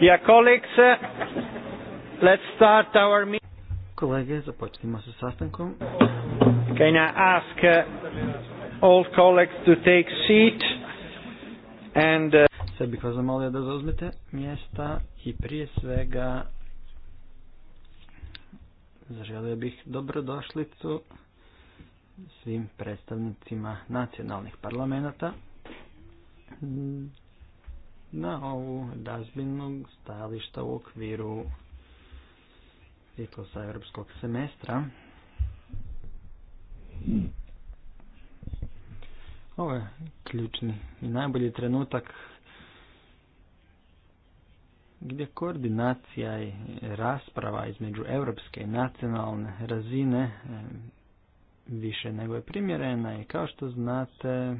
Dear colleagues, let's start our meeting. Kolege, započnimo sa sastankom. Can I ask uh, all colleagues to take seat and uh... Sad bih vas zamolio da zauzmete mjesta i prije svega zaželio bih dobrodošlicu svim predstavnicima nacionalnih parlamenta na ovu razmjenu stajališta u okviru ciklusa europskog semestra. Ovo je ključni i najbolji trenutak gdje koordinacija i rasprava između europske i nacionalne razine više nego je primjerena i kao što znate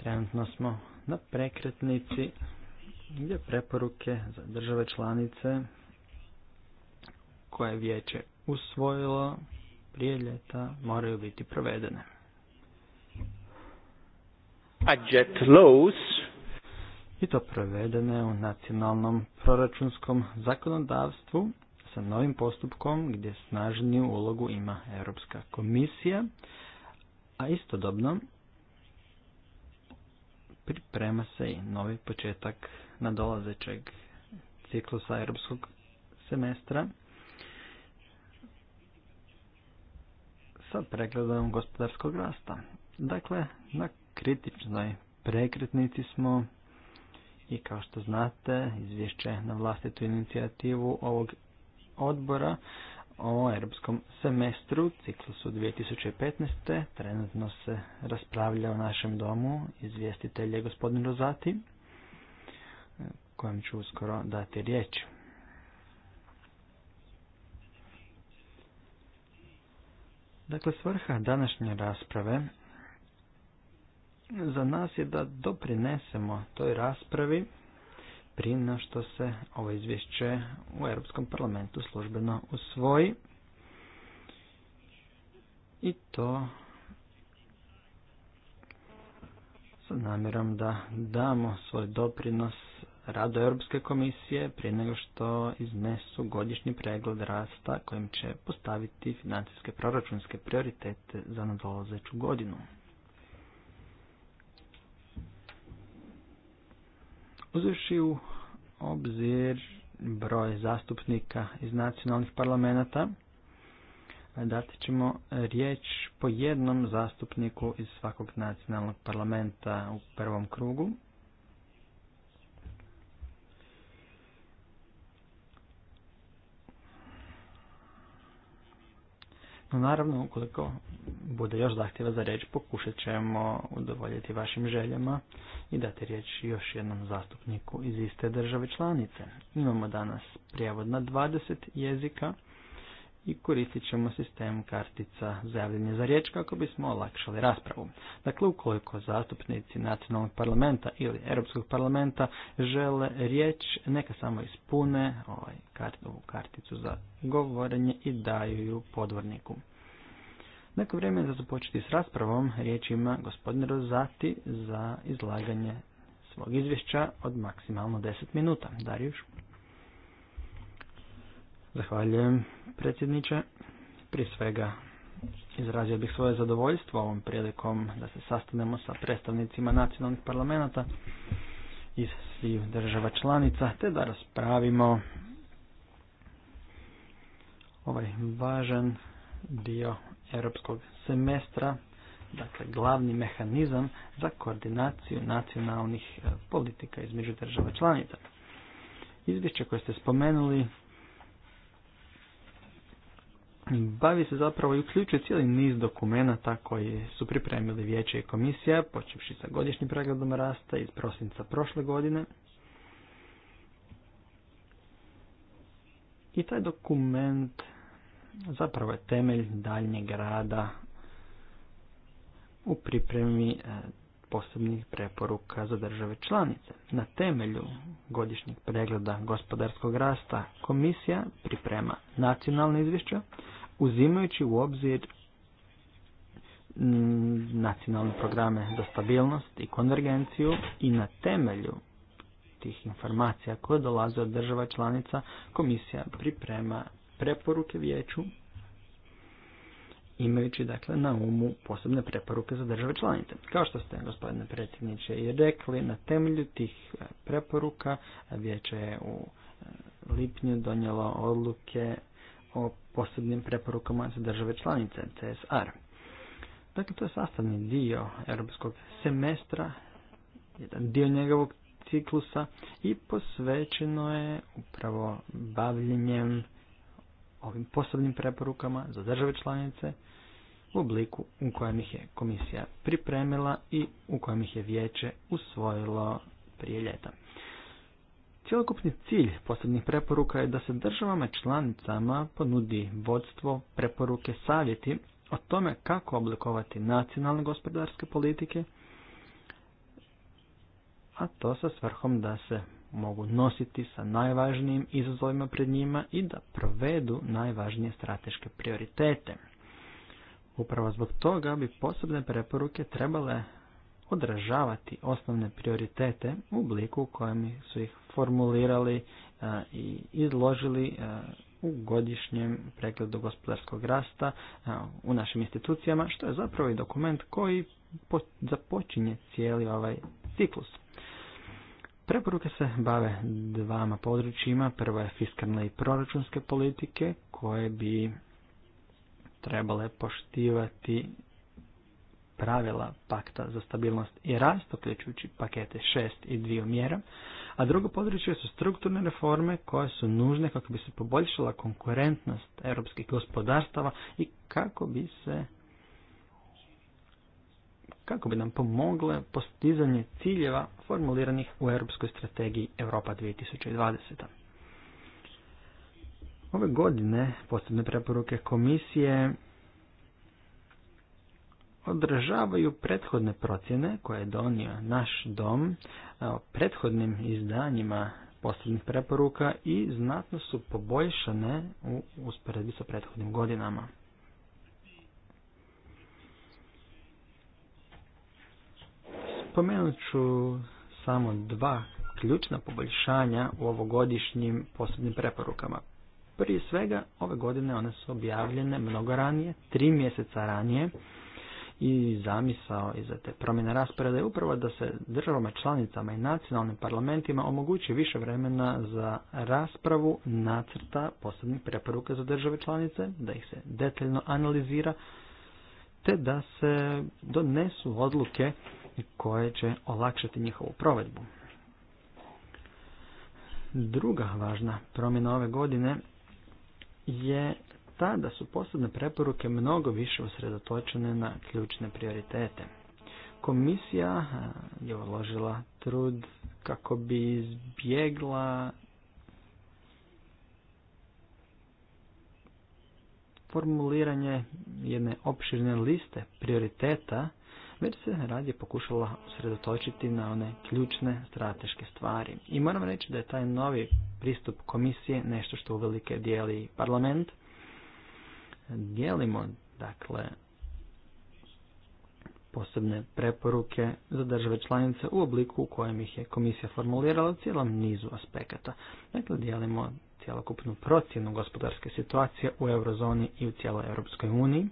Trenutno smo na prekretnici gdje preporuke za države članice koje vijeće usvojilo prije ljeta moraju biti provedene. i to provedene u nacionalnom proračunskom zakonodavstvu sa novim postupkom gdje snažniju ulogu ima Europska komisija, a istodobno priprema se i novi početak nadolazećeg ciklusa europskog semestra sa pregledom gospodarskog rasta. Dakle, na kritičnoj prekretnici smo i kao što znate, izvješće na vlastitu inicijativu ovog odbora o europskom semestru, ciklusu 2015. Trenutno se raspravlja u našem domu izvjestitelj je gospodin Rozati, kojem ću uskoro dati riječ. Dakle, svrha današnje rasprave za nas je da doprinesemo toj raspravi prije što se ovo izvješće u Europskom parlamentu službeno usvoji. I to sa namjerom da damo svoj doprinos radu Europske komisije prije nego što iznesu godišnji pregled rasta kojim će postaviti financijske proračunske prioritete za nadolazeću godinu. uzvrši u obzir broj zastupnika iz nacionalnih parlamenta, dati ćemo riječ po jednom zastupniku iz svakog nacionalnog parlamenta u prvom krugu, No naravno, ukoliko bude još zahtjeva za reč, pokušat ćemo udovoljiti vašim željama i dati riječ još jednom zastupniku iz iste države članice. Imamo danas prijevod na 20 jezika i koristit ćemo sistem kartica za javljanje za riječ kako bismo olakšali raspravu. Dakle, ukoliko zastupnici nacionalnog parlamenta ili Europskog parlamenta žele riječ, neka samo ispune ovaj kart, ovu karticu za govorenje i daju ju podvorniku. Neko vrijeme za započeti s raspravom, riječ ima gospodin Rozati za izlaganje svog izvješća od maksimalno 10 minuta. Dariuš. Zahvaljujem predsjedniče. Prije svega izrazio bih svoje zadovoljstvo ovom prilikom da se sastanemo sa predstavnicima nacionalnih parlamenta iz svih država članica te da raspravimo ovaj važan dio europskog semestra, dakle glavni mehanizam za koordinaciju nacionalnih eh, politika između država članica. Izvješće koje ste spomenuli bavi se zapravo i uključuje cijeli niz dokumenata koji su pripremili vijeće i komisija, počevši sa godišnjim pregledom rasta iz prosinca prošle godine. I taj dokument zapravo je temelj daljnjeg rada u pripremi e, posebnih preporuka za države članice. Na temelju godišnjeg pregleda gospodarskog rasta komisija priprema nacionalne izvješće uzimajući u obzir mm, nacionalne programe za stabilnost i konvergenciju i na temelju tih informacija koje dolaze od država članica komisija priprema preporuke vijeću imajući dakle na umu posebne preporuke za države članice. Kao što ste gospodine predsjedniče i rekli, na temelju tih e, preporuka vijeće je u e, lipnju donijelo odluke o posebnim preporukama za države članice, CSR. Dakle, to je sastavni dio europskog semestra, jedan dio njegovog ciklusa i posvećeno je upravo bavljenjem ovim posebnim preporukama za države članice u obliku u kojem ih je komisija pripremila i u kojem ih je vijeće usvojilo prije ljeta. Cijelokupni cilj posebnih preporuka je da se državama članicama ponudi vodstvo, preporuke, savjeti o tome kako oblikovati nacionalne gospodarske politike, a to sa svrhom da se mogu nositi sa najvažnijim izazovima pred njima i da provedu najvažnije strateške prioritete. Upravo zbog toga bi posebne preporuke trebale odražavati osnovne prioritete u obliku u kojem su ih formulirali e, i izložili e, u godišnjem pregledu gospodarskog rasta e, u našim institucijama, što je zapravo i dokument koji započinje cijeli ovaj ciklus. Preporuke se bave dvama područjima. Prvo je fiskalne i proračunske politike koje bi trebale poštivati pravila pakta za stabilnost i rast, uključujući pakete šest i dvije mjera, a drugo područje su strukturne reforme koje su nužne kako bi se poboljšala konkurentnost europskih gospodarstava i kako bi se kako bi nam pomogle postizanje ciljeva formuliranih u Europskoj strategiji Europa 2020. Ove godine posebne preporuke komisije odražavaju prethodne procjene koje je donio naš dom e, o prethodnim izdanjima posljednjih preporuka i znatno su poboljšane u usporedbi sa prethodnim godinama. Spomenut ću samo dva ključna poboljšanja u ovogodišnjim posljednim preporukama. Prije svega, ove godine one su objavljene mnogo ranije, tri mjeseca ranije, i zamisao za te promjene rasporeda je upravo da se državama članicama i nacionalnim parlamentima omogući više vremena za raspravu nacrta posebnih preporuka za države članice, da ih se detaljno analizira, te da se donesu odluke koje će olakšati njihovu provedbu. Druga važna promjena ove godine je ta da su posebne preporuke mnogo više usredotočene na ključne prioritete. Komisija je uložila trud kako bi izbjegla formuliranje jedne opširne liste prioriteta, već se radije pokušala usredotočiti na one ključne strateške stvari. I moram reći da je taj novi pristup komisije nešto što uvelike dijeli parlament, dijelimo dakle posebne preporuke za države članice u obliku u kojem ih je komisija formulirala u cijelom nizu aspekata. Dakle, dijelimo cjelokupnu procjenu gospodarske situacije u eurozoni i u cijeloj Europskoj uniji.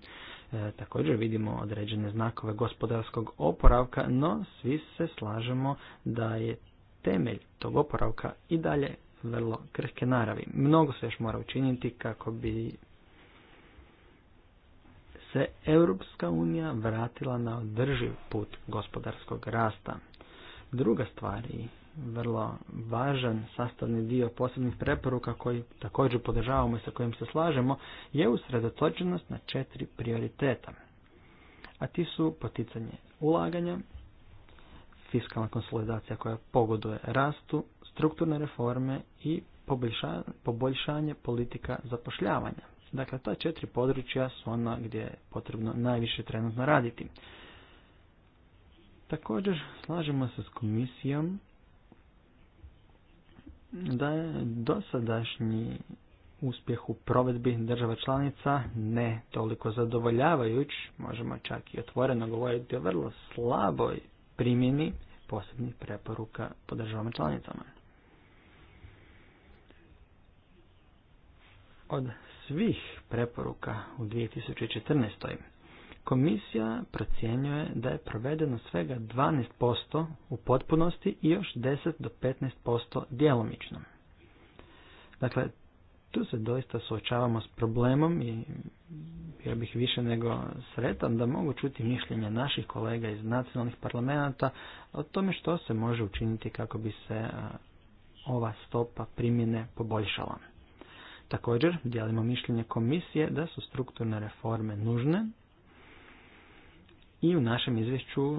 E, također vidimo određene znakove gospodarskog oporavka, no svi se slažemo da je temelj tog oporavka i dalje vrlo krhke naravi. Mnogo se još mora učiniti kako bi se Europska unija vratila na održiv put gospodarskog rasta. Druga stvar i vrlo važan sastavni dio posebnih preporuka koji također podržavamo i sa kojim se slažemo je usredotočenost na četiri prioriteta. A ti su poticanje ulaganja, fiskalna konsolidacija koja pogoduje rastu, strukturne reforme i poboljšanje politika zapošljavanja. Dakle, ta četiri područja su ona gdje je potrebno najviše trenutno raditi. Također, slažemo se s komisijom da je dosadašnji uspjeh u provedbi država članica ne toliko zadovoljavajuć, možemo čak i otvoreno govoriti o vrlo slaboj primjeni posebnih preporuka po državama članicama. Od svih preporuka u 2014. Komisija procjenjuje da je provedeno svega 12% u potpunosti i još 10 do 15% djelomično. Dakle, tu se doista suočavamo s problemom i ja bih više nego sretan da mogu čuti mišljenje naših kolega iz nacionalnih parlamenta o tome što se može učiniti kako bi se ova stopa primjene poboljšala. Također, dijelimo mišljenje komisije da su strukturne reforme nužne i u našem izvješću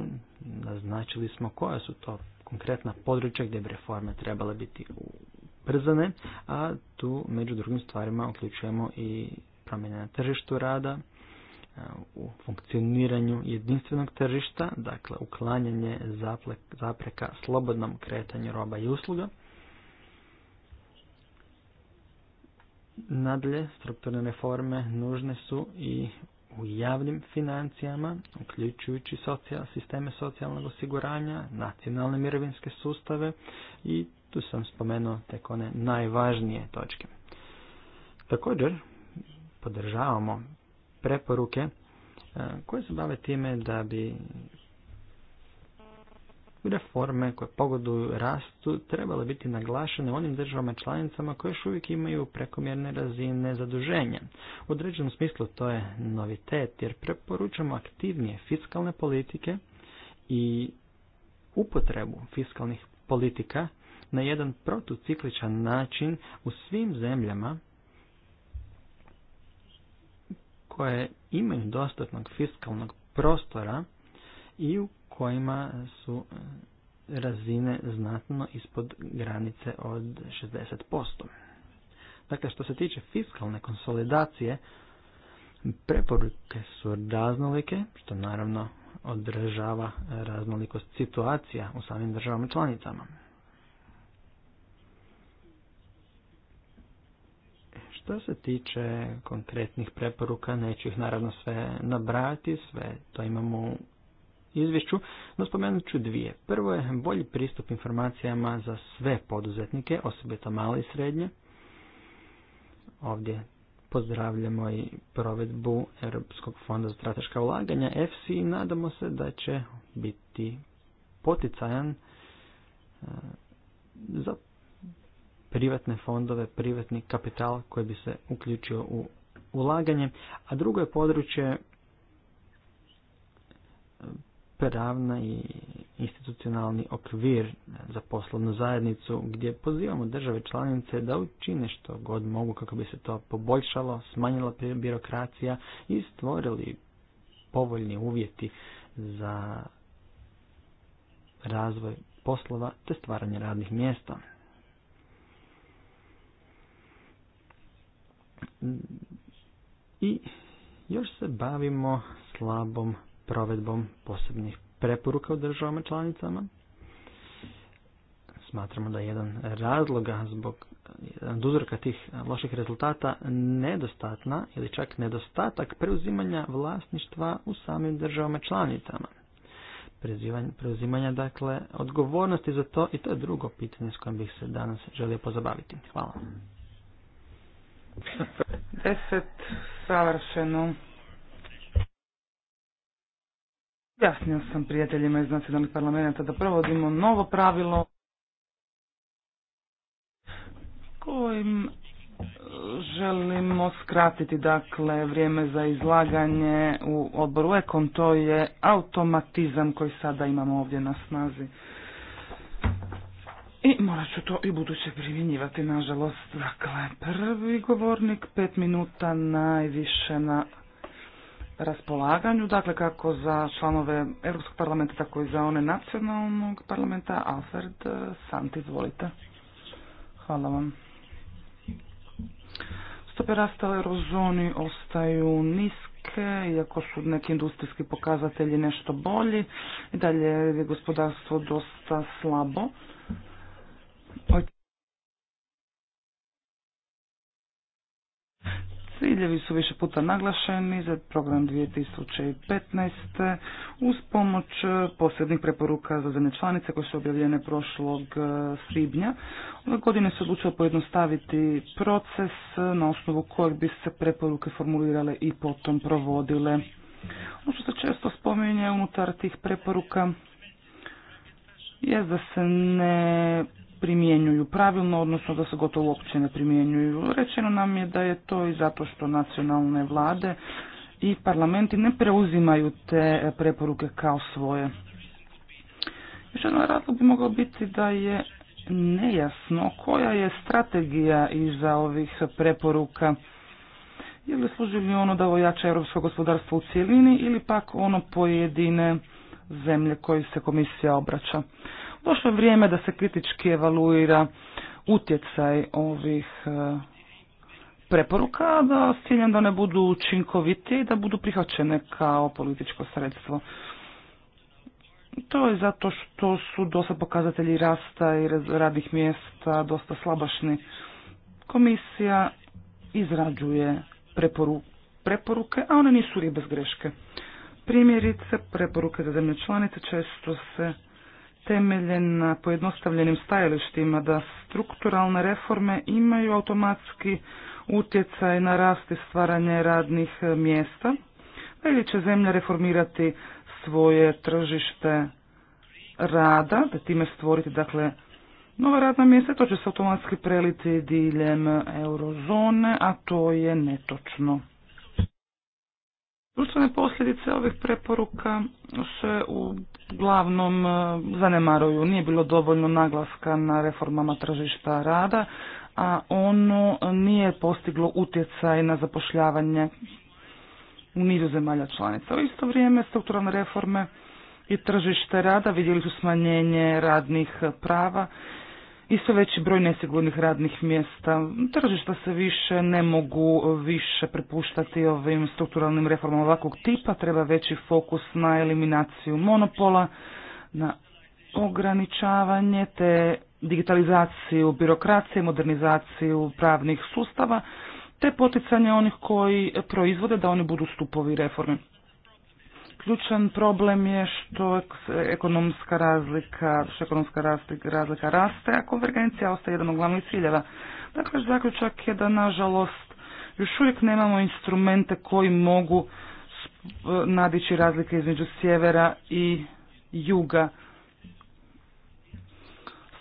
naznačili smo koja su to konkretna područja gdje bi reforme trebale biti ubrzane, a tu među drugim stvarima uključujemo i promjene na tržištu rada, u funkcioniranju jedinstvenog tržišta, dakle uklanjanje zapreka slobodnom kretanju roba i usluga, Nadalje, strukturne reforme nužne su i u javnim financijama, uključujući socijal, sisteme socijalnog osiguranja, nacionalne mirovinske sustave i tu sam spomenuo tek one najvažnije točke. Također, podržavamo preporuke eh, koje se bave time da bi Reforme koje pogoduju rastu trebale biti naglašene onim državama članicama koje još uvijek imaju prekomjerne razine zaduženja. U određenom smislu to je novitet jer preporučamo aktivnije fiskalne politike i upotrebu fiskalnih politika na jedan protucikličan način u svim zemljama koje imaju dostatnog fiskalnog prostora i u kojima su e, razine znatno ispod granice od 60%. Dakle, što se tiče fiskalne konsolidacije, preporuke su raznolike, što naravno održava raznolikost situacija u samim državama članicama. Što se tiče konkretnih preporuka, neću ih naravno sve nabrati, sve to imamo izvješću, no spomenut ću dvije. Prvo je bolji pristup informacijama za sve poduzetnike, osobito male i srednje. Ovdje pozdravljamo i provedbu Europskog fonda za strateška ulaganja FC i nadamo se da će biti poticajan e, za privatne fondove, privatni kapital koji bi se uključio u ulaganje, a drugo je područje pravna i institucionalni okvir za poslovnu zajednicu gdje pozivamo države članice da učine što god mogu kako bi se to poboljšalo, smanjila birokracija i stvorili povoljni uvjeti za razvoj poslova te stvaranje radnih mjesta. I još se bavimo slabom provedbom posebnih preporuka u državama članicama. Smatramo da je jedan razloga zbog uzroka tih loših rezultata nedostatna ili čak nedostatak preuzimanja vlasništva u samim državama članicama. Preuzimanja dakle odgovornosti za to i to je drugo pitanje s kojim bih se danas želio pozabaviti. Hvala. Deset savršeno Jasnio sam prijateljima iz nacionalnih parlamenta da provodimo novo pravilo kojim e, želimo skratiti dakle vrijeme za izlaganje u odboru Ekon, to je automatizam koji sada imamo ovdje na snazi. I morat ću to i buduće primjenjivati, nažalost. Dakle, prvi govornik, pet minuta najviše na raspolaganju, dakle kako za članove Europskog parlamenta, tako i za one nacionalnog parlamenta. Alfred eh, Sant, izvolite. Hvala vam. Stope rasta u eurozoni ostaju niske, iako su neki industrijski pokazatelji nešto bolji. I dalje je gospodarstvo dosta slabo. Ciljevi su više puta naglašeni za program 2015. uz pomoć posebnih preporuka za zemlje članice koje su objavljene prošlog e, svibnja. Ove godine se odlučilo pojednostaviti proces na osnovu kojeg bi se preporuke formulirale i potom provodile. Ono što se često spominje unutar tih preporuka je da se ne primjenjuju pravilno, odnosno da se gotovo uopće ne primjenjuju. Rečeno nam je da je to i zato što nacionalne vlade i parlamenti ne preuzimaju te preporuke kao svoje. Još jedan razlog bi mogao biti da je nejasno koja je strategija iza ovih preporuka. Je li služi li ono da ojača europsko gospodarstvo u cjelini ili pak ono pojedine zemlje koji se komisija obraća. Došlo je vrijeme da se kritički evaluira utjecaj ovih e, preporuka, da s ciljem da ne budu učinkovitije i da budu prihvaćene kao političko sredstvo. To je zato što su dosta pokazatelji rasta i radnih mjesta dosta slabašni. Komisija izrađuje preporuke, a one nisu bez greške. Primjerice, preporuke za zemlje članice često se temeljen na pojednostavljenim stajalištima da strukturalne reforme imaju automatski utjecaj na rast i stvaranje radnih mjesta, ili će zemlja reformirati svoje tržište rada, da time stvoriti dakle nova radna mjesta, to će se automatski preliti diljem eurozone, a to je netočno. Društvene posljedice ovih preporuka se uglavnom e, zanemaruju. Nije bilo dovoljno naglaska na reformama tržišta rada, a ono nije postiglo utjecaj na zapošljavanje u nizu zemalja članica. U isto vrijeme strukturalne reforme i tržište rada vidjeli su smanjenje radnih prava Isto veći broj nesigurnih radnih mjesta. Tržišta se više ne mogu više prepuštati ovim strukturalnim reformama ovakvog tipa, treba veći fokus na eliminaciju monopola, na ograničavanje te digitalizaciju birokracije, modernizaciju pravnih sustava, te poticanje onih koji proizvode da oni budu stupovi reforme. Ključan problem je što ekonomska razlika, što ekonomska razlika, raste, a konvergencija ostaje jedan od glavnih ciljeva. Dakle, zaključak je da, nažalost, još uvijek nemamo instrumente koji mogu eh, nadići razlike između sjevera i juga.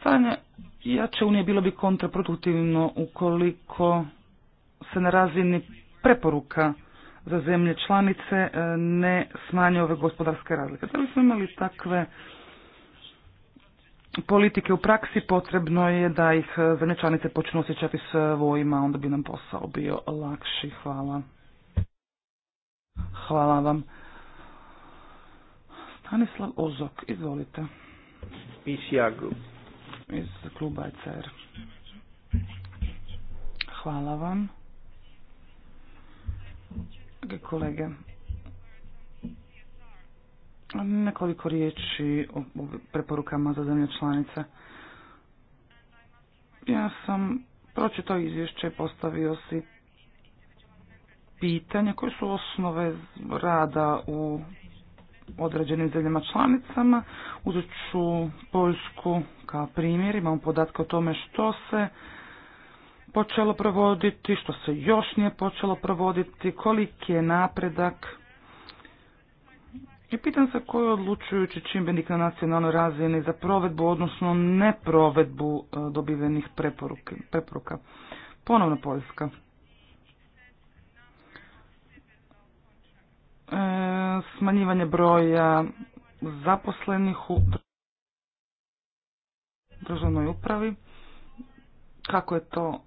Stanje jače unije bilo bi kontraproduktivno ukoliko se na razini preporuka za zemlje članice e, ne smanje ove gospodarske razlike. Da li smo imali takve politike u praksi, potrebno je da ih zemlje članice počnu osjećati svojima, onda bi nam posao bio lakši. Hvala. Hvala vam. Stanislav Ozok, izvolite. Group. Iz kluba ECR. Hvala vam kolege. Nekoliko riječi o preporukama za zemlje članice. Ja sam pročitao izvješće i postavio si pitanje koje su osnove rada u određenim zemljama članicama. Uzet ću Poljsku kao primjer, imamo podatke o tome što se počelo provoditi, što se još nije počelo provoditi, koliki je napredak. I pitam se koji je odlučujući čimbenik na nacionalnoj razini za provedbu, odnosno ne provedbu e, dobivenih preporuka. Ponovno Poljska. E, smanjivanje broja zaposlenih u državnoj upravi. Kako je to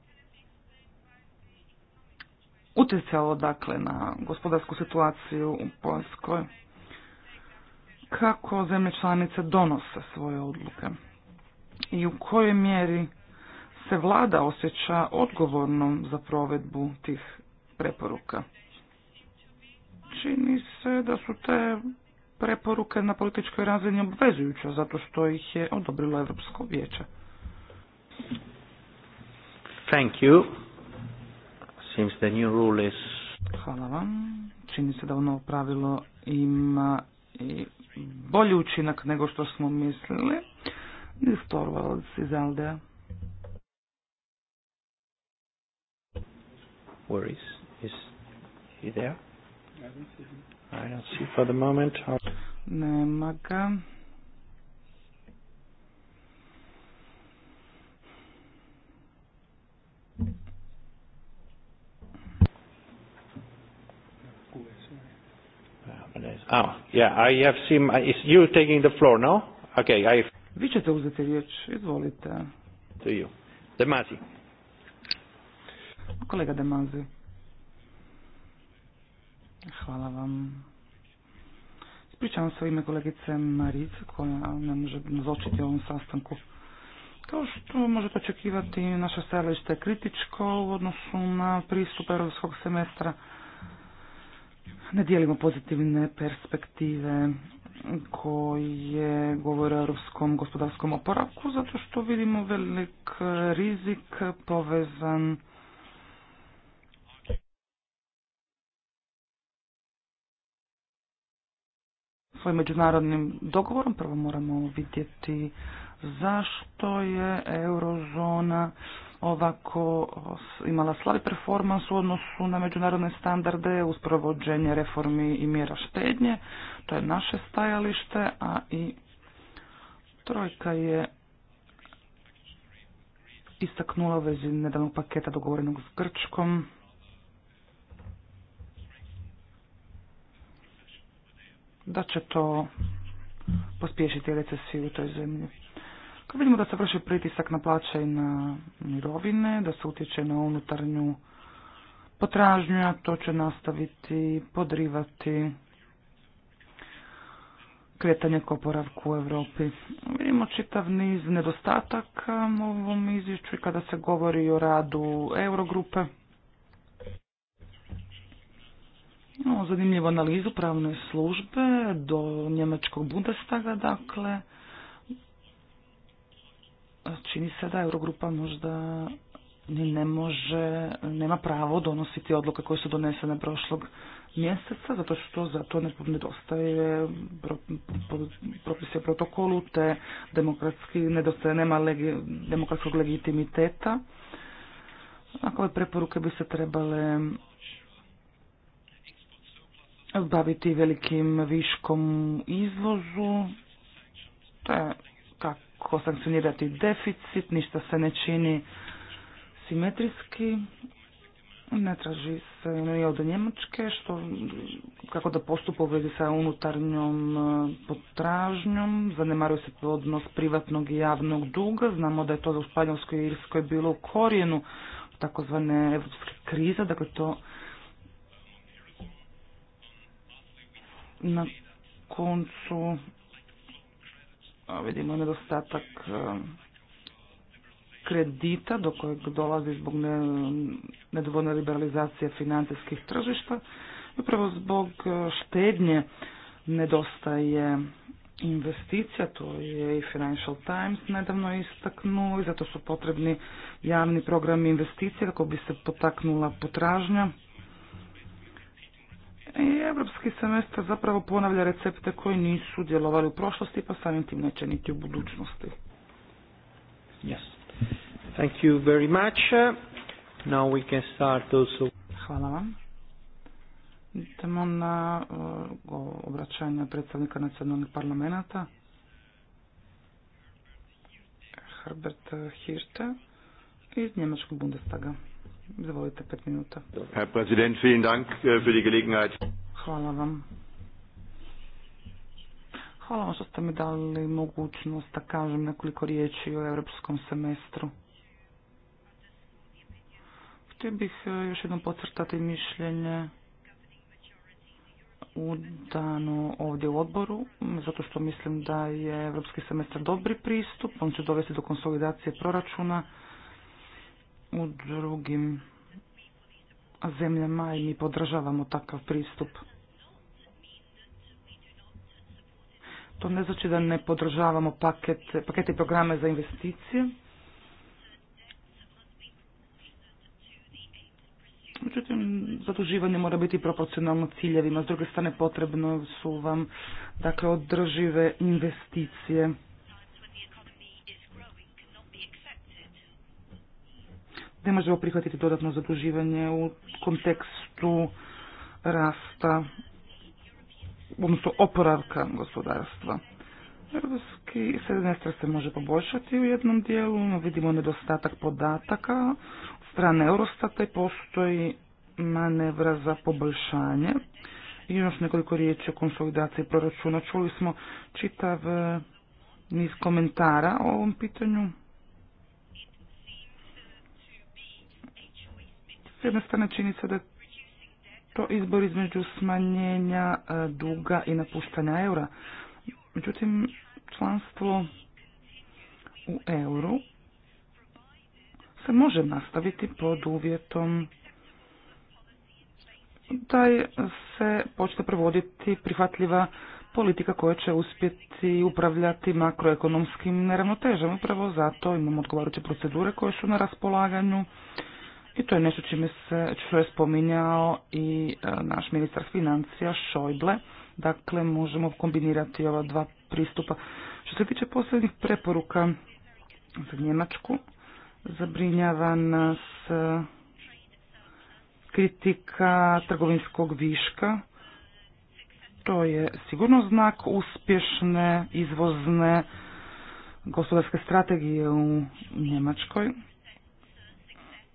utjecalo dakle na gospodarsku situaciju u Poljskoj. Kako zemlje članice donose svoje odluke i u kojoj mjeri se vlada osjeća odgovornom za provedbu tih preporuka. Čini se da su te preporuke na političkoj razini obvezujuće zato što ih je odobrilo Europsko vijeće. Thank you. Seems the new rule is... Hvala vam. Čini se da ono pravilo ima i bolji učinak nego što smo mislili. Nils Torvalds iz Aldea. Where is, is he there? I don't see him. I don't see for the moment. Nema ga. Oh, yeah, I have seen, is you taking the floor now? Okay, I... Vi ćete uzeti riječ, izvolite. To you. Demazi. Kolega Demazi. Hvala vam. Ispričavam se u ime kolegice Marice koja ne može nazočiti ovom sastanku. Kao što možete očekivati, naše stajalište je kritičko u odnosu na pristup europskog semestra ne dijelimo pozitivne perspektive koje govore o europskom gospodarskom oporavku, zato što vidimo velik rizik povezan svojim međunarodnim dogovorom. Prvo moramo vidjeti zašto je eurozona ovako imala slabi performans u odnosu na međunarodne standarde uz provođenje reformi i mjera štednje. To je naše stajalište, a i trojka je istaknula u vezi nedavnog paketa dogovorenog s Grčkom. Da će to pospješiti recesiju u toj zemlji vidimo da se vrši pritisak na plaće i na mirovine, da se utječe na unutarnju potražnju, a to će nastaviti podrivati kretanje k oporavku u Europi. Vidimo čitav niz nedostataka u ovom izvješću i kada se govori o radu Eurogrupe. Imamo zanimljivu analizu pravne službe do njemačkog Bundestaga, dakle, čini se da Eurogrupa možda ni ne može, nema pravo donositi odluke koje su donesene prošlog mjeseca, zato što za to nedostaje propise protokolu, te demokratski nedostaje, nema demokratskog legitimiteta. Ako ove preporuke bi se trebale baviti velikim viškom izvozu, te kako sankcionirati deficit, ništa se ne čini simetrijski, ne traži se od Njemačke, što, kako da postupa u sa unutarnjom e, potražnjom, zanemaruje se odnos privatnog i javnog duga, znamo da je to u Španjolskoj i Irskoj bilo u korijenu takozvane evropske krize, dakle to na koncu vidimo nedostatak e, kredita do kojeg dolazi zbog nedovoljne liberalizacije financijskih tržišta. Upravo zbog e, štednje nedostaje investicija, to je i Financial Times nedavno istaknuo i zato su potrebni javni programi investicija kako bi se potaknula potražnja i evropski semestar zapravo ponavlja recepte koji nisu djelovali u prošlosti, pa samim tim neće niti u budućnosti. Yes. Thank you very much. Now we can start also. Hvala vam. Idemo na uh, obraćanje predstavnika nacionalnih parlamenta. Herbert Hirte iz Njemačkog Bundestaga. Izvolite, pet minuta. Herr Präsident, vielen Dank äh, für die Gelegenheit. Hvala vam. Hvala vam što ste mi dali mogućnost da kažem nekoliko riječi o europskom semestru. Htio bih e, još jednom podcrtati mišljenje u danu ovdje u odboru, zato što mislim da je europski semestar dobri pristup, on će dovesti do konsolidacije proračuna, u drugim zemljama i mi podržavamo takav pristup. To ne znači da ne podržavamo paket, i programe za investicije. Međutim, zaduživanje mora biti proporcionalno ciljevima. S druge strane, potrebno su vam dakle, održive investicije. ne možemo prihvatiti dodatno zaduživanje u kontekstu rasta, odnosno oporavka gospodarstva. Europski semestar se može poboljšati u jednom dijelu, no vidimo nedostatak podataka od strane Eurostata i postoji manevra za poboljšanje. I još nekoliko riječi o konsolidaciji proračuna. Čuli smo čitav eh, niz komentara o ovom pitanju. jednostavna činjenica da to izbor između smanjenja e, duga i napuštanja eura. Međutim, članstvo u euru se može nastaviti pod uvjetom da se počne provoditi prihvatljiva politika koja će uspjeti upravljati makroekonomskim neravnotežama. Upravo zato imamo odgovarajuće procedure koje su na raspolaganju i to je nešto čime se, što je spominjao i e, naš ministar financija Šojble. Dakle, možemo kombinirati ova dva pristupa. Što se tiče posljednjih preporuka za Njemačku, zabrinjava nas e, kritika trgovinskog viška. To je sigurno znak uspješne izvozne gospodarske strategije u Njemačkoj.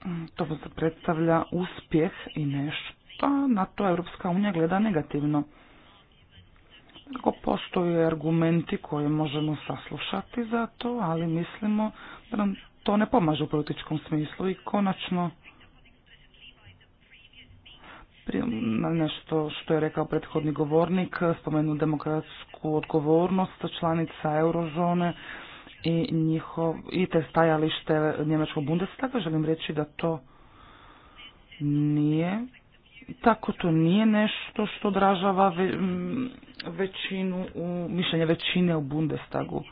Mm, to predstavlja uspjeh i nešto na to Europska unija gleda negativno. Tako postoje argumenti koje možemo saslušati za to, ali mislimo da nam to ne pomaže u političkom smislu i konačno na nešto što je rekao prethodni govornik, spomenu demokratsku odgovornost članica eurozone, i, njihov, i te stajalište Njemačkog Bundestaga. Želim reći da to nije tako to nije nešto što odražava većinu u, mišljenje većine u Bundestagu.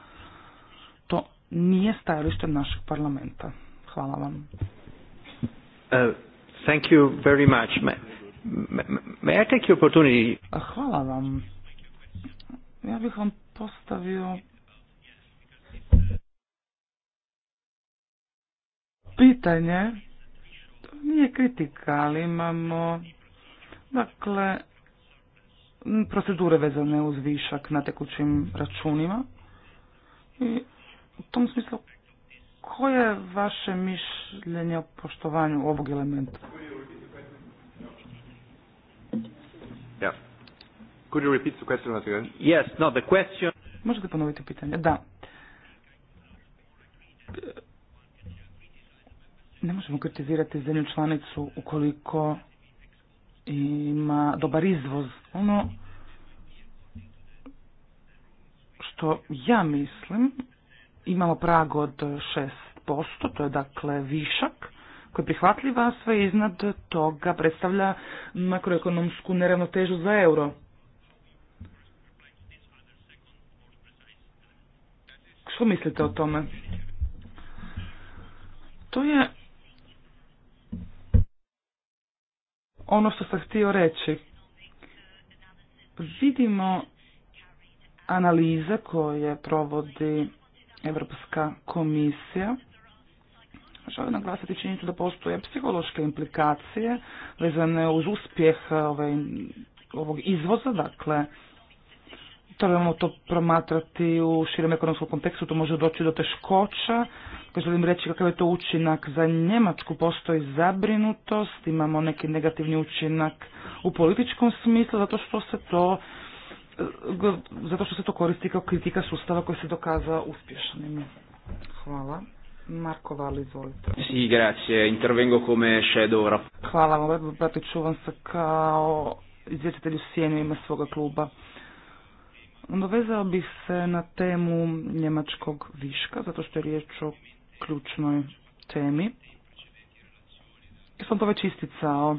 To nije stajalište našeg parlamenta. Hvala vam. Uh, thank you very much. May, may I take your opportunity? Hvala vam. Ja bih vam postavio pitanje, to nije kritika, ali imamo dakle, procedure vezane uz višak na tekućim računima. I u tom smislu, koje je vaše mišljenje o poštovanju ovog elementa? Yeah. Možete ponoviti pitanje? Da. Ne možemo kritizirati zemlju članicu ukoliko ima dobar izvoz. Ono što ja mislim, imamo prag od 6%, to je dakle višak koji je prihvatljiva, sve iznad toga predstavlja makroekonomsku neravnotežu za euro. Što mislite o tome? To je ono što sam htio reći. Vidimo analize koje provodi Europska komisija. Želim naglasiti činjenicu da postoje psihološke implikacije vezane uz uspjeh ovaj, ovog izvoza, dakle trebamo to promatrati u širem ekonomskom kontekstu, to može doći do teškoća želim reći kakav je to učinak za Njemačku. Postoji zabrinutost, imamo neki negativni učinak u političkom smislu, zato što se to e, zato što se to koristi kao kritika sustava koji se dokaza uspješnim. Hvala. Marko Vali, izvolite. Si, grazie. Intervengo come shadow Hvala vam, brate, čuvam se kao izvjetitelj u sjenu ime svoga kluba. Dovezao bih se na temu njemačkog viška, zato što je riječ o ključnoj temi. ja sam to već isticao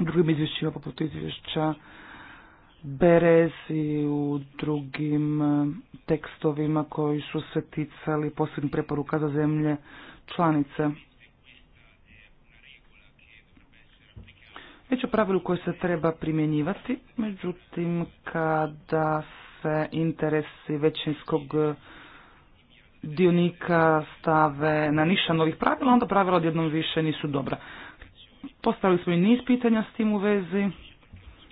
drugim izvješćima poput izvješća Berez i u drugim eh, tekstovima koji su se ticali posebnih preporuka za zemlje članice. Već o pravilu koje se treba primjenjivati, međutim kada se interesi većinskog dionika stave na niša novih pravila, onda pravila odjednom više nisu dobra. Postavili smo i niz pitanja s tim u vezi.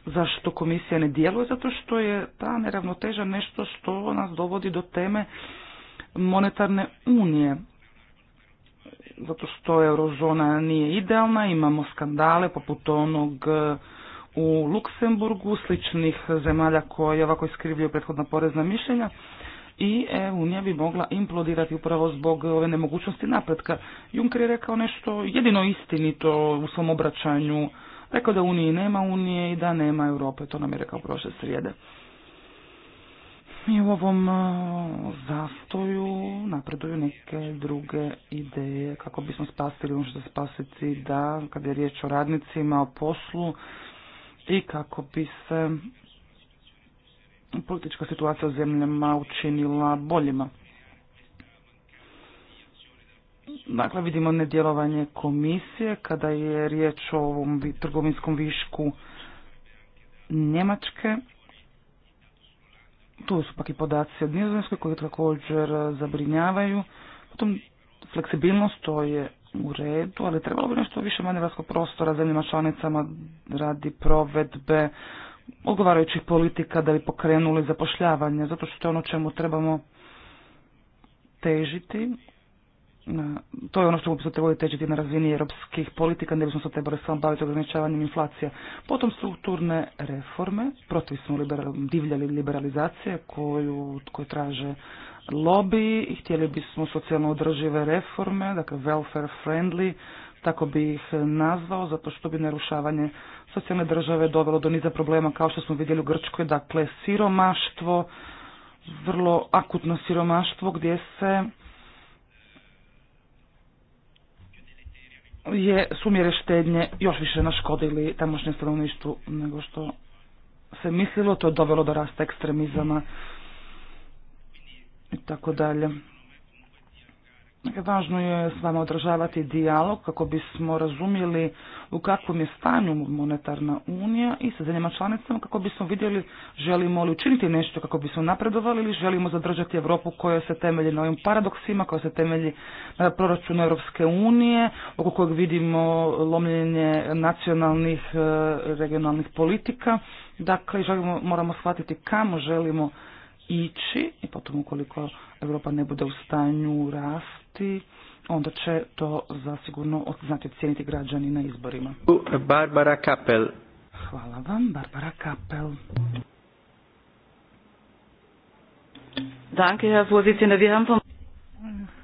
Zašto komisija ne djeluje? Zato što je ta neravnoteža nešto što nas dovodi do teme monetarne unije. Zato što eurozona nije idealna, imamo skandale poput onog e, u Luksemburgu, sličnih zemalja koje ovako iskrivljuju prethodna porezna mišljenja i e, Unija bi mogla implodirati upravo zbog ove nemogućnosti napretka. Juncker je rekao nešto jedino istinito u svom obraćanju. Rekao da Uniji nema Unije i da nema Europe. To nam je rekao prošle srijede. I u ovom e, zastoju napreduju neke druge ideje kako bismo spasili ono što spasiti da kada je riječ o radnicima, o poslu i kako bi se politička situacija u zemljama učinila boljima. Dakle, vidimo nedjelovanje komisije kada je riječ o ovom trgovinskom višku Njemačke. Tu su pak i podaci od Nizozemske koji također zabrinjavaju. Potom fleksibilnost, to je u redu, ali trebalo bi nešto više manevarskog prostora zemljama članicama radi provedbe odgovarajućih politika da bi pokrenuli zapošljavanje, zato što je ono čemu trebamo težiti. To je ono što bi se trebali težiti na razini europskih politika, ne bismo se trebali samo baviti ograničavanjem inflacija. Potom strukturne reforme, protiv smo liberal, divljali liberalizacije koju, koju traže lobby i htjeli bismo socijalno održive reforme, dakle welfare friendly tako bi ih nazvao, zato što bi narušavanje socijalne države dovelo do niza problema kao što smo vidjeli u Grčkoj, dakle siromaštvo, vrlo akutno siromaštvo gdje se je sumjere štednje još više naškodili tamošnjem stanovništvu nego što se mislilo, to je dovelo do rasta ekstremizama i tako dalje. Važno je s vama održavati dijalog kako bismo razumjeli u kakvom je stanju monetarna unija i sa zemljama članicama kako bismo vidjeli želimo li učiniti nešto kako bismo napredovali ili želimo zadržati Europu koja se temelji na ovim paradoksima, koja se temelji na proračunu Europske unije, oko kojeg vidimo lomljenje nacionalnih eh, regionalnih politika. Dakle, želimo, moramo shvatiti kamo želimo ići i potom ukoliko Europa ne bude u stanju rasti, onda će to zasigurno znati cijeniti građani na izborima. Barbara Kapel. Hvala vam, Barbara Kapel. Danke, Herr Vorsitzender. Wir haben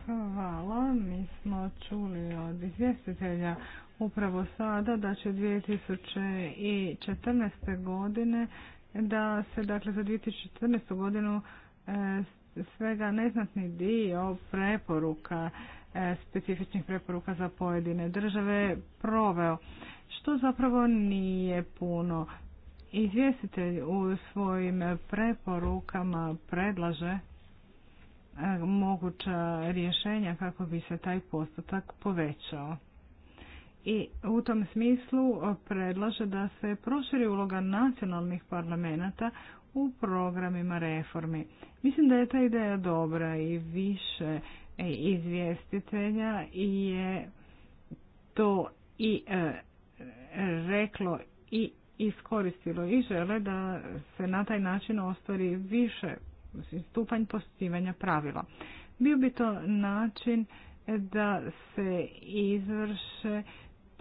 Hvala, mi smo čuli od izvjestitelja upravo sada da će 2014. godine da se dakle za 2014. godinu e, svega neznatni dio preporuka, e, specifičnih preporuka za pojedine države proveo, što zapravo nije puno. Izvjestitelj u svojim preporukama predlaže e, moguća rješenja kako bi se taj postotak povećao i u tom smislu predlaže da se proširi uloga nacionalnih parlamenta u programima reformi. Mislim da je ta ideja dobra i više e, izvjestitelja je to i e, reklo i iskoristilo i žele da se na taj način ostvari više stupanj postivanja pravila. Bio bi to način da se izvrše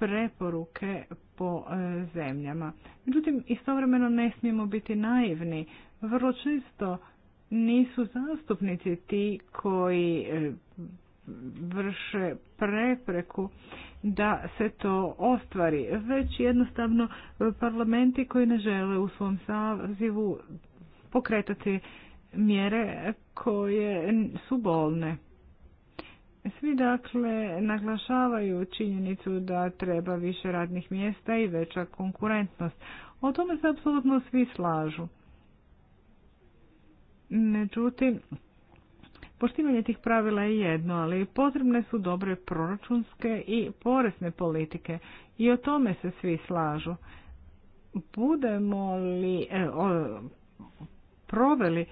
preporuke po e, zemljama. Međutim, istovremeno ne smijemo biti naivni. Vrlo često nisu zastupnici ti koji e, vrše prepreku da se to ostvari, već jednostavno parlamenti koji ne žele u svom sazivu pokretati mjere koje su bolne. Svi dakle naglašavaju činjenicu da treba više radnih mjesta i veća konkurentnost. O tome se apsolutno svi slažu. Međutim, poštivanje tih pravila je jedno, ali potrebne su dobre proračunske i porezne politike i o tome se svi slažu. Budemo li e, proveli e,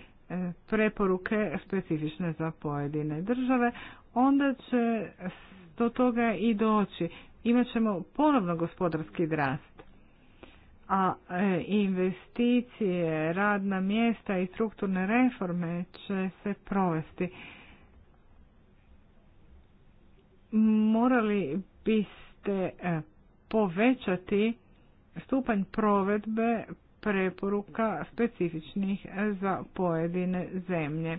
preporuke specifične za pojedine države, onda će do toga i doći. Imaćemo ponovno gospodarski rast. A e, investicije, radna mjesta i strukturne reforme će se provesti. Morali biste e, povećati stupanj provedbe preporuka specifičnih za pojedine zemlje.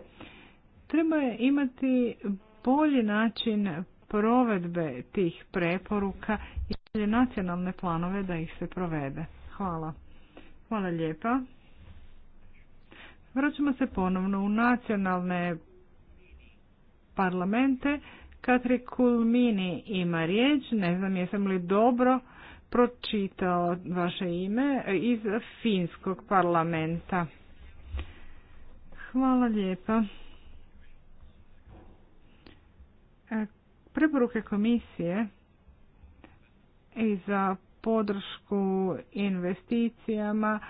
Treba je imati bolji način provedbe tih preporuka i nacionalne planove da ih se provede. Hvala. Hvala lijepa. Vraćamo se ponovno u nacionalne parlamente. Katri Kulmini ima riječ, ne znam jesam li dobro pročitao vaše ime iz finskog parlamenta. Hvala lijepa. E, preporuke komisije i za podršku investicijama,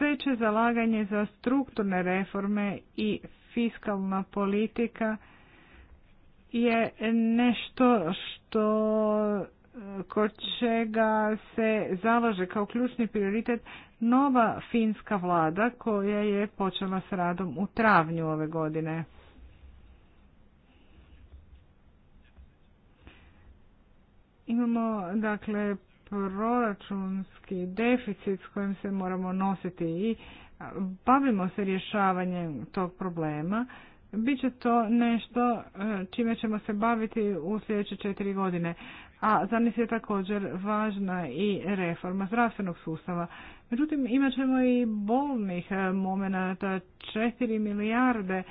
veće zalaganje za strukturne reforme i fiskalna politika je nešto što e, kod čega se zalaže kao ključni prioritet nova finska vlada koja je počela s radom u travnju ove godine. Imamo dakle proračunski deficit s kojim se moramo nositi i bavimo se rješavanjem tog problema. će to nešto e, čime ćemo se baviti u sljedeće četiri godine. A za nas je također važna i reforma zdravstvenog sustava. Međutim, imat ćemo i bolnih e, momenata četiri milijarde e,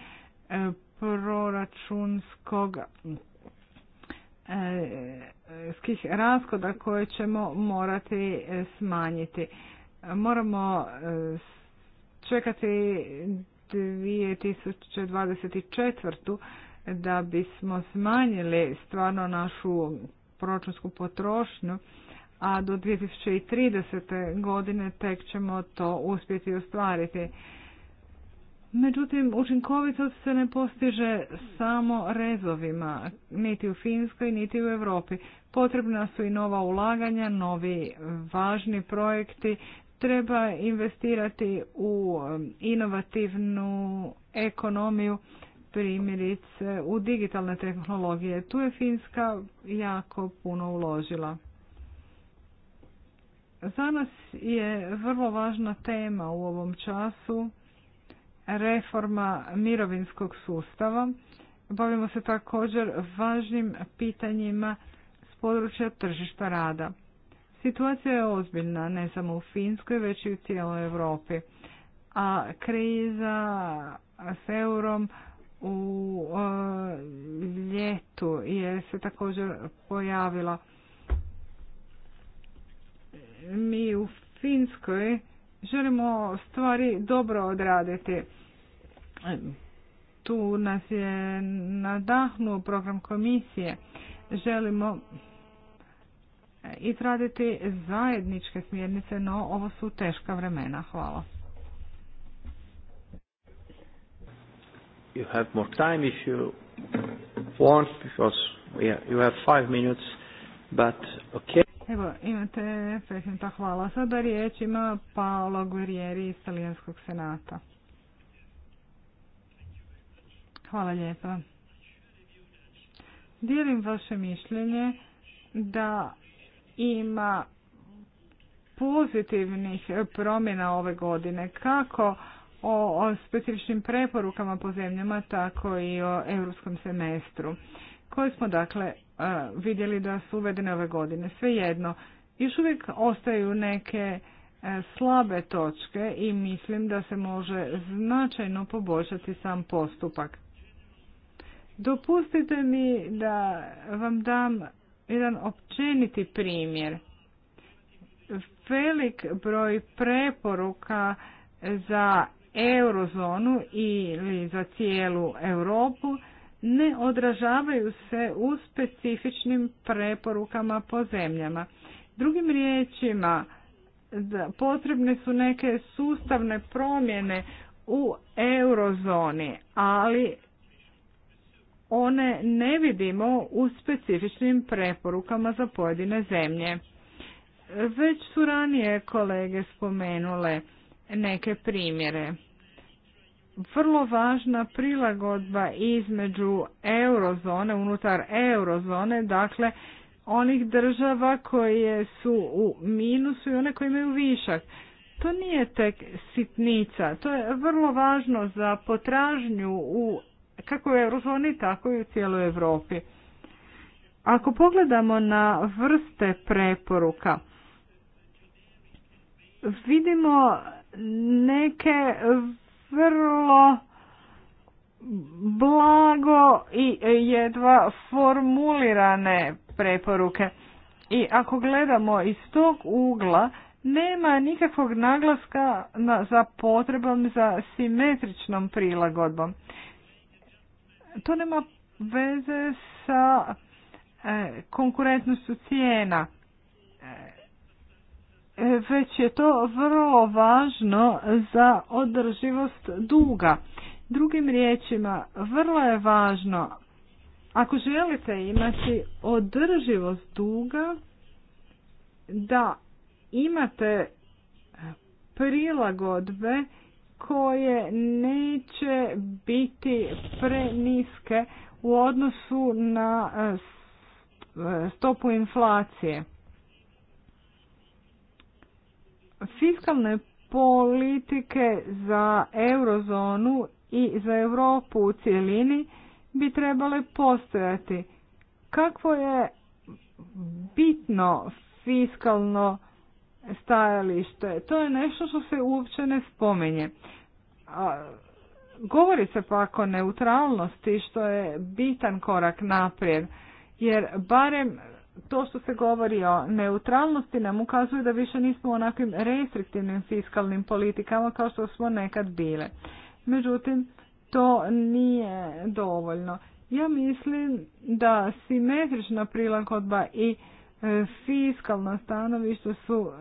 proračunskog skih raskoda koje ćemo morati e, smanjiti. Moramo e, čekati 2024. da bismo smanjili stvarno našu proračunsku potrošnju, a do 2030. godine tek ćemo to uspjeti ostvariti. Međutim, učinkovitost se ne postiže samo rezovima, niti u Finskoj, niti u Europi. Potrebna su i nova ulaganja, novi važni projekti, treba investirati u um, inovativnu ekonomiju, primjerice u digitalne tehnologije. Tu je Finska jako puno uložila. Za nas je vrlo važna tema u ovom času reforma mirovinskog sustava. Bavimo se također važnim pitanjima s područja tržišta rada. Situacija je ozbiljna ne samo u Finskoj, već i u cijeloj Europi. A kriza s eurom u e, ljetu je se također pojavila. Mi u Finskoj želimo stvari dobro odraditi. Tu nas je nadahnuo program komisije. Želimo e, izraditi zajedničke smjernice, no ovo su teška vremena. Hvala. You have more time if you want, because you have five minutes, but okay. Evo, imate presenta hvala. Sada riječ ima Paolo Guerrieri iz Talijanskog senata. Hvala lijepa. Dijelim vaše mišljenje da ima pozitivnih promjena ove godine, kako o, o specifičnim preporukama po zemljama, tako i o europskom semestru, koji smo dakle vidjeli da su uvedene ove godine. Svejedno, još uvijek ostaju neke e, slabe točke i mislim da se može značajno poboljšati sam postupak. Dopustite mi da vam dam jedan općeniti primjer. Velik broj preporuka za eurozonu ili za cijelu Europu ne odražavaju se u specifičnim preporukama po zemljama. Drugim riječima, potrebne su neke sustavne promjene u eurozoni, ali one ne vidimo u specifičnim preporukama za pojedine zemlje. Već su ranije kolege spomenule neke primjere vrlo važna prilagodba između eurozone, unutar eurozone, dakle onih država koje su u minusu i one koje imaju višak. To nije tek sitnica, to je vrlo važno za potražnju u kako u eurozoni, tako i u cijeloj Europi. Ako pogledamo na vrste preporuka, vidimo neke vrlo blago i jedva formulirane preporuke. I ako gledamo iz tog ugla, nema nikakvog naglaska na, za potrebom za simetričnom prilagodbom. To nema veze sa e, konkurentnošću cijena. E, već je to vrlo važno za održivost duga. Drugim riječima, vrlo je važno ako želite imati održivost duga da imate prilagodbe koje neće biti preniske u odnosu na e, e, stopu inflacije fiskalne politike za eurozonu i za Europu u cjelini bi trebale postojati. Kakvo je bitno fiskalno stajalište? To je nešto što se uopće ne spomenje. Govori se pak o neutralnosti što je bitan korak naprijed jer barem to što se govori o neutralnosti nam ukazuje da više nismo u onakvim restriktivnim fiskalnim politikama kao što smo nekad bile. Međutim, to nije dovoljno. Ja mislim da simetrična prilagodba i e, fiskalna stanovišta su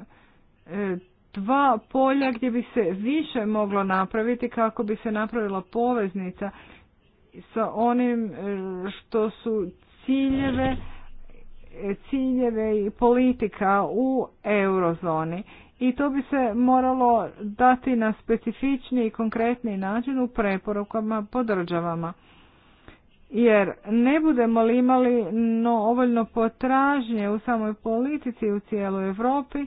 e, dva polja gdje bi se više moglo napraviti kako bi se napravila poveznica sa onim e, što su ciljeve ciljeve i politika u eurozoni i to bi se moralo dati na specifični i konkretni način u preporukama po Jer ne budemo li imali dovoljno potražnje u samoj politici u cijeloj Europi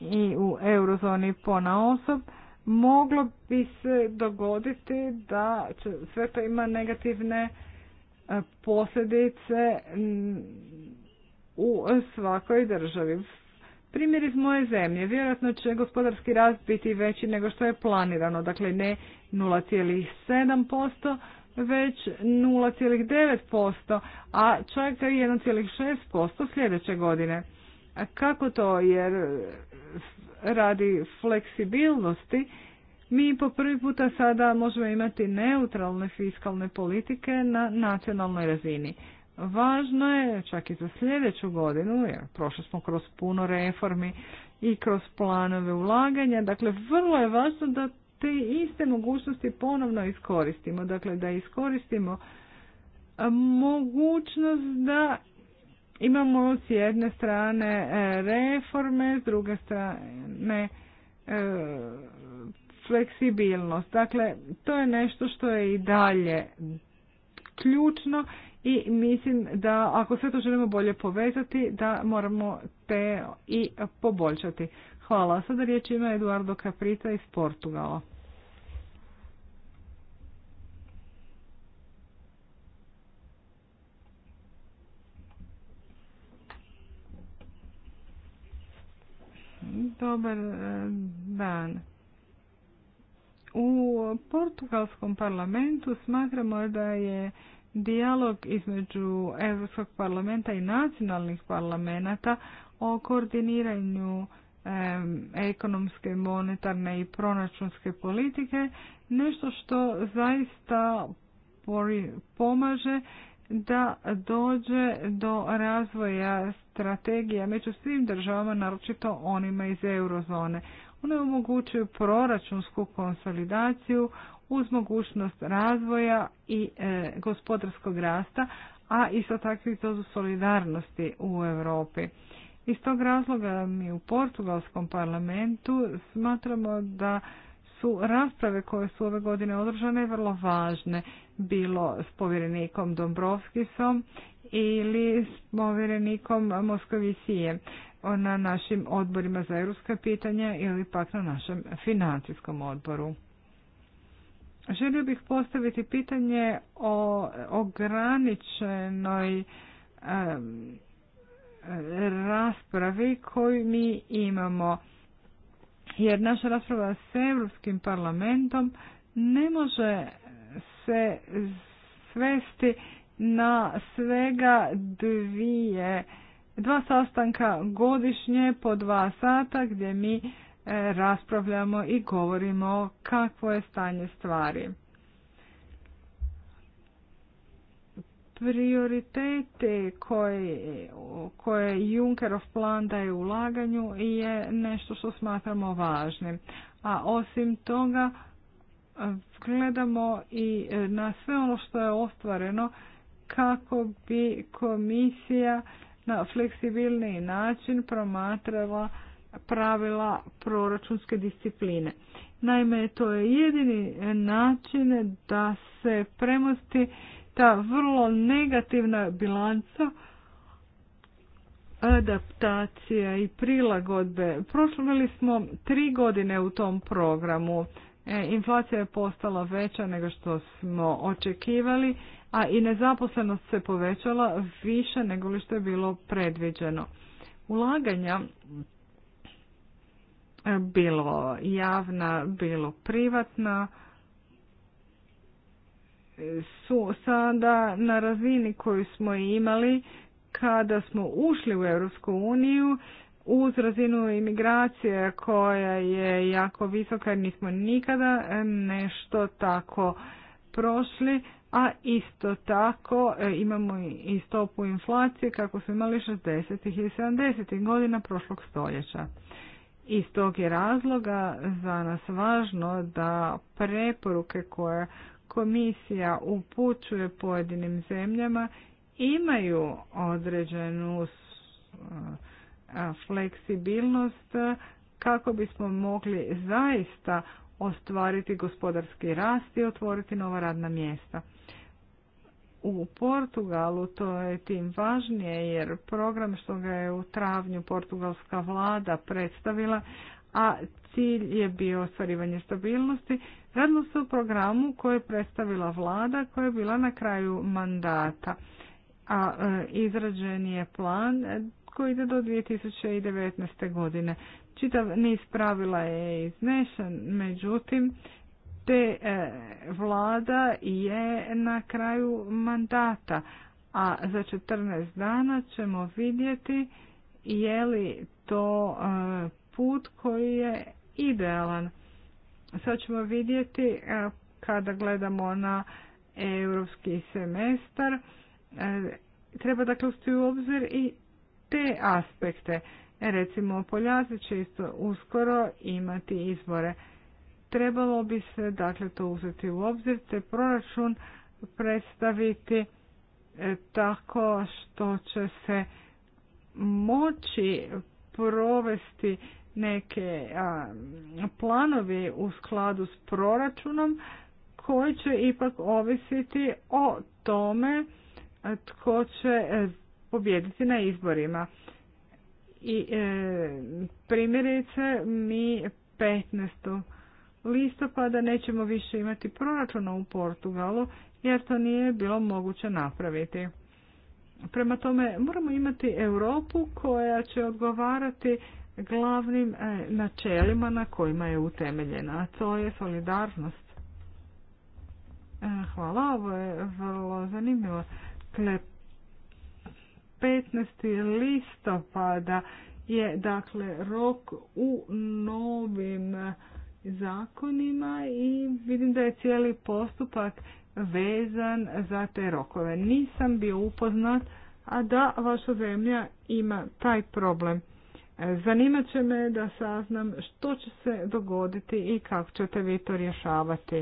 i u eurozoni pona osob, moglo bi se dogoditi da sve to ima negativne e, posljedice u e, svakoj državi. Primjer iz moje zemlje, vjerojatno će gospodarski rast biti veći nego što je planirano, dakle ne 0,7%, već 0,9%, a čak 1,6% sljedeće godine. kako to? Jer radi fleksibilnosti mi po prvi puta sada možemo imati neutralne fiskalne politike na nacionalnoj razini. Važno je čak i za sljedeću godinu, jer prošli smo kroz puno reformi i kroz planove ulaganja, dakle vrlo je važno da te iste mogućnosti ponovno iskoristimo, dakle da iskoristimo mogućnost da imamo s jedne strane e, reforme, s druge strane e, fleksibilnost. Dakle, to je nešto što je i dalje ključno i mislim da ako sve to želimo bolje povezati, da moramo te i poboljšati. Hvala. Sada riječ ima Eduardo Caprita iz Portugala. Dobar eh, dan. U portugalskom parlamentu smatramo da je dijalog između Europskog parlamenta i nacionalnih parlamenta o koordiniranju ekonomske, monetarne i proračunske politike, nešto što zaista pomaže da dođe do razvoja strategija među svim državama, naročito onima iz eurozone. One omogućuju proračunsku konsolidaciju uz mogućnost razvoja i e, gospodarskog rasta, a isto tako i dozu solidarnosti u Europi. Iz tog razloga mi u portugalskom parlamentu smatramo da su rasprave koje su ove godine održane vrlo važne, bilo s povjerenikom Dombrovskisom ili s povjerenikom Moskovisije na našim odborima za europska pitanja ili pak na našem financijskom odboru. Želio bih postaviti pitanje o ograničenoj raspravi koju mi imamo. Jer naša rasprava s Europskim parlamentom ne može se svesti na svega dvije dva sastanka godišnje po dva sata gdje mi e, raspravljamo i govorimo kakvo je stanje stvari. Prioritete koje, koje plan daje ulaganju je nešto što smatramo važnim. A osim toga gledamo i e, na sve ono što je ostvareno kako bi komisija na fleksibilniji način promatrala pravila proračunske discipline. Naime, to je jedini način da se premosti ta vrlo negativna bilanca adaptacija i prilagodbe. Prošli smo tri godine u tom programu. E, inflacija je postala veća nego što smo očekivali, a i nezaposlenost se povećala više nego li što je bilo predviđeno. Ulaganja e, bilo javna, bilo privatna e, su sada na razini koju smo imali kada smo ušli u Europsku uniju uz razinu imigracije koja je jako visoka jer nismo nikada e, nešto tako prošli a isto tako e, imamo i stopu inflacije kako smo imali 60. i 70. godina prošlog stoljeća. Iz tog je razloga za nas važno da preporuke koje komisija upućuje pojedinim zemljama imaju određenu e, fleksibilnost kako bismo mogli zaista ostvariti gospodarski rast i otvoriti nova radna mjesta u Portugalu to je tim važnije jer program što ga je u travnju portugalska vlada predstavila, a cilj je bio ostvarivanje stabilnosti, radno se u programu koje je predstavila vlada koja je bila na kraju mandata. A e, izrađen je plan koji ide do 2019. godine. Čitav niz pravila je iznešen, međutim, te e, vlada je na kraju mandata, a za 14 dana ćemo vidjeti je li to e, put koji je idealan. Sad ćemo vidjeti e, kada gledamo na europski semestar, treba dakle u obzir i te aspekte. Recimo, Poljazi će isto uskoro imati izbore. Trebalo bi se dakle to uzeti u obzir te proračun predstaviti e, tako što će se moći provesti neke planovi u skladu s proračunom koji će ipak ovisiti o tome e, tko će e, pobjediti na izborima. I primjerice mi 15 listopada nećemo više imati proračuna u Portugalu jer to nije bilo moguće napraviti. Prema tome moramo imati Europu koja će odgovarati glavnim e, načelima na kojima je utemeljena, a to je solidarnost. E, hvala, ovo je vrlo zanimljivo. 15. listopada je dakle rok u novim zakonima i vidim da je cijeli postupak vezan za te rokove. Nisam bio upoznat, a da vaša zemlja ima taj problem. E, Zanimat će me da saznam što će se dogoditi i kako ćete vi to rješavati.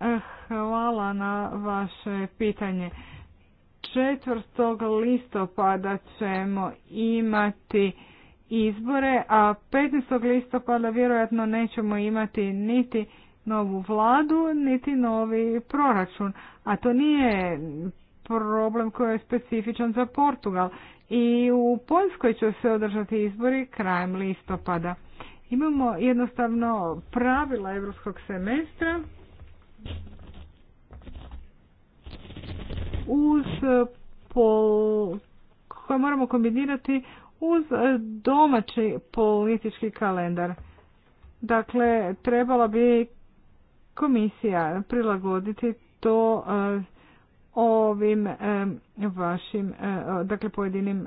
E, hvala na vaše pitanje. 4. listopada ćemo imati izbore, a 15. listopada vjerojatno nećemo imati niti novu vladu, niti novi proračun. A to nije problem koji je specifičan za Portugal. I u Poljskoj će se održati izbori krajem listopada. Imamo jednostavno pravila evropskog semestra uz pol, koje moramo kombinirati uz e, domaći politički kalendar. Dakle, trebala bi komisija prilagoditi to e, ovim e, vašim, dakle pojedinim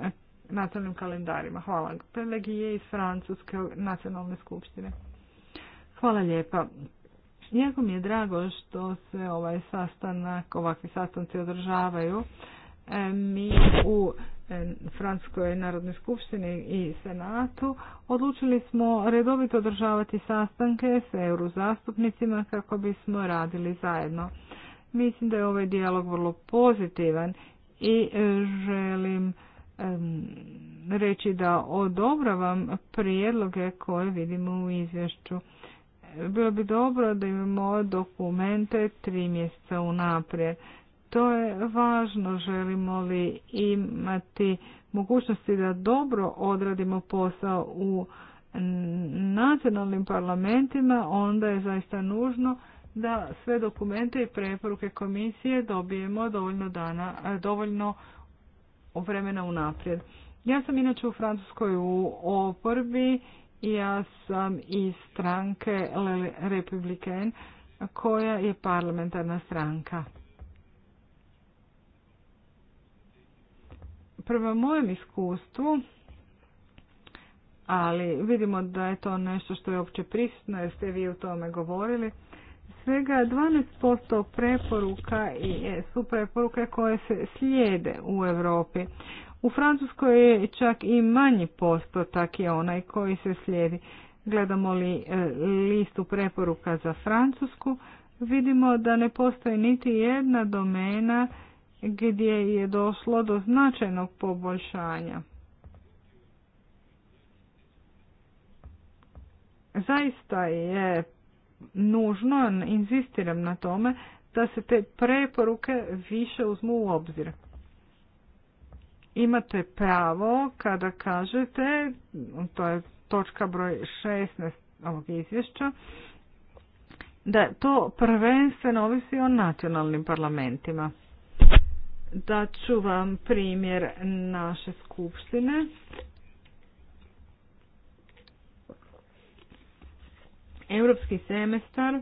nacionalnim kalendarima. Hvala. Pelegije iz Francuske nacionalne skupštine. Hvala lijepa. Jako mi je drago što se ovaj sastanak, ovakvi sastanci održavaju. Mi u E, Francuskoj narodnoj skupštini i senatu, odlučili smo redovito održavati sastanke s eurozastupnicima kako bismo radili zajedno. Mislim da je ovaj dijalog vrlo pozitivan i e, želim reći da odobravam prijedloge koje vidimo u izvješću. Bilo bi dobro da imamo dokumente tri mjeseca unaprijed. To je važno želimo li imati mogućnosti da dobro odradimo posao u nacionalnim parlamentima, onda je zaista nužno da sve dokumente i preporuke komisije dobijemo dovoljno dana, dovoljno vremena unaprijed. Ja sam inače u Francuskoj u oporbi i ja sam iz stranke Republiken koja je parlamentarna stranka. prema mojem iskustvu, ali vidimo da je to nešto što je opće prisutno jer ste vi o tome govorili, svega 12% preporuka e, su preporuke koje se slijede u Europi. U Francuskoj je čak i manji postotak je onaj koji se slijedi. Gledamo li e, listu preporuka za Francusku, vidimo da ne postoji niti jedna domena gdje je došlo do značajnog poboljšanja. Zaista je nužno, inzistiram na tome, da se te preporuke više uzmu u obzir. Imate pravo kada kažete, to je točka broj 16 ovog izvješća, da to prvenstveno ovisi o nacionalnim parlamentima da ću vam primjer naše skupštine. Europski semestar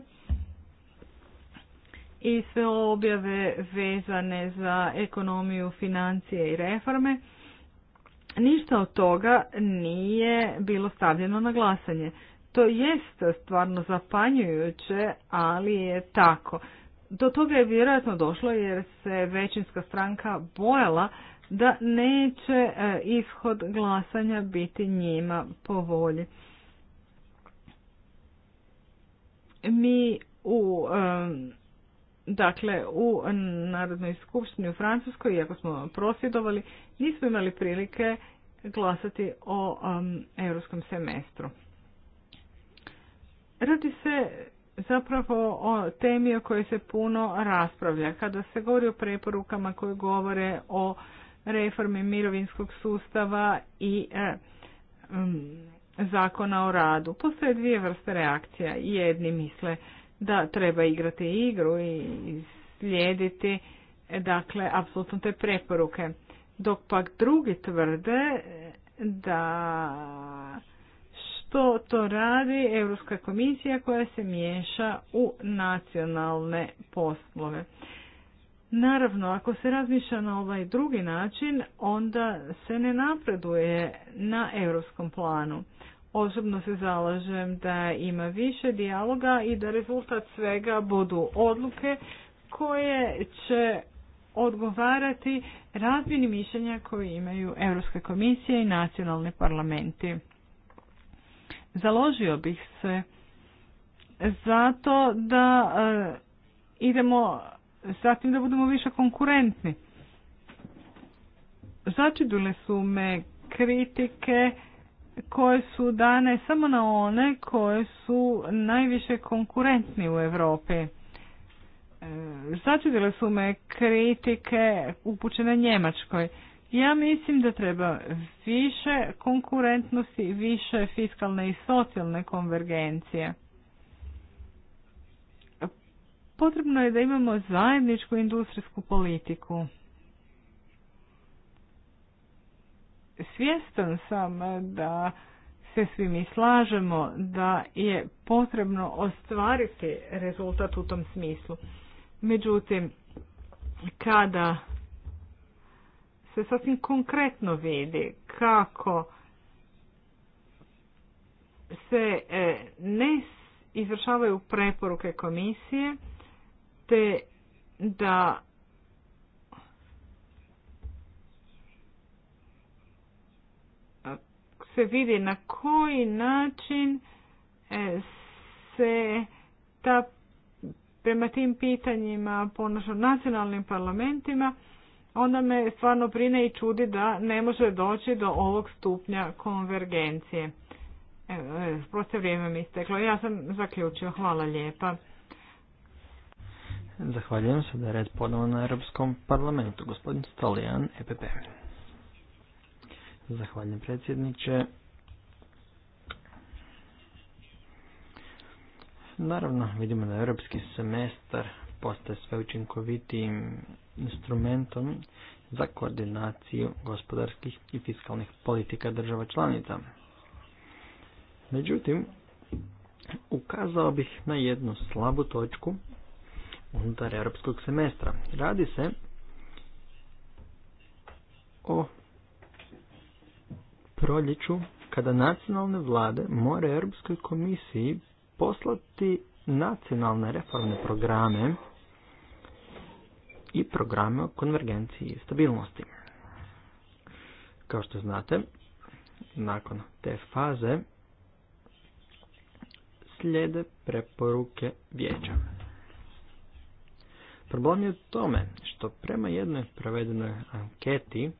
i sve objave vezane za ekonomiju, financije i reforme. Ništa od toga nije bilo stavljeno na glasanje. To jest stvarno zapanjujuće, ali je tako. Do toga je vjerojatno došlo jer se većinska stranka bojala da neće e, ishod glasanja biti njima po volji. Mi u e, dakle u Narodnoj skupštini u Francuskoj, iako smo prosvjedovali, nismo imali prilike glasati o e, europskom semestru. Radi se zapravo o temi o kojoj se puno raspravlja. Kada se govori o preporukama koje govore o reformi mirovinskog sustava i e, zakona o radu, postoje dvije vrste reakcija. Jedni misle da treba igrati igru i slijediti dakle apsolutno te preporuke. Dok pak drugi tvrde da što to radi Europska komisija koja se miješa u nacionalne poslove. Naravno, ako se razmišlja na ovaj drugi način, onda se ne napreduje na europskom planu. Osobno se zalažem da ima više dijaloga i da rezultat svega budu odluke koje će odgovarati razmjeni mišljenja koje imaju Europska komisija i nacionalni parlamenti založio bih se zato da e, idemo zatim da budemo više konkurentni. Začudile su me kritike koje su dane samo na one koje su najviše konkurentni u Europi. E, začudile su me kritike upućene Njemačkoj. Ja mislim da treba više konkurentnosti, više fiskalne i socijalne konvergencije. Potrebno je da imamo zajedničku industrijsku politiku. Svjestan sam da se svi mi slažemo da je potrebno ostvariti rezultat u tom smislu. Međutim, kada se sasvim konkretno vidi kako se e, ne izvršavaju preporuke komisije te da se vidi na koji način e, se ta prema tim pitanjima ponaša nacionalnim parlamentima onda me stvarno brine i čudi da ne može doći do ovog stupnja konvergencije. E, e, proste vrijeme mi isteklo. Ja sam zaključio. Hvala lijepa. Zahvaljujem se da je red ponovno na Europskom parlamentu. Gospodin Stolijan, EPP. Zahvaljujem predsjedniče. Naravno, vidimo da europski semestar postaje sve učinkovitijim instrumentom za koordinaciju gospodarskih i fiskalnih politika država članica. Međutim, ukazao bih na jednu slabu točku unutar europskog semestra. Radi se o proljeću kada nacionalne vlade more Europskoj komisiji poslati nacionalne reformne programe i programe o konvergenciji i stabilnosti. Kao što znate, nakon te faze slijede preporuke vijeća. Problem je u tome što prema jednoj provedenoj anketi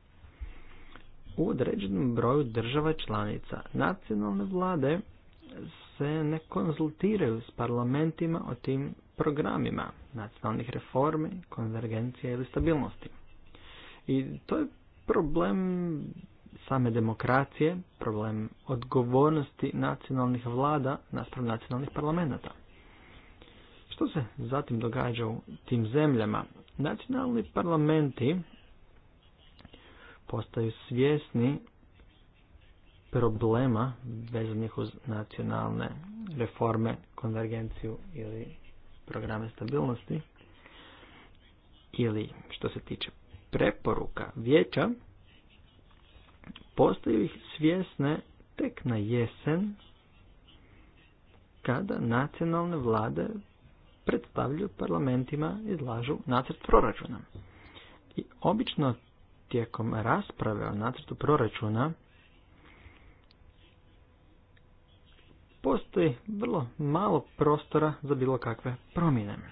u određenom broju država članica nacionalne vlade se ne konzultiraju s parlamentima o tim programima nacionalnih reformi, konvergencije ili stabilnosti. I to je problem same demokracije, problem odgovornosti nacionalnih vlada naspram nacionalnih parlamenta. Što se zatim događa u tim zemljama? Nacionalni parlamenti postaju svjesni problema vezanih uz nacionalne reforme, konvergenciju ili programe stabilnosti ili što se tiče preporuka vijeća, postaju ih svjesne tek na jesen kada nacionalne vlade predstavljaju parlamentima izlažu nacrt proračuna. I obično tijekom rasprave o nacrtu proračuna postoji vrlo malo prostora za bilo kakve promjene.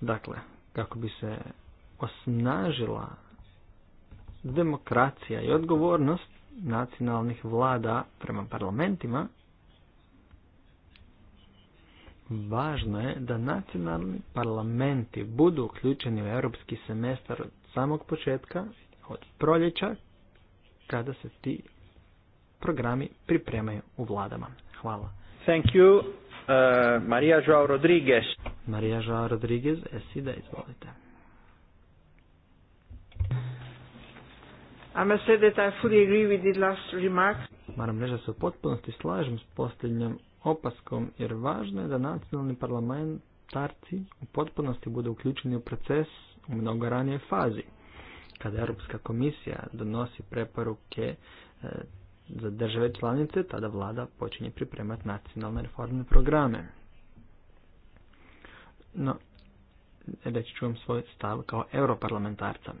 Dakle, kako bi se osnažila demokracija i odgovornost nacionalnih vlada prema parlamentima, važno je da nacionalni parlamenti budu uključeni u europski semestar od samog početka, od proljeća, kada se ti programi pripremaju u vladama. Hvala. Thank you. Uh, Marija Joao Rodriguez. Maria Joao Rodriguez, Esida, izvolite. I must say that I fully agree with the last remark. Moram reći da se u potpunosti slažem s posljednjom opaskom, jer važno je da nacionalni parlamentarci u potpunosti budu uključeni u proces u mnogo ranijoj fazi. Kada Europska komisija donosi preporuke eh, za države članice, tada vlada počinje pripremati nacionalne reformne programe. No, reći ću vam svoj stav kao europarlamentarca.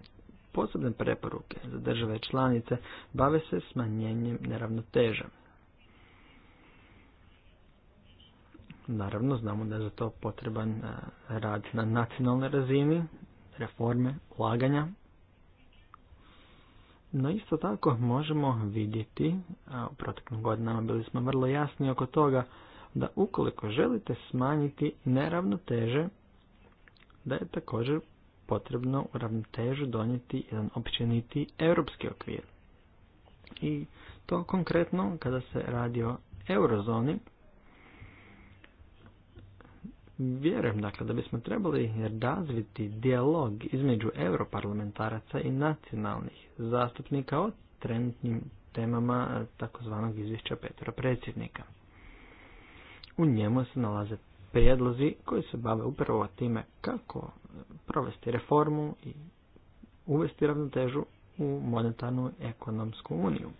Posebne preporuke za države članice bave se smanjenjem neravnoteža. Naravno, znamo da je za to potreban eh, rad na nacionalnoj razini, reforme, ulaganja, no isto tako možemo vidjeti, u proteklim godinama bili smo vrlo jasni oko toga, da ukoliko želite smanjiti neravnoteže, da je također potrebno u ravnotežu donijeti jedan općeniti europski okvir. I to konkretno kada se radi o eurozoni, Vjerujem dakle da bismo trebali razviti dijalog između europarlamentaraca i nacionalnih zastupnika o trenutnim temama takozvanog izvješća Petra predsjednika. U njemu se nalaze prijedlozi koji se bave upravo time kako provesti reformu i uvesti ravnotežu u monetarnu ekonomsku uniju.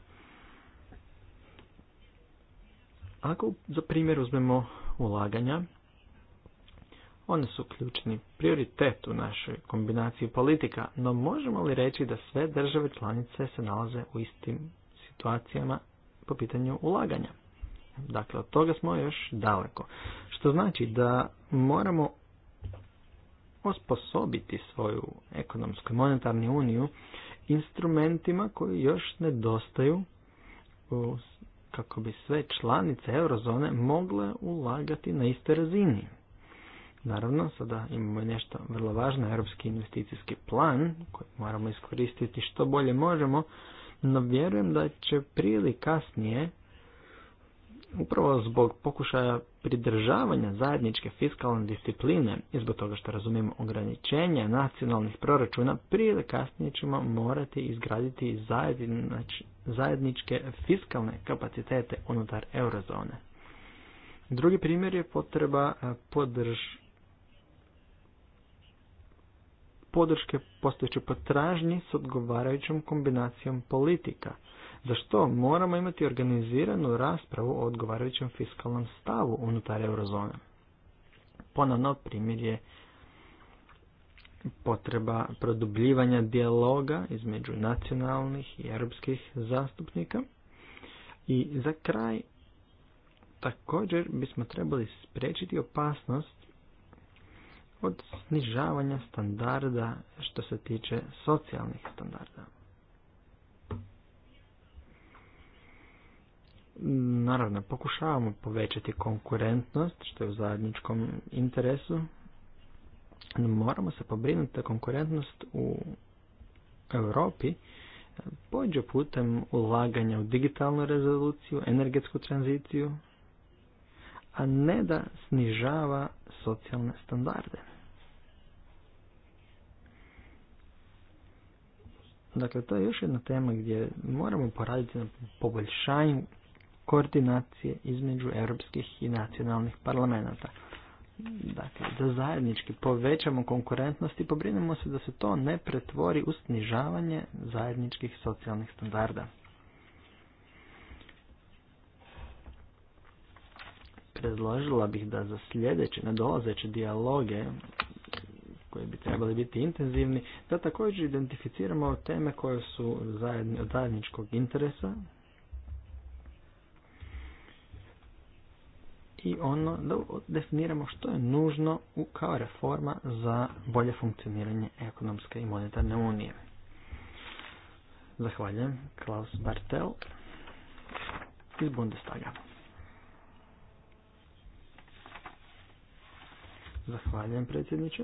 Ako za primjer uzmemo ulaganja, one su ključni prioritet u našoj kombinaciji politika, no možemo li reći da sve države članice se nalaze u istim situacijama po pitanju ulaganja? Dakle, od toga smo još daleko. Što znači da moramo osposobiti svoju ekonomsku i monetarnu uniju instrumentima koji još nedostaju kako bi sve članice eurozone mogle ulagati na istoj razini. Naravno, sada imamo nešto vrlo važno, europski investicijski plan koji moramo iskoristiti što bolje možemo, no vjerujem da će prije ili kasnije, upravo zbog pokušaja pridržavanja zajedničke fiskalne discipline i zbog toga što razumijemo ograničenja nacionalnih proračuna, prije ili kasnije ćemo morati izgraditi zajedničke fiskalne kapacitete unutar eurozone. Drugi primjer je potreba eh, podrž, podrške postojećoj potražnji s odgovarajućom kombinacijom politika, za što moramo imati organiziranu raspravu o odgovarajućem fiskalnom stavu unutar eurozone. Ponovno primjer je potreba produbljivanja dijaloga između nacionalnih i europskih zastupnika. I za kraj također bismo trebali spriječiti opasnost od snižavanja standarda što se tiče socijalnih standarda. Naravno, pokušavamo povećati konkurentnost, što je u zajedničkom interesu. Moramo se pobrinuti da konkurentnost u Europi e, pođe putem ulaganja u digitalnu rezoluciju, energetsku tranziciju, a ne da snižava socijalne standarde. Dakle, to je još jedna tema gdje moramo poraditi na poboljšanju koordinacije između europskih i nacionalnih parlamenta. Dakle, da zajednički povećamo konkurentnost i pobrinemo se da se to ne pretvori u snižavanje zajedničkih socijalnih standarda. Predložila bih da za sljedeće nadolazeće dijaloge koji bi trebali biti intenzivni, da također identificiramo teme koje su od zajedničkog interesa i ono da definiramo što je nužno u, kao reforma za bolje funkcioniranje ekonomske i monetarne unije. Zahvaljujem, Klaus Bartel iz Bundestaga. Zahvaljujem predsjedniče.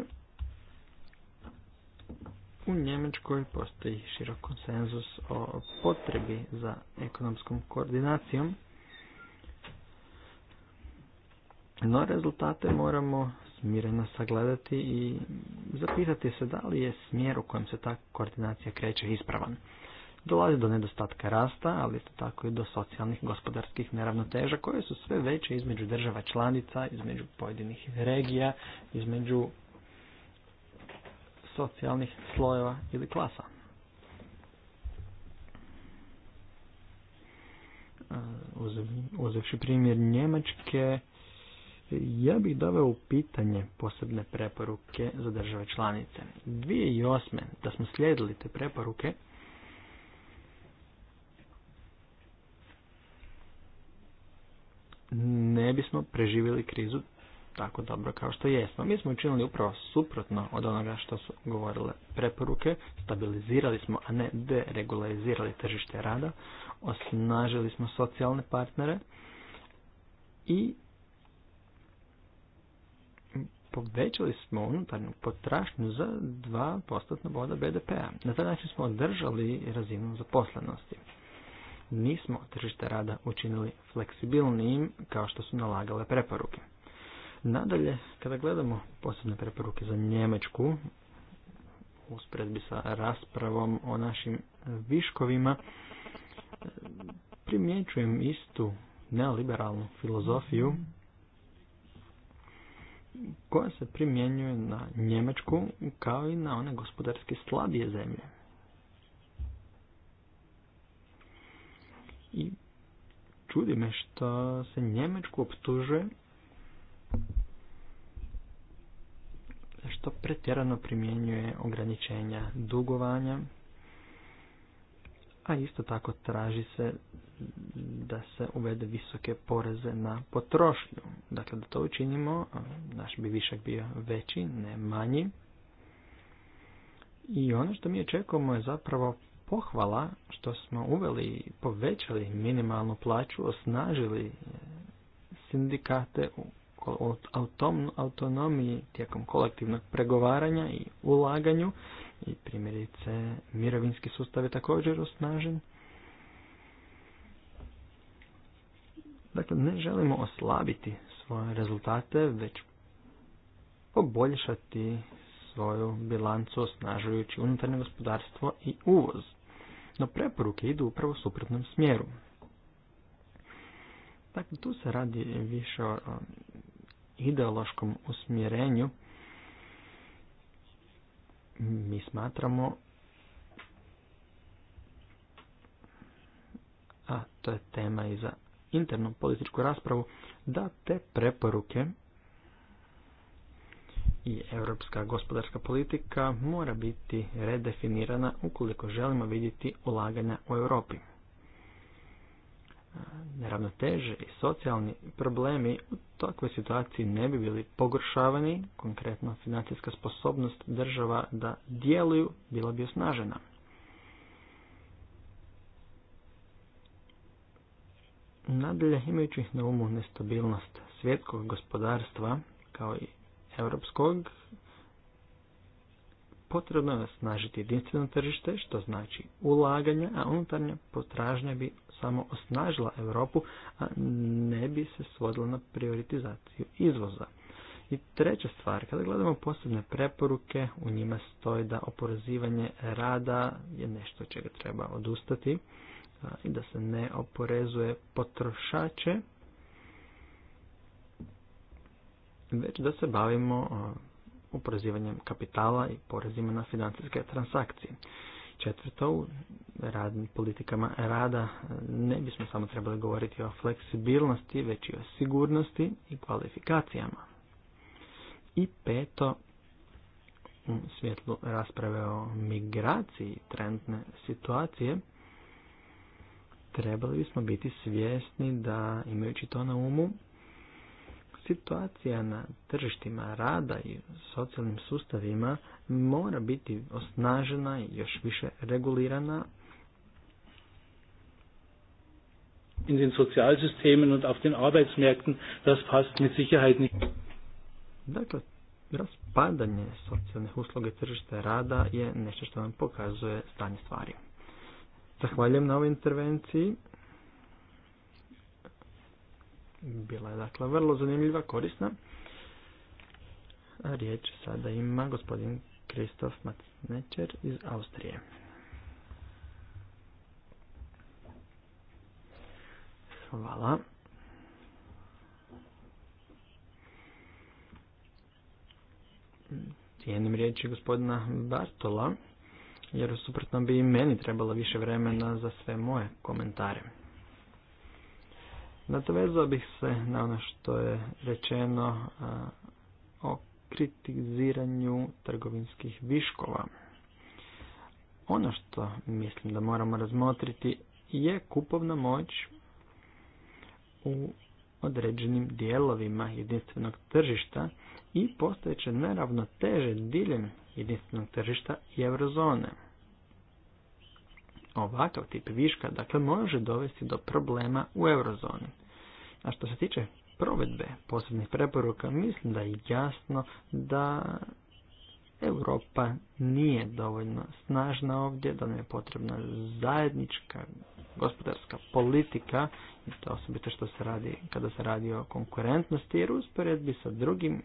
U Njemačkoj postoji širok konsenzus o potrebi za ekonomskom koordinacijom, no rezultate moramo smireno sagledati i zapitati se da li je smjer u kojem se ta koordinacija kreće ispravan. Dolazi do nedostatka rasta, ali isto tako i do socijalnih gospodarskih neravnoteža koje su sve veće između država članica, između pojedinih regija, između socijalnih slojeva ili klasa. E, uzevši primjer Njemačke, ja bih doveo u pitanje posebne preporuke za države članice. 2008. da smo slijedili te preporuke, ne bismo preživjeli krizu tako dobro kao što jesmo. Mi smo učinili upravo suprotno od onoga što su govorile preporuke, stabilizirali smo, a ne deregularizirali tržište rada, osnažili smo socijalne partnere i povećali smo unutarnju potrašnju za 2% boda BDP-a. Na taj način smo održali razinu zaposlenosti. Nismo tržište rada učinili fleksibilnijim kao što su nalagale preporuke. Nadalje, kada gledamo posebne preporuke za Njemačku, uspredbi sa raspravom o našim viškovima, primjećujem istu neoliberalnu filozofiju koja se primjenjuje na Njemačku kao i na one gospodarski slabije zemlje. I čudi me što se Njemačku optužuje što pretjerano primjenjuje ograničenja dugovanja, a isto tako traži se da se uvede visoke poreze na potrošnju. Dakle, da to učinimo, naš bi višak bio veći, ne manji. I ono što mi očekujemo je zapravo pohvala što smo uveli, povećali minimalnu plaću, osnažili e, sindikate u autonomiji tijekom kolektivnog pregovaranja i ulaganju i primjerice mirovinski sustav je također osnažen. Dakle, ne želimo oslabiti svoje rezultate, već poboljšati svoju bilancu osnažujući unutarnje gospodarstvo i uvoz. No preporuke idu upravo u suprotnom smjeru. Dakle, tu se radi više o ideološkom usmjerenju mi smatramo a to je tema i za internu političku raspravu, da te preporuke i europska gospodarska politika mora biti redefinirana ukoliko želimo vidjeti ulaganja u Europi neravnoteže i socijalni problemi u takvoj situaciji ne bi bili pogoršavani, konkretno financijska sposobnost država da djeluju bila bi osnažena. Nadalje, imajući na umu nestabilnost svjetskog gospodarstva, kao i europskog, potrebno je osnažiti jedinstveno tržište, što znači ulaganje, a unutarnja potražnja bi samo osnažila Europu, a ne bi se svodila na prioritizaciju izvoza. I treća stvar, kada gledamo posebne preporuke, u njima stoji da oporezivanje rada je nešto čega treba odustati i da se ne oporezuje potrošače, već da se bavimo oporezivanjem kapitala i porezima na financijske transakcije. Četvrto, u radnim politikama rada ne bismo samo trebali govoriti o fleksibilnosti, već i o sigurnosti i kvalifikacijama. I peto, u svjetlu rasprave o migraciji trendne situacije, trebali bismo biti svjesni da, imajući to na umu, situacija na tržištima rada i socijalnim sustavima mora biti osnažena i još više regulirana. In den Sozialsystemen und auf den Arbeitsmärkten, das passt mit Sicherheit nicht. Dakle, raspadanje socijalnih usluga tržišta rada je nešto što nam pokazuje stanje stvari. Zahvaljujem na ovoj intervenciji. Bila je dakle vrlo zanimljiva, korisna. riječ sada ima gospodin Kristof Matnečer iz Austrije. Hvala. Cijenim riječi gospodina Bartola, jer suprotno bi i meni trebalo više vremena za sve moje komentare. Nadovezao bih se na ono što je rečeno o kritiziranju trgovinskih viškova. Ono što mislim da moramo razmotriti je kupovna moć u određenim dijelovima jedinstvenog tržišta i postojeće neravnoteže diljem jedinstvenog tržišta i eurozone. Ovakav tip viška dakle može dovesti do problema u eurozoni. A što se tiče provedbe posebnih preporuka, mislim da je jasno da Europa nije dovoljno snažna ovdje, da nam je potrebna zajednička gospodarska politika i to osobito što se radi kada se radi o konkurentnosti jer usporedbi sa drugim e,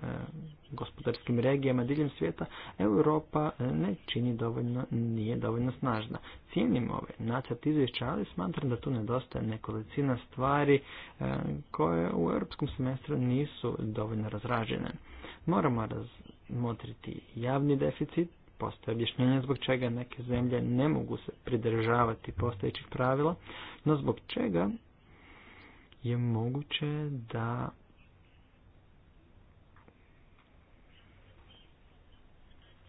gospodarskim regijama diljem svijeta Europa e, ne čini dovoljno, nije dovoljno snažna. Cijenim ove ovaj nacrt izvješća, ali smatram da tu nedostaje nekolicina stvari e, koje u europskom semestru nisu dovoljno razražene. Moramo razmotriti javni deficit, Postoje objašnjenja zbog čega neke zemlje ne mogu se pridržavati postojećih pravila, no zbog čega je moguće da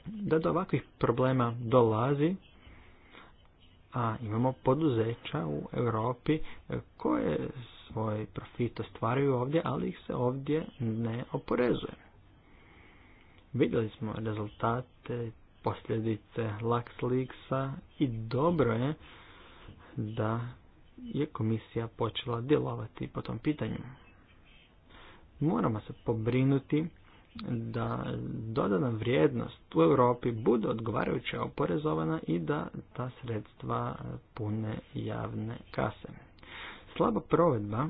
da do ovakvih problema dolazi, a imamo poduzeća u Europi e, koje svoj profit ostvaruju ovdje, ali ih se ovdje ne oporezuje. Vidjeli smo rezultate posljedice LuxLeaksa i dobro je da je komisija počela djelovati po tom pitanju. Moramo se pobrinuti da dodana vrijednost u Europi bude odgovarajuće oporezovana i da ta sredstva pune javne kase. Slaba provedba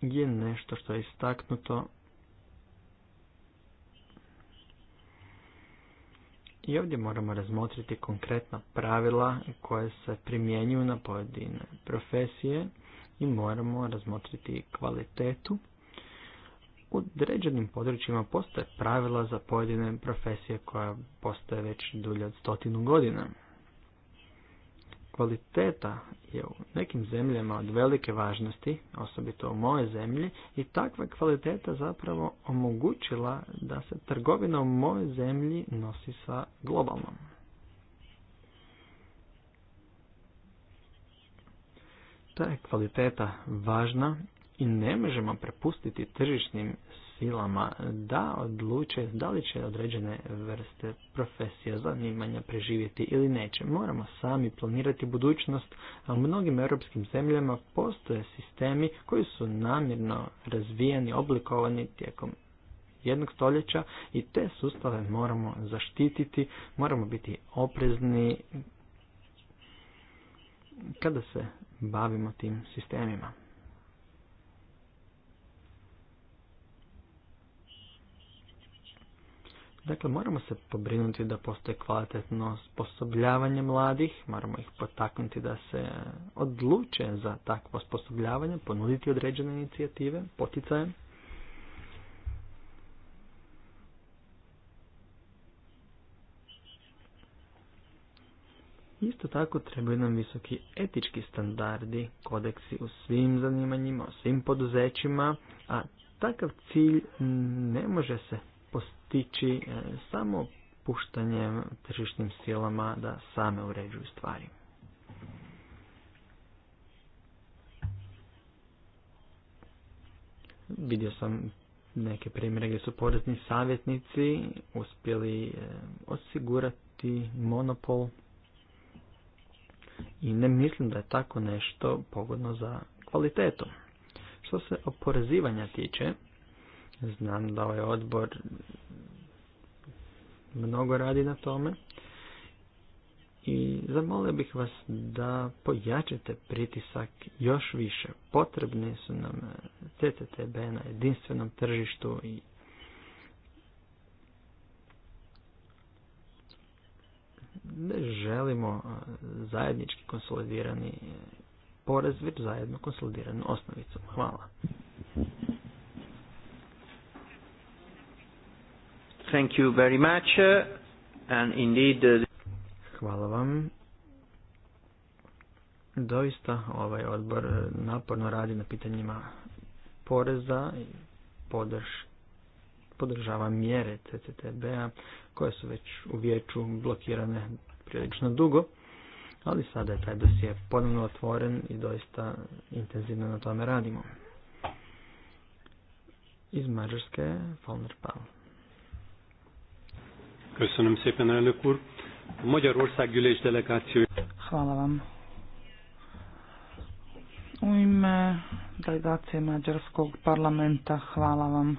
je nešto što je istaknuto I ovdje moramo razmotriti konkretna pravila koje se primjenjuju na pojedine profesije i moramo razmotriti kvalitetu. U određenim područjima postoje pravila za pojedine profesije koja postoje već dulje od stotinu godina kvaliteta je u nekim zemljama od velike važnosti, osobito u moje zemlji, i takva kvaliteta zapravo omogućila da se trgovina u mojoj zemlji nosi sa globalnom. Ta je kvaliteta važna i ne možemo prepustiti tržišnim silama da odluče da li će određene vrste profesija, zanimanja preživjeti ili neće. Moramo sami planirati budućnost, a u mnogim europskim zemljama postoje sistemi koji su namjerno razvijeni, oblikovani tijekom jednog stoljeća i te sustave moramo zaštititi, moramo biti oprezni kada se bavimo tim sistemima. Dakle, moramo se pobrinuti da postoje kvalitetno osposobljavanje mladih, moramo ih potaknuti da se odluče za takvo osposobljavanje, ponuditi određene inicijative, poticaje. Isto tako trebaju nam visoki etički standardi, kodeksi u svim zanimanjima, u svim poduzećima, a takav cilj ne može se postići e, samo puštanjem tržišnim silama da same uređuju stvari. Vidio sam neke primjere gdje su porezni savjetnici uspjeli e, osigurati monopol i ne mislim da je tako nešto pogodno za kvalitetu. Što se oporezivanja tiče, znam da ovaj odbor mnogo radi na tome i zamolio bih vas da pojačate pritisak još više. Potrebni su nam TTTB na jedinstvenom tržištu i ne želimo zajednički konsolidirani e, porez, već zajedno konsolidiranu osnovicu. Hvala. Thank you very much. Uh, indeed, uh, Hvala vam. Doista ovaj odbor uh, naporno radi na pitanjima poreza i podrž, podržava mjere CCTB-a koje su već u vijeću blokirane prilično dugo, ali sada je taj dosije ponovno otvoren i doista intenzivno na tome radimo. Iz Mađarske, Falner Pavel. Köszönöm szépen, elnök úr. A Magyarország gyűlés delegációja... Hvala vam. U ime delegacije Mađarskog parlamenta hvala vam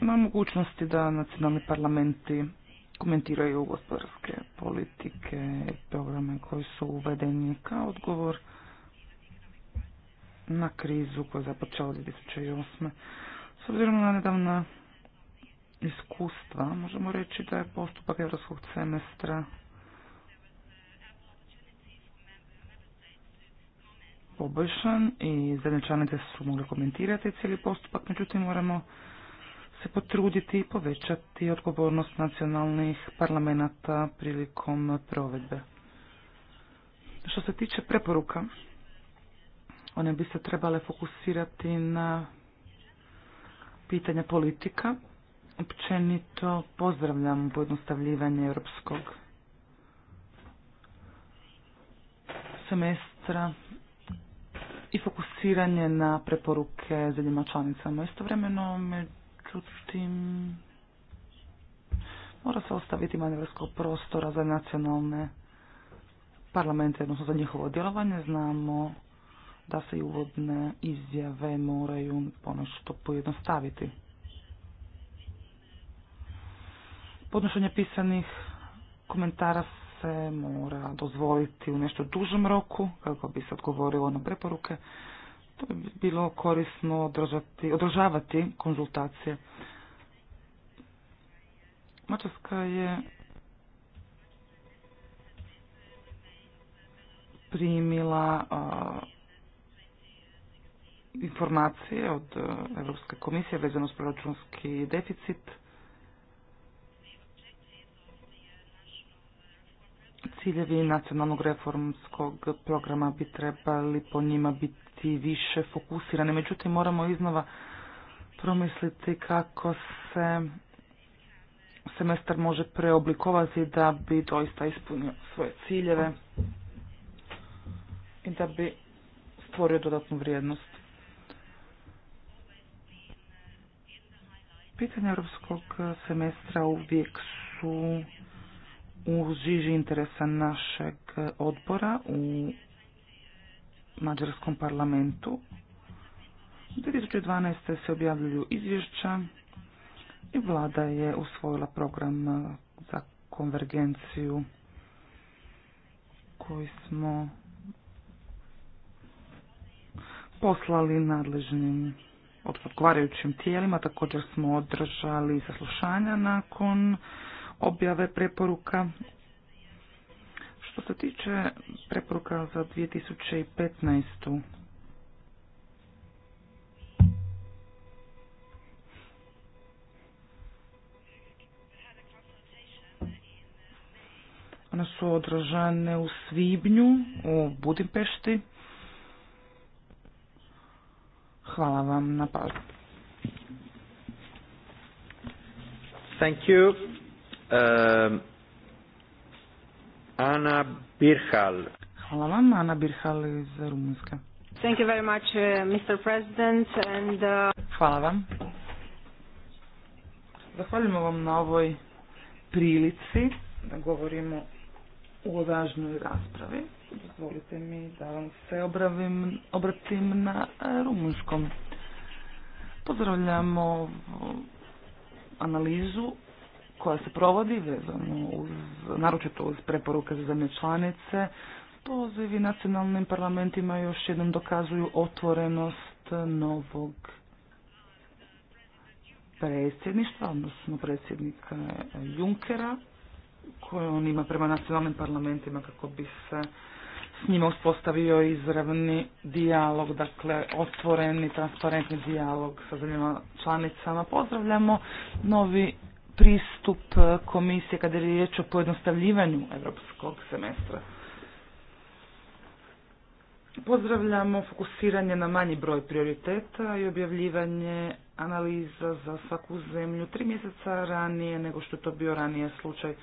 na mogućnosti da nacionalni parlamenti komentiraju gospodarske politike i programe koji su uvedeni kao odgovor na krizu koja je započela 2008. S obzirom na nedavna iskustva možemo reći da je postupak europskog semestra poboljšan i zemlje članice su mogli komentirati cijeli postupak, međutim moramo se potruditi i povećati odgovornost nacionalnih parlamenta prilikom provedbe. Što se tiče preporuka, one bi se trebale fokusirati na pitanja politika općenito pozdravljam pojednostavljivanje europskog semestra i fokusiranje na preporuke zemljama članicama. Istovremeno, međutim, mora se ostaviti manevarskog prostora za nacionalne parlamente, odnosno za njihovo djelovanje. Znamo da se i uvodne izjave moraju ponešto pojednostaviti. Podnošenje pisanih komentara se mora dozvoliti u nešto dužem roku, kako bi se odgovorilo na preporuke. To bi bilo korisno održati, održavati konzultacije. Mačarska je primila informacije od Europske komisije vezano s proračunski deficit. Ciljevi nacionalnog reformskog programa bi trebali po njima biti više fokusirani, međutim moramo iznova promisliti kako se semestar može preoblikovati da bi doista ispunio svoje ciljeve i da bi stvorio dodatnu vrijednost. Pitanje europskog semestra uvijek su u žiži interesa našeg odbora u Mađarskom parlamentu. 2012. se objavljuju izvješća i vlada je usvojila program za konvergenciju koji smo poslali nadležnim odgovarajućim tijelima. Također smo održali saslušanja nakon objave preporuka. Što se tiče preporuka za 2015. One su održane u Svibnju u Budimpešti. Hvala vam na pažnju. Thank you uh, Ana Birhal. Hvala vam, Ana Birhal iz Rumunjska Thank you very much, uh, Mr. President. And, uh... Hvala vam. Zahvaljujemo vam na ovoj prilici da govorimo u važnoj raspravi. Dozvolite mi da vam se obravim, obratim na e, rumunjskom. Pozdravljamo analizu koja se provodi vezano uz, naročito uz preporuke za zemlje članice, pozivi nacionalnim parlamentima još jednom dokazuju otvorenost novog predsjedništva, odnosno predsjednika Junkera, koje on ima prema nacionalnim parlamentima kako bi se s njima uspostavio izravni dijalog, dakle otvoreni, transparentni dijalog sa zemljama članicama. Pozdravljamo novi pristup e, komisije kada je riječ o pojednostavljivanju europskog semestra. Pozdravljamo fokusiranje na manji broj prioriteta i objavljivanje analiza za svaku zemlju tri mjeseca ranije nego što je to bio ranije slučaj.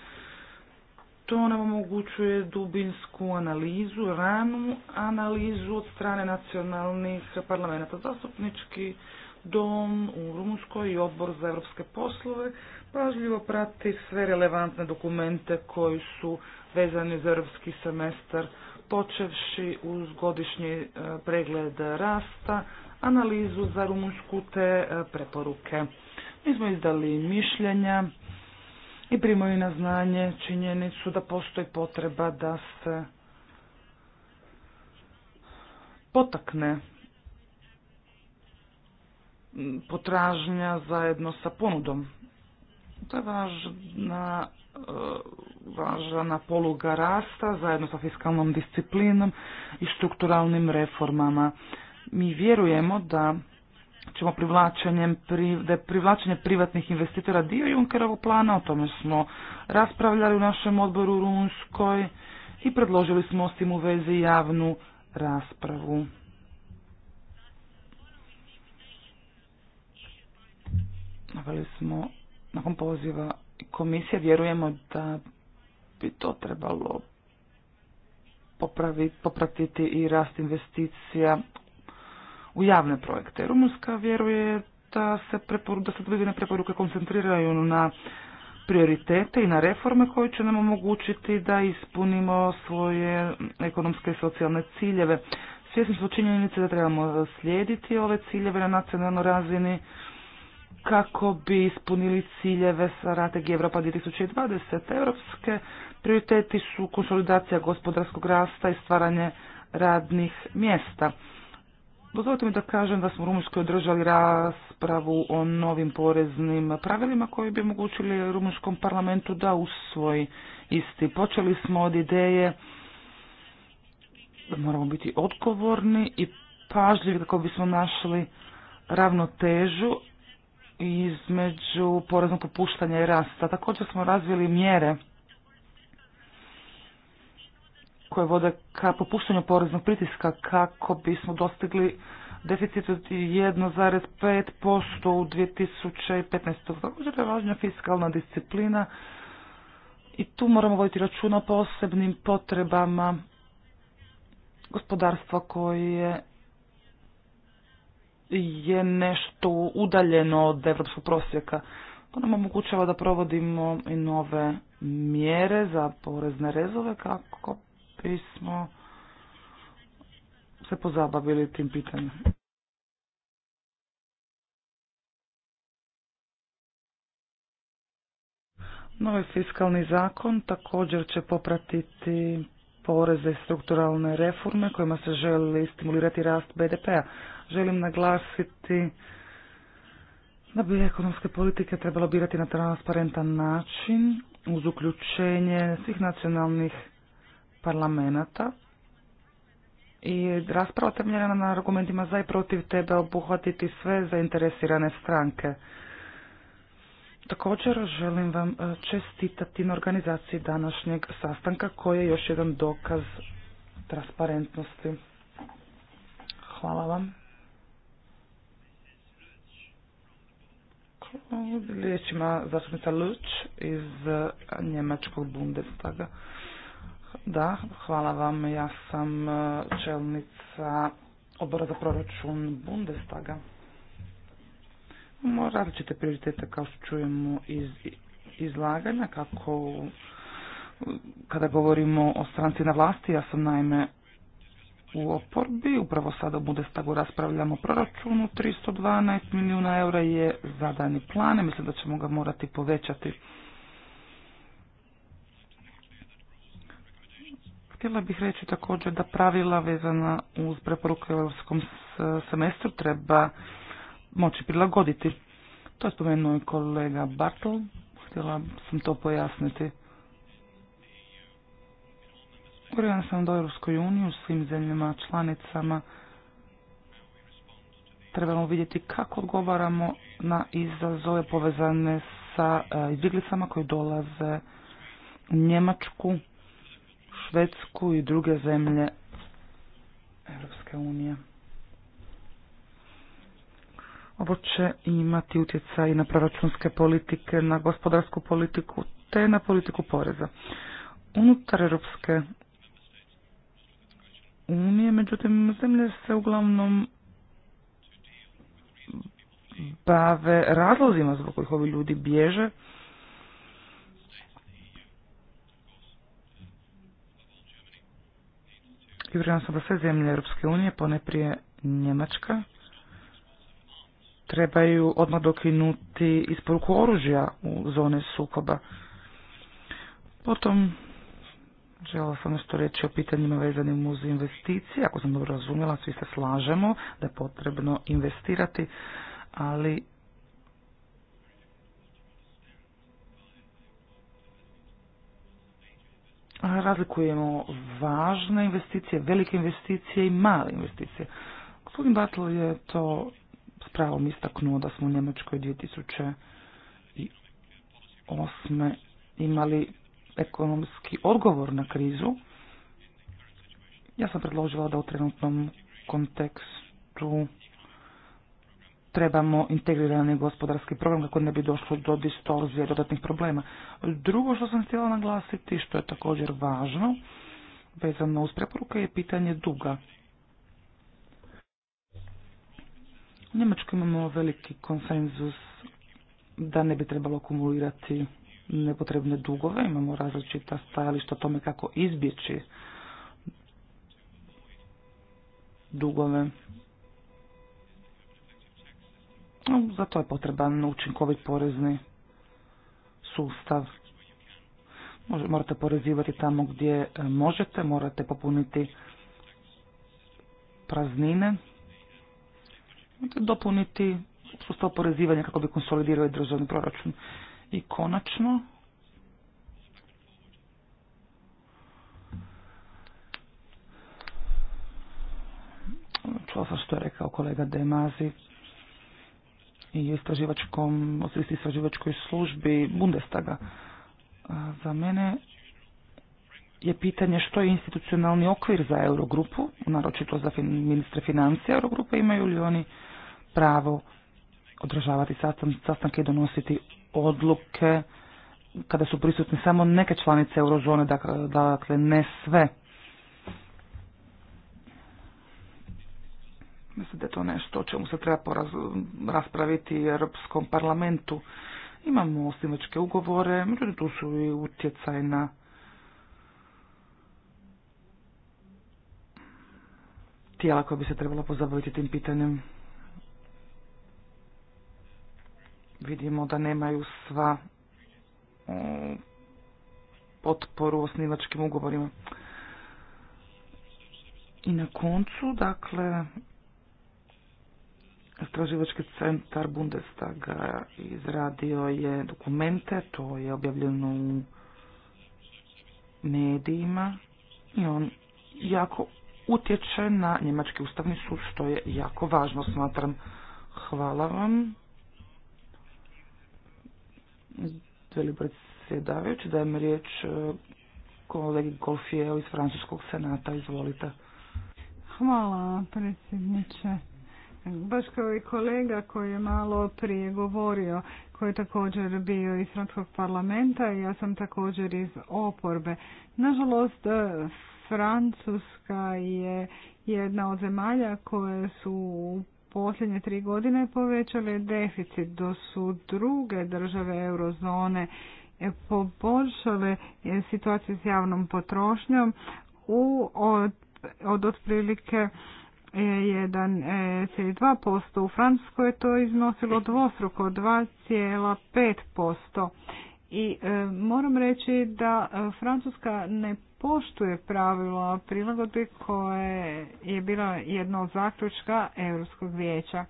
To nam omogućuje dubinsku analizu, ranu analizu od strane nacionalnih parlamenta. Zastupnički dom u Rumunskoj i odbor za evropske poslove pažljivo prati sve relevantne dokumente koji su vezani za evropski semestar, počevši uz godišnji e, pregled rasta, analizu za Rumunsku te e, preporuke. Mi smo izdali mišljenja i primaju na znanje činjenicu da postoji potreba da se potakne potražnja zajedno sa ponudom. To je važna, e, važna poluga rasta zajedno sa fiskalnom disciplinom i strukturalnim reformama. Mi vjerujemo da ćemo privlačenjem, da je privlačenje privatnih investitora dio Junkerovog plana, o tome smo raspravljali u našem odboru u Runskoj i predložili smo s tim u vezi javnu raspravu. Naveli smo nakon poziva komisije, vjerujemo da bi to trebalo popravi, popratiti i rast investicija u javne projekte. Rumunska vjeruje da se, preporu, da se odvedene preporuke koncentriraju na prioritete i na reforme koje će nam omogućiti da ispunimo svoje ekonomske i socijalne ciljeve. Svjesni smo činjenice da trebamo slijediti ove ciljeve na nacionalnoj razini kako bi ispunili ciljeve strategije Evropa 2020. Europske prioriteti su konsolidacija gospodarskog rasta i stvaranje radnih mjesta. Dozvolite mi da kažem da smo u Rumunjskoj održali raspravu o novim poreznim pravilima koji bi omogućili Rumunjskom parlamentu da usvoji isti. Počeli smo od ideje da moramo biti odgovorni i pažljivi kako bismo našli ravnotežu između poreznog popuštanja i rasta. Također smo razvili mjere koje vode ka popuštanju poreznog pritiska kako bismo dostigli deficit od 1,5% u 2015. Također je važna fiskalna disciplina i tu moramo voditi računa o posebnim potrebama gospodarstva koje je nešto udaljeno od evropskog prosjeka. To nam omogućava da provodimo i nove mjere za porezne rezove kako bismo se pozabavili tim pitanjem. Novi fiskalni zakon također će popratiti poreze strukturalne reforme kojima se želi stimulirati rast BDP-a. Želim naglasiti da bi ekonomske politike trebalo birati na transparentan način uz uključenje svih nacionalnih parlamenta i rasprava temeljena na argumentima za i protiv tebe obuhvatiti sve zainteresirane stranke. Također želim vam e, čestitati na organizaciji današnjeg sastanka koji je još jedan dokaz transparentnosti. Hvala vam. ima zastupnica Luč iz Njemačkog Bundestaga. Da, hvala vam. Ja sam e, čelnica odbora za proračun Bundestaga različite prioritete kao što čujemo iz izlaganja, kako kada govorimo o stranci na vlasti, ja sam naime u oporbi, upravo sada u Budestagu raspravljamo o proračunu, 312 milijuna eura je zadani plan, mislim da ćemo ga morati povećati. Htjela bih reći također da pravila vezana uz preporuke u europskom semestru treba moći prilagoditi. To je spomenuo i kolega Bartol. htjela sam to pojasniti. U sam do Europskoj uniji u svim zemljama članicama trebamo vidjeti kako odgovaramo na izazove povezane sa e, izbjeglicama koje dolaze u Njemačku, Švedsku i druge zemlje Europske unije. Ovo će imati utjecaj na proračunske politike, na gospodarsku politiku te na politiku poreza. Unutar Europske unije, međutim, zemlje se uglavnom bave razlozima zbog kojih ovi ljudi bježe. I vjerujem sam da sve zemlje Europske unije, prije Njemačka, trebaju odmah dokinuti isporuku oružja u zone sukoba. Potom žela sam nešto reći o pitanjima vezanim uz investicije. Ako sam dobro razumjela, svi se slažemo da je potrebno investirati, ali razlikujemo važne investicije, velike investicije i male investicije. Gospodin Batlo je to s pravom istaknuo da smo u Njemačkoj 2008. imali ekonomski odgovor na krizu. Ja sam predložila da u trenutnom kontekstu trebamo integrirani gospodarski program kako ne bi došlo do distorzije dodatnih problema. Drugo što sam htjela naglasiti, što je također važno, vezano uz preporuke, je pitanje duga. U Njemačkoj imamo veliki konsenzus da ne bi trebalo akumulirati nepotrebne dugove, imamo različita stajališta o tome kako izbjeći dugove. Zato je potreban učinkovit porezni sustav. Morate porezivati tamo gdje e, možete, morate popuniti praznine dopuniti sustav porezivanja kako bi konsolidirali državni proračun. I konačno, čuo sam što je rekao kolega Demazi i istraživačkom, istraživačkoj službi Bundestaga. Za mene je pitanje što je institucionalni okvir za Eurogrupu, naročito za ministre financija Eurogrupe, imaju li oni pravo održavati sastanke i donositi odluke kada su prisutni samo neke članice eurozone, dakle, dakle ne sve. Mislim da je to nešto o čemu se treba raspraviti u Europskom parlamentu. Imamo osnivačke ugovore, međutim tu su i utjecaj na tijela koja bi se trebala pozabaviti tim pitanjem. Vidimo da nemaju sva potporu osnivačkim ugovorima. I na koncu, dakle, straživački centar Bundestaga izradio je dokumente, to je objavljeno u medijima i on jako utječe na njemački ustavni sud, što je jako važno, smatram. Hvala vam. Veli da dajem riječ e, kolegi Golfijeo iz Francuskog senata. Izvolite. Hvala predsjedniče. Baš kao i kolega koji je malo prije govorio, koji je također bio iz Francuskog parlamenta i ja sam također iz oporbe. Nažalost, e, Francuska je jedna od zemalja koje su posljednje tri godine povećale deficit, do su druge države eurozone e, poboljšale e, situaciju s javnom potrošnjom u od, od otprilike 1,2%. E, u Francuskoj je to iznosilo dvostruko 2,5%. I moram reći da Francuska ne poštuje pravila prilagodbe koje je bila jedna od zaključka Europskog vijeća.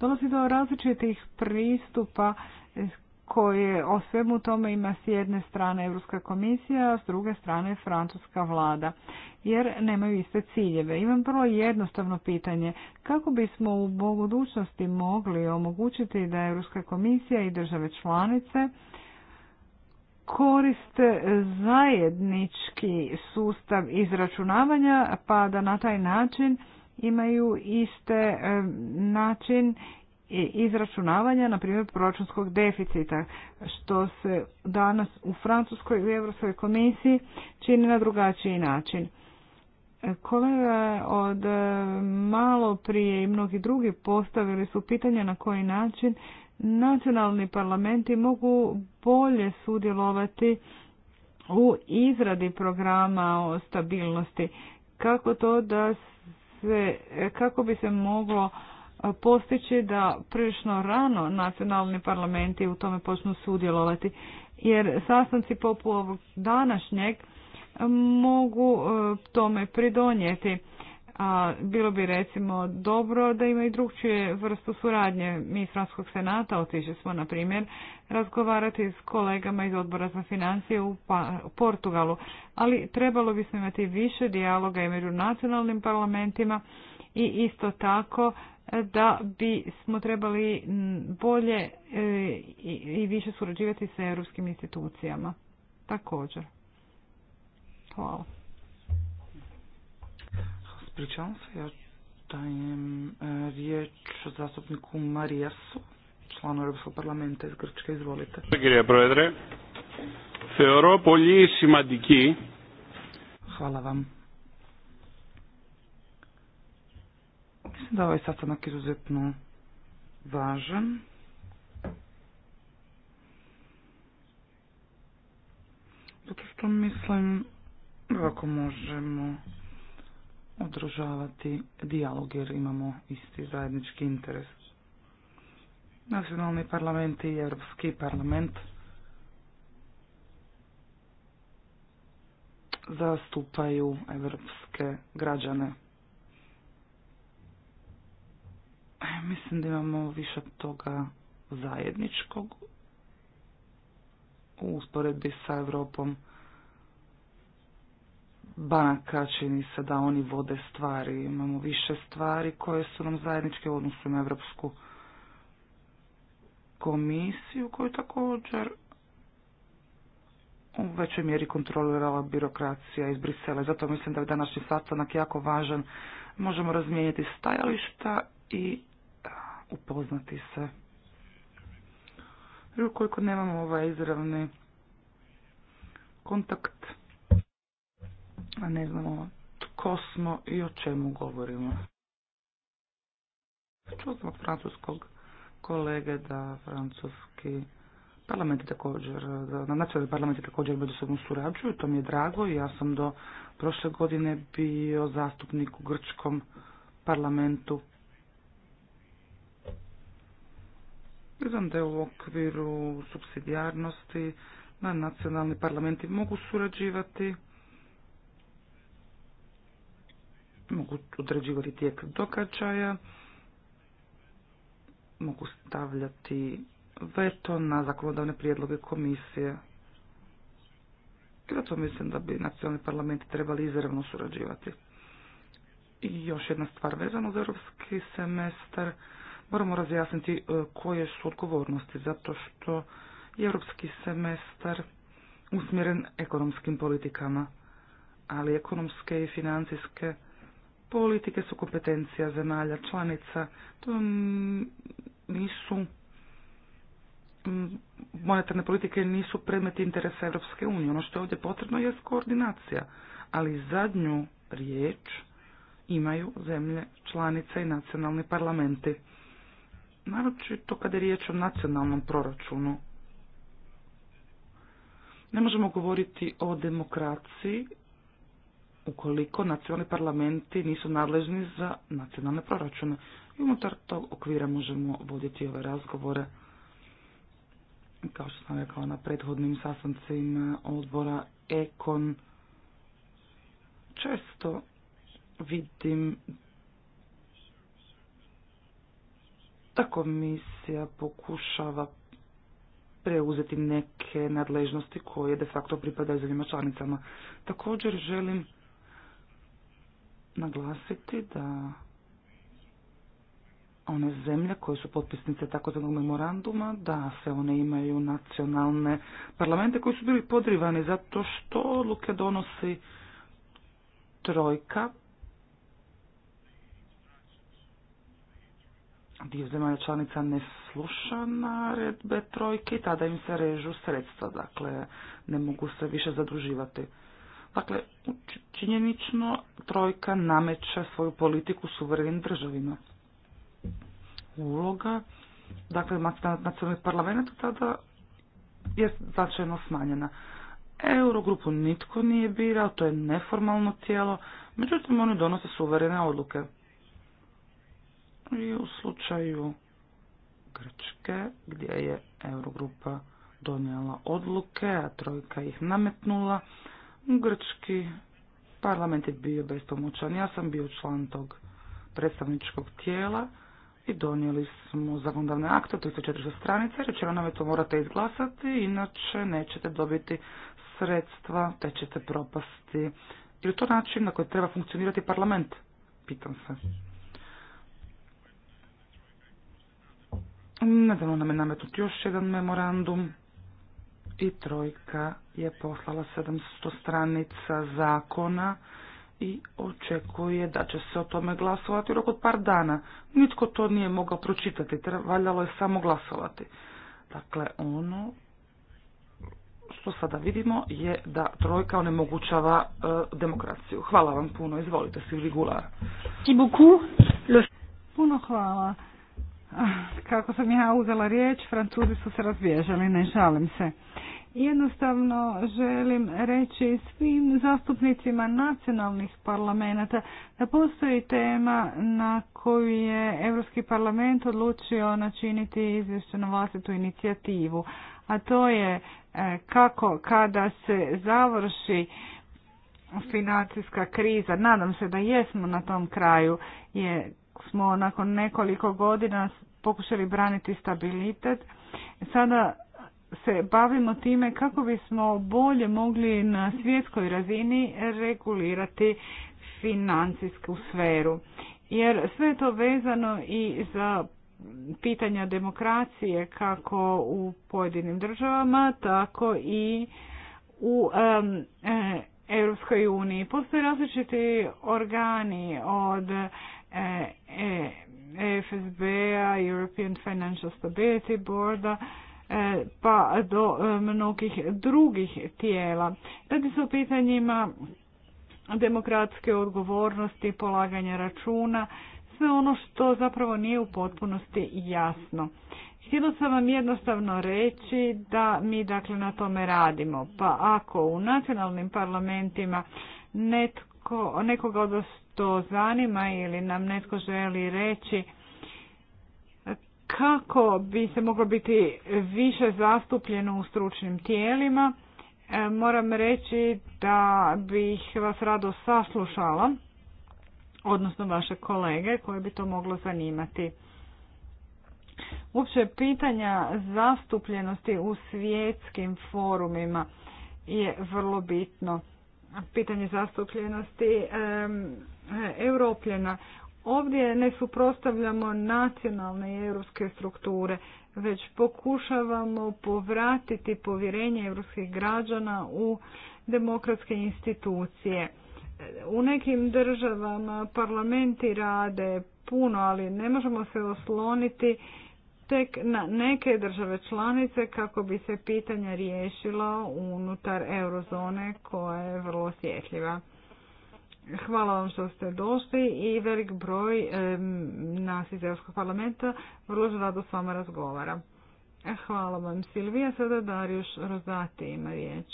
Dolazi do različitih pristupa koje o svemu tome ima s jedne strane Europska komisija, a s druge strane francuska vlada, jer nemaju iste ciljeve. Imam vrlo jednostavno pitanje, kako bismo u budućnosti mogli omogućiti da Europska komisija i države članice koriste zajednički sustav izračunavanja pa da na taj način imaju iste e, način izračunavanja, na primjer, proračunskog deficita, što se danas u Francuskoj i Europskoj komisiji čini na drugačiji način. E, kolega od e, malo prije i mnogi drugi postavili su pitanje na koji način nacionalni parlamenti mogu bolje sudjelovati u izradi programa o stabilnosti. Kako to da se, kako bi se moglo postići da prilično rano nacionalni parlamenti u tome počnu sudjelovati. Jer sastanci poput ovog današnjeg mogu eh, tome pridonijeti. A bilo bi recimo dobro da ima i drugčije vrstu suradnje. Mi iz Franskog senata otišli smo, na primjer, razgovarati s kolegama iz odbora za financije u pa- Portugalu, ali trebalo bismo imati više dijaloga i među nacionalnim parlamentima i isto tako e, da bi smo trebali bolje e, i više surađivati sa europskim institucijama. Također. Hvala. Ispričavam se, ja dajem e, riječ zastupniku Marijasu, članu Europskog parlamenta iz Grčke. Izvolite. Hvala vam. Mislim da ovaj sastanak izuzetno važan. Zato što mislim, ako možemo održavati dijalog jer imamo isti zajednički interes. Nacionalni parlament i Europski parlament zastupaju evropske građane. E, mislim da imamo više toga zajedničkog u usporedbi sa Europom banaka, čini se da oni vode stvari. Imamo više stvari koje su nam zajedničke u odnosu na Evropsku komisiju koju također u većoj mjeri kontrolirala birokracija iz Brisela. Zato mislim da je današnji sastanak jako važan. Možemo razmijeniti stajališta i upoznati se. I ukoliko nemamo ovaj izravni kontakt, a ne znamo tko smo i o čemu govorimo. Čuo sam od francuskog kolege da francuski parlament također, da na nacionalni parlament također međusobno surađuju, to mi je drago i ja sam do prošle godine bio zastupnik u grčkom parlamentu. Znam da je u okviru subsidijarnosti na nacionalni parlamenti mogu surađivati mogu određivati tijek događaja, mogu stavljati veto na zakonodavne prijedloge komisije. I zato mislim da bi nacionalni parlamenti trebali izravno surađivati. I još jedna stvar vezano za europski semestar. Moramo razjasniti e, koje su odgovornosti, zato što je europski semestar usmjeren ekonomskim politikama, ali ekonomske i financijske politike su kompetencija zemalja članica. To nisu monetarne politike nisu predmet interesa Europske unije. Ono što je ovdje potrebno je koordinacija, ali zadnju riječ imaju zemlje članice i nacionalni parlamenti. Naročito kada je riječ o nacionalnom proračunu. Ne možemo govoriti o demokraciji ukoliko nacionalni parlamenti nisu nadležni za nacionalne proračune. I unutar tog okvira možemo voditi ove razgovore. Kao što sam rekao na prethodnim sastancima odbora Ekon, često vidim da komisija pokušava preuzeti neke nadležnosti koje de facto pripadaju zemljama članicama. Također želim naglasiti da one zemlje koje su potpisnice takozvanog memoranduma, da se one imaju nacionalne parlamente koji su bili podrivani zato što odluke donosi trojka. Dio zemalja članica ne sluša naredbe trojke i tada im se režu sredstva, dakle ne mogu se više zadruživati. Dakle, činjenično trojka nameće svoju politiku suverenim državima. Uloga, dakle, nacionalnih parlamenta tada je značajno smanjena. Eurogrupu nitko nije birao, to je neformalno tijelo, međutim oni donose suverene odluke. I u slučaju Grčke, gdje je Eurogrupa donijela odluke, a trojka ih nametnula, Grčki parlament je bio bespomoćan. Ja sam bio član tog predstavničkog tijela i donijeli smo zakonodavne akte, 300-400 stranice, rečeno nam je to morate izglasati, inače nećete dobiti sredstva, te ćete propasti. Ili to način na koji treba funkcionirati parlament? Pitam se. Nedavno nam je nametnut još jedan memorandum i trojka je poslala 700 stranica zakona i očekuje da će se o tome glasovati u roku od par dana. Nitko to nije mogao pročitati, valjalo je samo glasovati. Dakle, ono što sada vidimo je da trojka onemogućava e, demokraciju. Hvala vam puno, izvolite Silvi Gular. Puno hvala. Ah, kako sam ja uzela riječ, Francuzi su se razbježali, ne žalim se. Jednostavno želim reći svim zastupnicima nacionalnih parlamenta da postoji tema na koju je Europski parlament odlučio načiniti izvješće na vlastitu inicijativu, a to je eh, kako kada se završi financijska kriza, nadam se da jesmo na tom kraju, je smo nakon nekoliko godina pokušali braniti stabilitet. Sada se bavimo time kako bismo bolje mogli na svjetskoj razini regulirati financijsku sferu. Jer sve je to vezano i za pitanja demokracije kako u pojedinim državama, tako i u um, Europskoj uniji. Postoje različiti organi od E, e, FSB-a, European Financial Stability board e, pa do mnogih drugih tijela. Radi se o pitanjima demokratske odgovornosti, polaganja računa, sve ono što zapravo nije u potpunosti jasno. Htjela sam vam jednostavno reći da mi dakle na tome radimo. Pa ako u nacionalnim parlamentima netko ako nekoga od to zanima ili nam netko želi reći kako bi se moglo biti više zastupljeno u stručnim tijelima, e, moram reći da bih vas rado saslušala, odnosno vaše kolege koje bi to moglo zanimati. Uopće pitanja zastupljenosti u svjetskim forumima je vrlo bitno pitanje zastupljenosti europljena. Ovdje ne suprostavljamo nacionalne i europske strukture, već pokušavamo povratiti povjerenje europskih građana u demokratske institucije. U nekim državama parlamenti rade puno, ali ne možemo se osloniti tek na neke države članice kako bi se pitanja riješila unutar eurozone koja je vrlo osjetljiva. Hvala vam što ste došli i velik broj nas iz Europskog parlamenta vrlo rado s vama razgovara. Hvala vam Silvija, sada Darijuš Rozati ima riječ.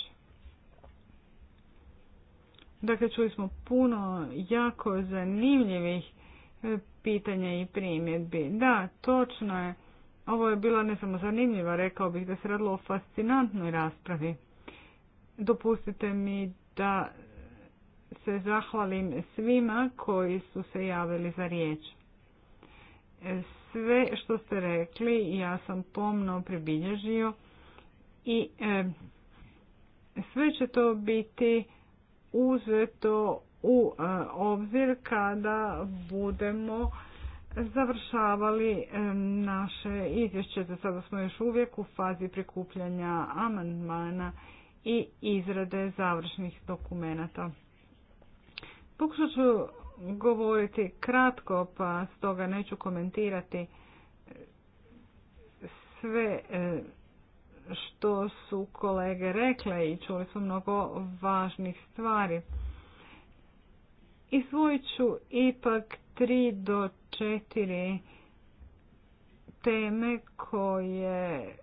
Dakle, čuli smo puno jako zanimljivih e, pitanja i primjedbi. Da, točno je ovo je bila ne samo zanimljivo, rekao bih da se radilo o fascinantnoj raspravi. Dopustite mi da se zahvalim svima koji su se javili za riječ. Sve što ste rekli ja sam pomno pribilježio i e, sve će to biti uzeto u e, obzir kada budemo završavali naše izvješće. Za sada smo još uvijek u fazi prikupljanja amandmana i izrade završnih dokumenata. Pokušat ću govoriti kratko, pa stoga neću komentirati sve e, što su kolege rekle i čuli su mnogo važnih stvari. Izvojit ću ipak tri do četiri teme koje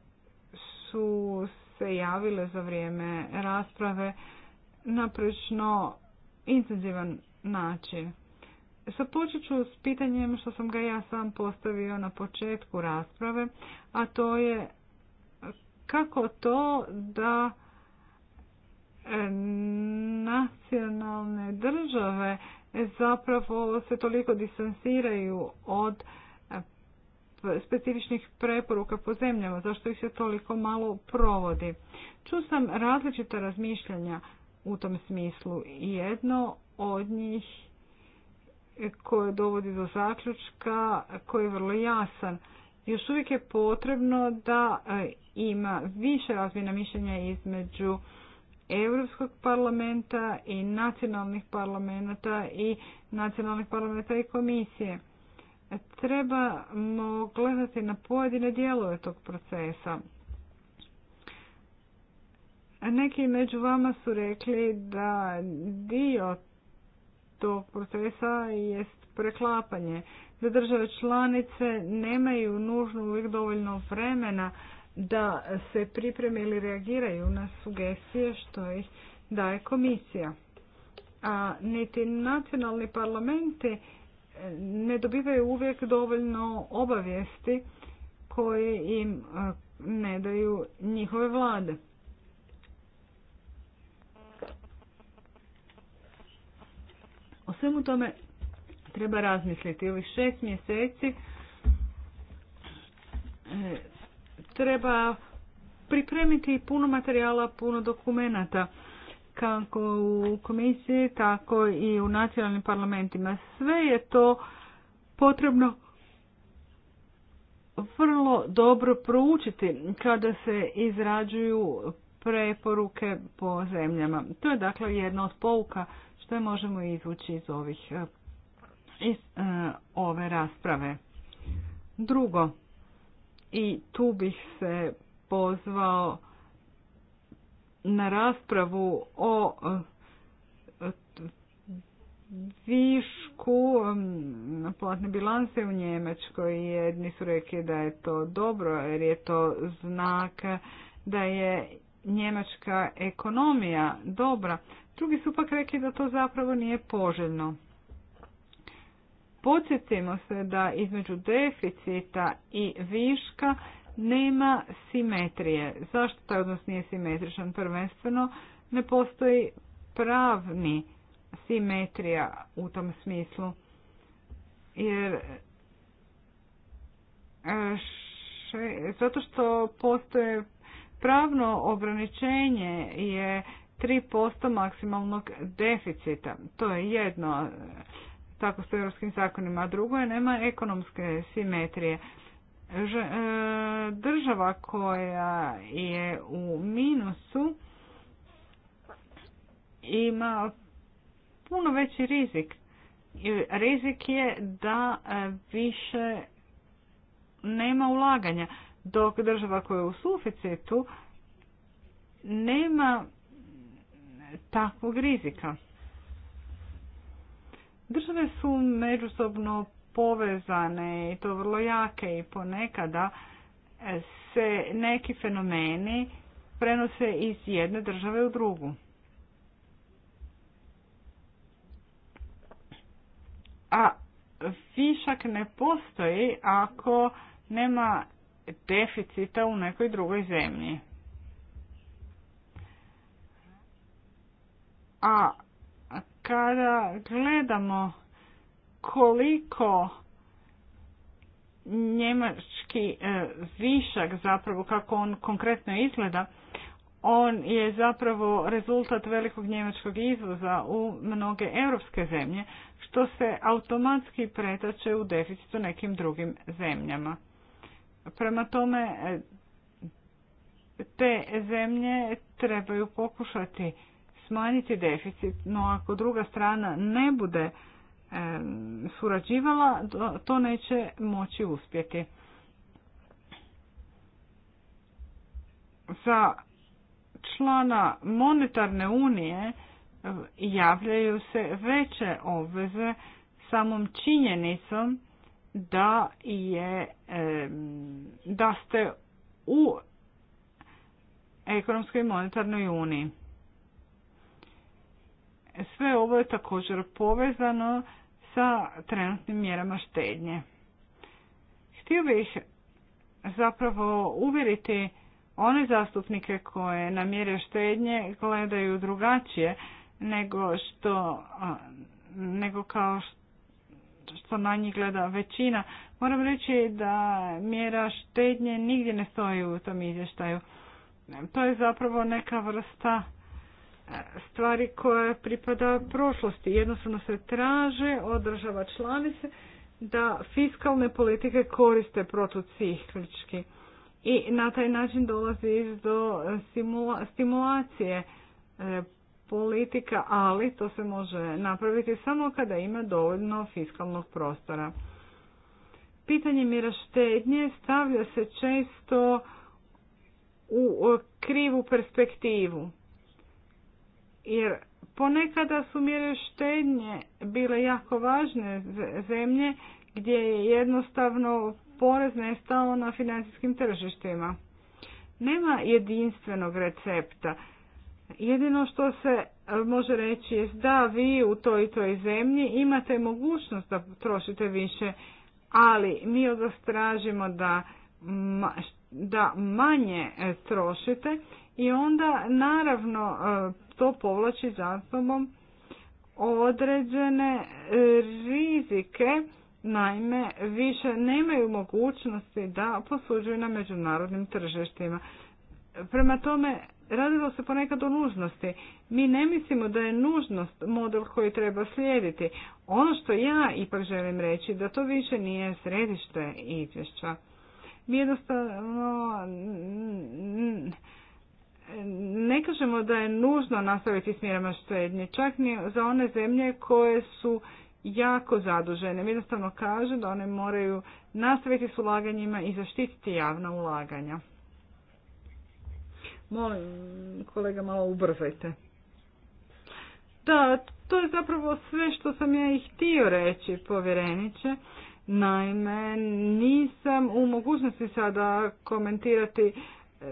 su se javile za vrijeme rasprave na prilično intenzivan način. Započet ću s pitanjem što sam ga ja sam postavio na početku rasprave, a to je kako to da e, nacionalne države zapravo se toliko distanciraju od e, specifičnih preporuka po zemljama, zašto ih se toliko malo provodi. Ču sam različita razmišljanja u tom smislu i jedno od njih koje dovodi do zaključka koji je vrlo jasan. Još uvijek je potrebno da e, ima više razmjena mišljenja između Europskog parlamenta i nacionalnih parlamenta i nacionalnih parlamenta i komisije. Trebamo gledati na pojedine dijelove tog procesa. Neki među vama su rekli da dio tog procesa jest preklapanje, da države članice nemaju nužno uvijek dovoljno vremena da se pripreme ili reagiraju na sugestije što ih daje komisija. A niti nacionalni parlamenti eh, ne dobivaju uvijek dovoljno obavijesti koje im eh, ne daju njihove vlade. O svemu tome treba razmisliti. Ovih šest mjeseci eh, treba pripremiti puno materijala, puno dokumenata kako u komisiji, tako i u nacionalnim parlamentima. Sve je to potrebno vrlo dobro proučiti kada se izrađuju preporuke po zemljama. To je dakle jedna od pouka što je možemo izvući iz ovih iz eh, ove rasprave. Drugo, i tu bih se pozvao na raspravu o e, višku platne bilance u Njemačkoj. Jedni su rekli da je to dobro jer je to znak da je njemačka ekonomija dobra. Drugi su pak rekli da to zapravo nije poželjno. Podsjetimo se da između deficita i viška nema simetrije. Zašto taj odnos nije simetričan? Prvenstveno ne postoji pravni simetrija u tom smislu. Jer e, še, zato što postoje pravno ograničenje je 3% maksimalnog deficita. To je jedno tako s europskim zakonima. A drugo je, nema ekonomske simetrije. E, država koja je u minusu ima puno veći rizik. Rizik je da e, više nema ulaganja, dok država koja je u suficitu nema takvog rizika. Države su međusobno povezane i to vrlo jake i ponekada se neki fenomeni prenose iz jedne države u drugu. A višak ne postoji ako nema deficita u nekoj drugoj zemlji. A kada gledamo koliko njemački e, višak zapravo kako on konkretno izgleda, on je zapravo rezultat velikog njemačkog izvoza u mnoge europske zemlje, što se automatski pretače u deficitu nekim drugim zemljama. Prema tome, e, te zemlje trebaju pokušati smanjiti deficit, no ako druga strana ne bude surađivala, to neće moći uspjeti. Za člana monetarne unije javljaju se veće obveze samom činjenicom da je da ste u ekonomskoj monetarnoj uniji. Sve ovo je također povezano sa trenutnim mjerama štednje. Htio bih zapravo uvjeriti one zastupnike koje na mjere štednje gledaju drugačije nego što nego kao što na njih gleda većina. Moram reći da mjera štednje nigdje ne stoji u tom izvještaju. To je zapravo neka vrsta stvari koje pripada prošlosti. Jednostavno se traže od država članice da fiskalne politike koriste protociklički i na taj način dolazi do stimulacije e, politika, ali to se može napraviti samo kada ima dovoljno fiskalnog prostora. Pitanje mira štednje stavlja se često u krivu perspektivu. Jer ponekada su mjere štednje bile jako važne zemlje gdje je jednostavno porez nestao na financijskim tržištima. Nema jedinstvenog recepta. Jedino što se e, može reći je da vi u toj i toj zemlji imate mogućnost da trošite više, ali mi od vas tražimo da, da manje e, trošite i onda naravno e, to povlači za sobom određene e, rizike, naime više nemaju mogućnosti da poslužuju na međunarodnim tržištima. Prema tome, radilo se ponekad o nužnosti. Mi ne mislimo da je nužnost model koji treba slijediti. Ono što ja ipak želim reći, da to više nije središte izvješća. Mi jednostavno ne kažemo da je nužno nastaviti s mjerama štednje, čak ni za one zemlje koje su jako zadužene. Jednostavno kažu da one moraju nastaviti s ulaganjima i zaštititi javna ulaganja. Molim, kolega, malo ubrzajte. Da, to je zapravo sve što sam ja i htio reći, povjereniče. Naime, nisam u mogućnosti sada komentirati e,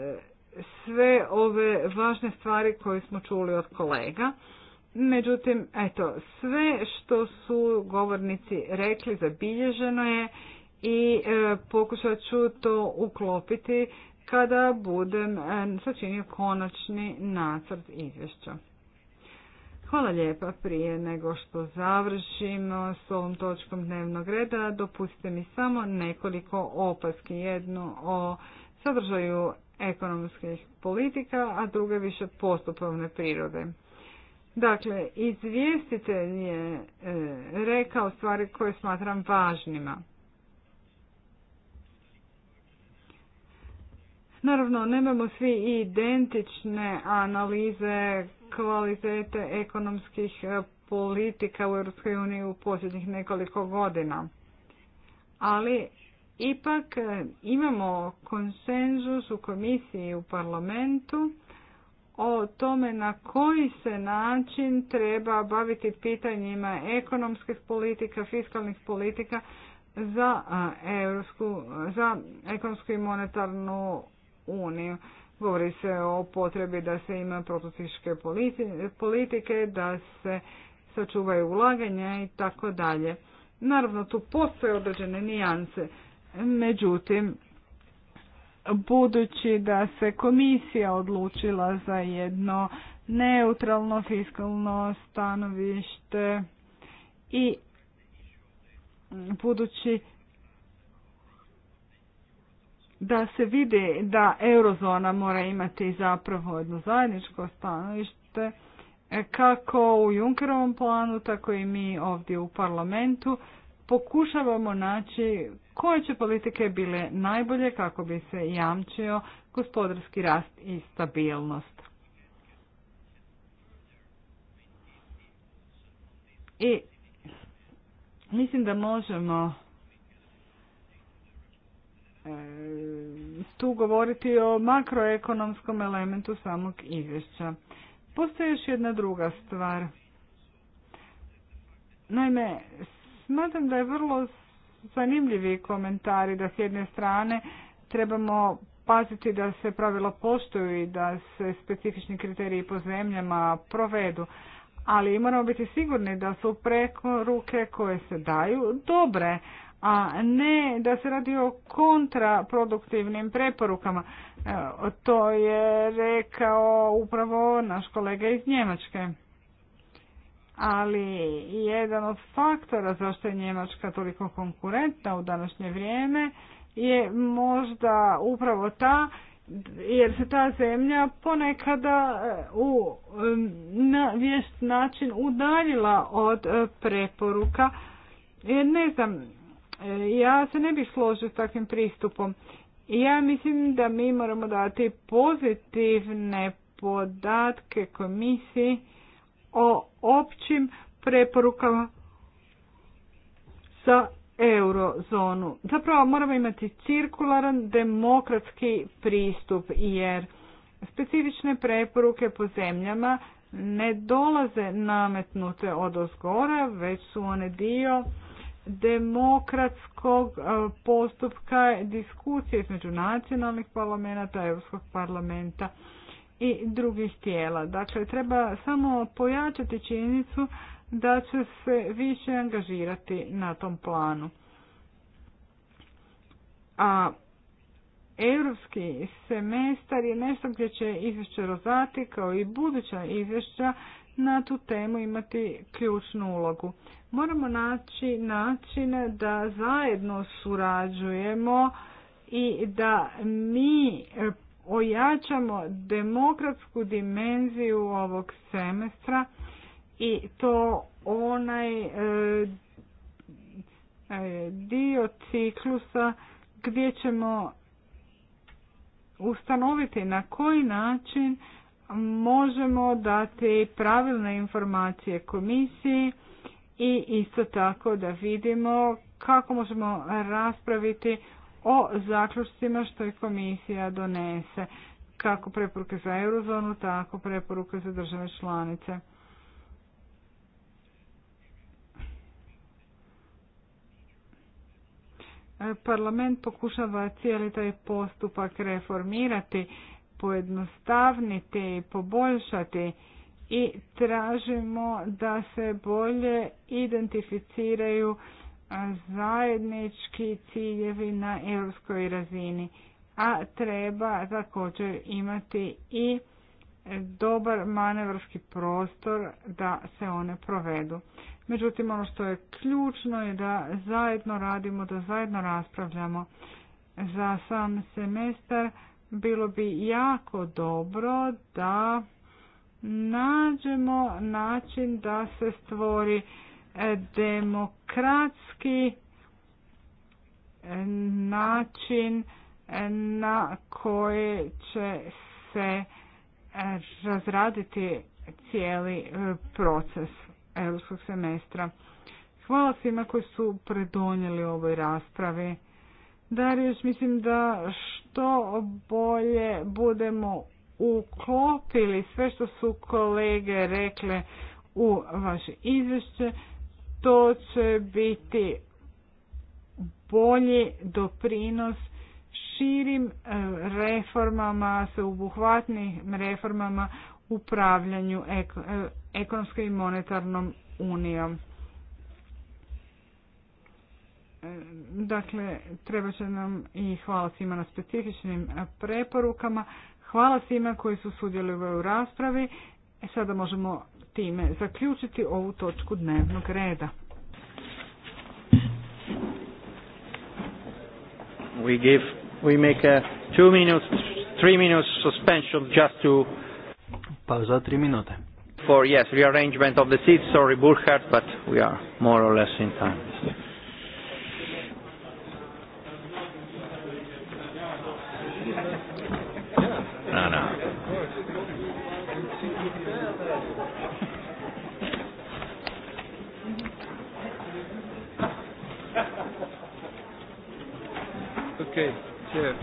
sve ove važne stvari koje smo čuli od kolega. Međutim, eto, sve što su govornici rekli zabilježeno je i e, pokušat ću to uklopiti kada budem e, sačinio konačni nacrt izvješća. Hvala lijepa prije nego što završimo s ovom točkom dnevnog reda. Dopustite mi samo nekoliko opaski. Jednu o sadržaju ekonomskih politika, a druge više postupovne prirode. Dakle, izvjestitelj je e, rekao stvari koje smatram važnima. Naravno, nemamo svi identične analize kvalitete ekonomskih e, politika u EU u posljednjih nekoliko godina. Ali Ipak e, imamo konsenzus u komisiji i u parlamentu o tome na koji se način treba baviti pitanjima ekonomskih politika, fiskalnih politika za, Europsku, za ekonomsku i monetarnu uniju. Govori se o potrebi da se ima protutiške politike, da se sačuvaju ulaganja i tako dalje. Naravno, tu postoje određene nijanse. Međutim, budući da se komisija odlučila za jedno neutralno fiskalno stanovište i budući da se vidi da eurozona mora imati zapravo jedno zajedničko stanovište kako u Junkerovom planu, tako i mi ovdje u parlamentu pokušavamo naći koje će politike bile najbolje kako bi se jamčio gospodarski rast i stabilnost. I mislim da možemo e, tu govoriti o makroekonomskom elementu samog izvješća. Postoji još jedna druga stvar. Naime, Smatram da je vrlo zanimljivi komentari da s jedne strane trebamo paziti da se pravila poštuju i da se specifični kriteriji po zemljama provedu, ali moramo biti sigurni da su preporuke koje se daju dobre, a ne da se radi o kontraproduktivnim preporukama. To je rekao upravo naš kolega iz Njemačke ali jedan od faktora zašto je Njemačka toliko konkurentna u današnje vrijeme je možda upravo ta jer se ta zemlja ponekada e, u na vješt način udaljila od e, preporuka. E, ne znam, ja se ne bih složio s takvim pristupom. Ja mislim da mi moramo dati pozitivne podatke komisiji o općim preporukama sa eurozonu. Zapravo moramo imati cirkularan demokratski pristup jer specifične preporuke po zemljama ne dolaze nametnute od osgora, već su one dio demokratskog e, postupka diskusije između nacionalnih parlamenta, Europskog parlamenta i drugih tijela. Dakle, treba samo pojačati činjenicu da će se više angažirati na tom planu. A europski semestar je nešto gdje će izvješće Rozati kao i buduća izvješća na tu temu imati ključnu ulogu. Moramo naći načine da zajedno surađujemo i da mi ojačamo demokratsku dimenziju ovog semestra i to onaj e, e, dio ciklusa gdje ćemo ustanoviti na koji način možemo dati pravilne informacije komisiji i isto tako da vidimo kako možemo raspraviti o zaključcima što je komisija donese, kako preporuke za eurozonu, tako preporuke za države članice. Parlament pokušava cijeli taj postupak reformirati, pojednostavniti, poboljšati i tražimo da se bolje identificiraju zajednički ciljevi na europskoj razini, a treba također imati i dobar manevrski prostor da se one provedu. Međutim, ono što je ključno je da zajedno radimo, da zajedno raspravljamo. Za sam semestar bilo bi jako dobro da nađemo način da se stvori demokratski eh, način eh, na koje će se eh, razraditi cijeli proces europskog semestra. Hvala svima koji su predonijeli ovoj raspravi. Darius, mislim da što bolje budemo uklopili sve što su kolege rekle u vaše izvješće, to će biti bolji doprinos širim e, reformama, sveobuhvatnim reformama upravljanju e, ekonomskom i monetarnom unijom. E, dakle, treba će nam i hvala svima na specifičnim preporukama. Hvala svima koji su sudjelovali u raspravi. Sada možemo time zaključiti ovu točku dnevnog reda. We give, we make a two minutes, three minutes suspension just to... Pauza tri minute. For yes, rearrangement of the seats, sorry Burkhardt, but we are more or less in time. Okay, cheers.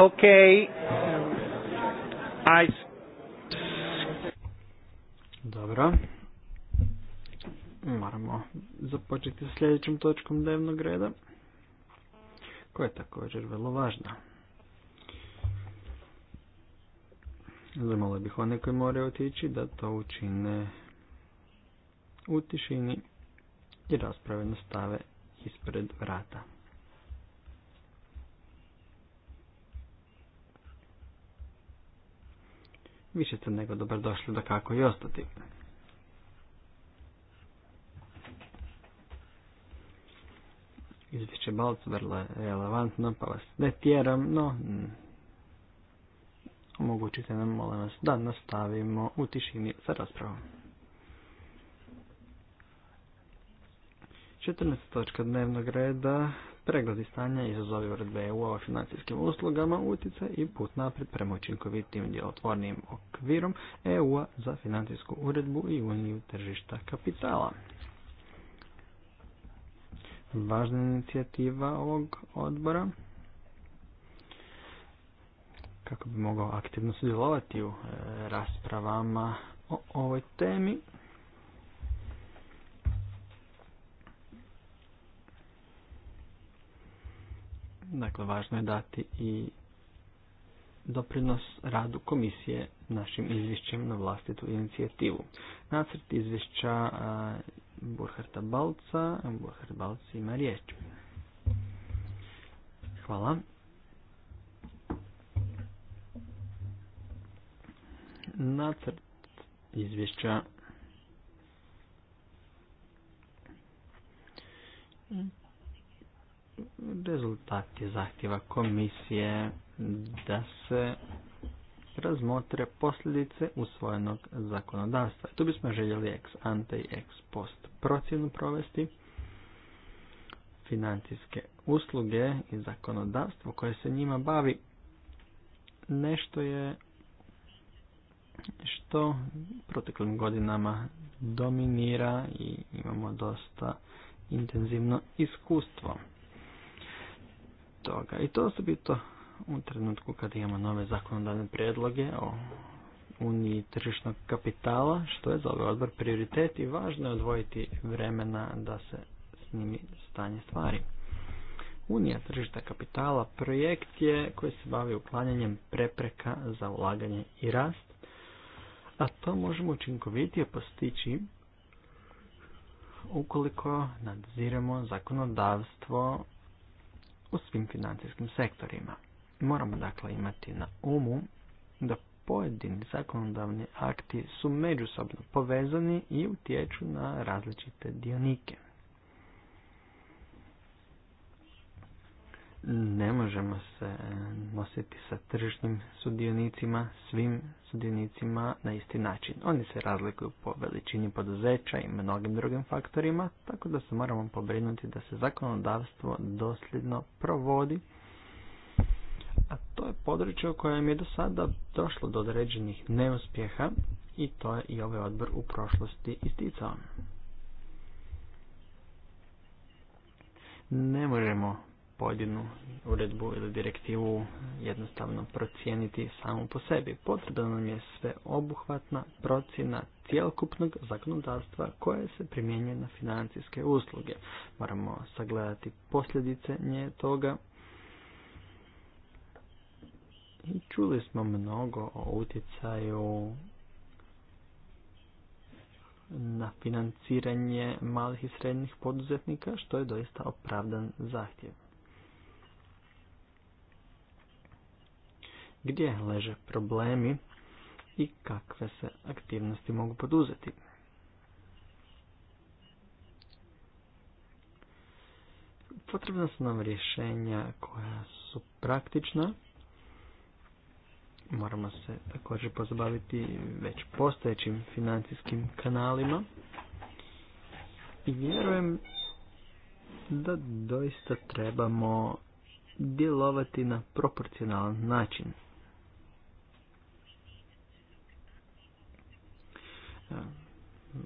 Okay. I... Dobro. Moramo započeti sa sljedećom točkom dnevnog reda, koja je također vrlo važna. Zamala bih one koji moraju otići da to učine u tišini i rasprave nastave ispred vrata. više ste nego došli da kako i ostati. Izvješće Balc vrlo je relevantno, pa vas ne tjeram, no mm. omogućite nam, molim vas, da nastavimo u tišini sa raspravom. 14. točka dnevnog reda pregledi stanja izazovi uredbe EU o financijskim uslugama, utjeca i put naprijed prema učinkovitim djelotvornim okvirom eu za financijsku uredbu i uniju tržišta kapitala. Važna inicijativa ovog odbora kako bi mogao aktivno sudjelovati u e, raspravama o ovoj temi Dakle, važno je dati i doprinos radu komisije našim izvješćem na vlastitu inicijativu. Nacrt izvješća Burharta Balca, Burhart Balc ima riječ. Hvala. Nacrt izvješća rezultat je zahtjeva komisije da se razmotre posljedice usvojenog zakonodavstva. Tu bismo željeli ex ante i ex post procjenu provesti financijske usluge i zakonodavstvo koje se njima bavi nešto je što proteklim godinama dominira i imamo dosta intenzivno iskustvo toga. I to osobito u trenutku kad imamo nove zakonodavne predloge o uniji tržišnog kapitala, što je za ovaj odbor prioritet i važno je odvojiti vremena da se s njimi stanje stvari. Unija tržišta kapitala projekt je koji se bavi uklanjanjem prepreka za ulaganje i rast, a to možemo učinkovitije postići ukoliko nadziramo zakonodavstvo u svim financijskim sektorima. Moramo dakle imati na umu da pojedini zakonodavni akti su međusobno povezani i utječu na različite dionike. ne možemo se e, nositi sa tržišnim sudionicima, svim sudionicima na isti način. Oni se razlikuju po veličini poduzeća i mnogim drugim faktorima, tako da se moramo pobrinuti da se zakonodavstvo dosljedno provodi, a to je područje u kojem je do sada došlo do određenih neuspjeha i to je i ovaj odbor u prošlosti isticao. Ne možemo pojedinu uredbu ili direktivu jednostavno procijeniti samo po sebi. Potrebna nam je sveobuhvatna procjena cjelokupnog zakonodavstva koje se primjenjuje na financijske usluge. Moramo sagledati posljedice nje toga. I čuli smo mnogo o utjecaju na financiranje malih i srednjih poduzetnika, što je doista opravdan zahtjev. gdje leže problemi i kakve se aktivnosti mogu poduzeti. Potrebna su nam rješenja koja su praktična. Moramo se također pozabaviti već postojećim financijskim kanalima. vjerujem da doista trebamo djelovati na proporcionalan način.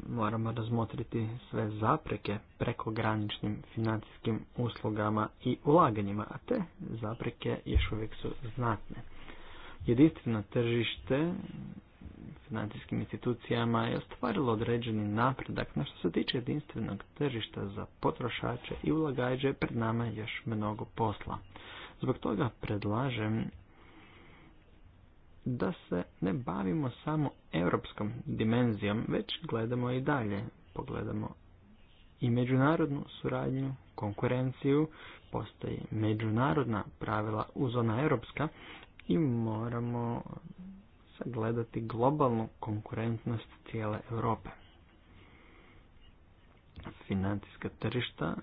moramo razmotriti sve zapreke prekograničnim financijskim uslugama i ulaganjima, a te zapreke još uvijek su znatne. Jedinstveno tržište financijskim institucijama je ostvarilo određeni napredak, na što se tiče jedinstvenog tržišta za potrošače i ulagađe, pred nama još mnogo posla. Zbog toga predlažem da se ne bavimo samo europskom dimenzijom, već gledamo i dalje. Pogledamo i međunarodnu suradnju, konkurenciju, postoji međunarodna pravila u zona europska i moramo sagledati globalnu konkurentnost cijele Europe. Financijska tržišta,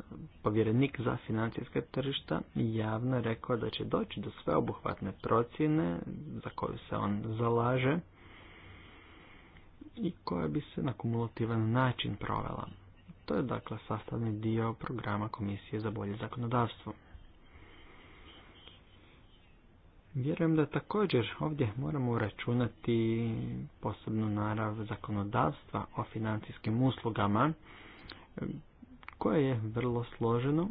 povjerenik za financijska tržišta javno rekao da će doći do sveobuhvatne procjene za koju se on zalaže i koja bi se na kumulativan način provela. To je dakle sastavni dio programa Komisije za bolje zakonodavstvo. Vjerujem da također ovdje moramo uračunati posebnu narav zakonodavstva o financijskim uslugama koje je vrlo složeno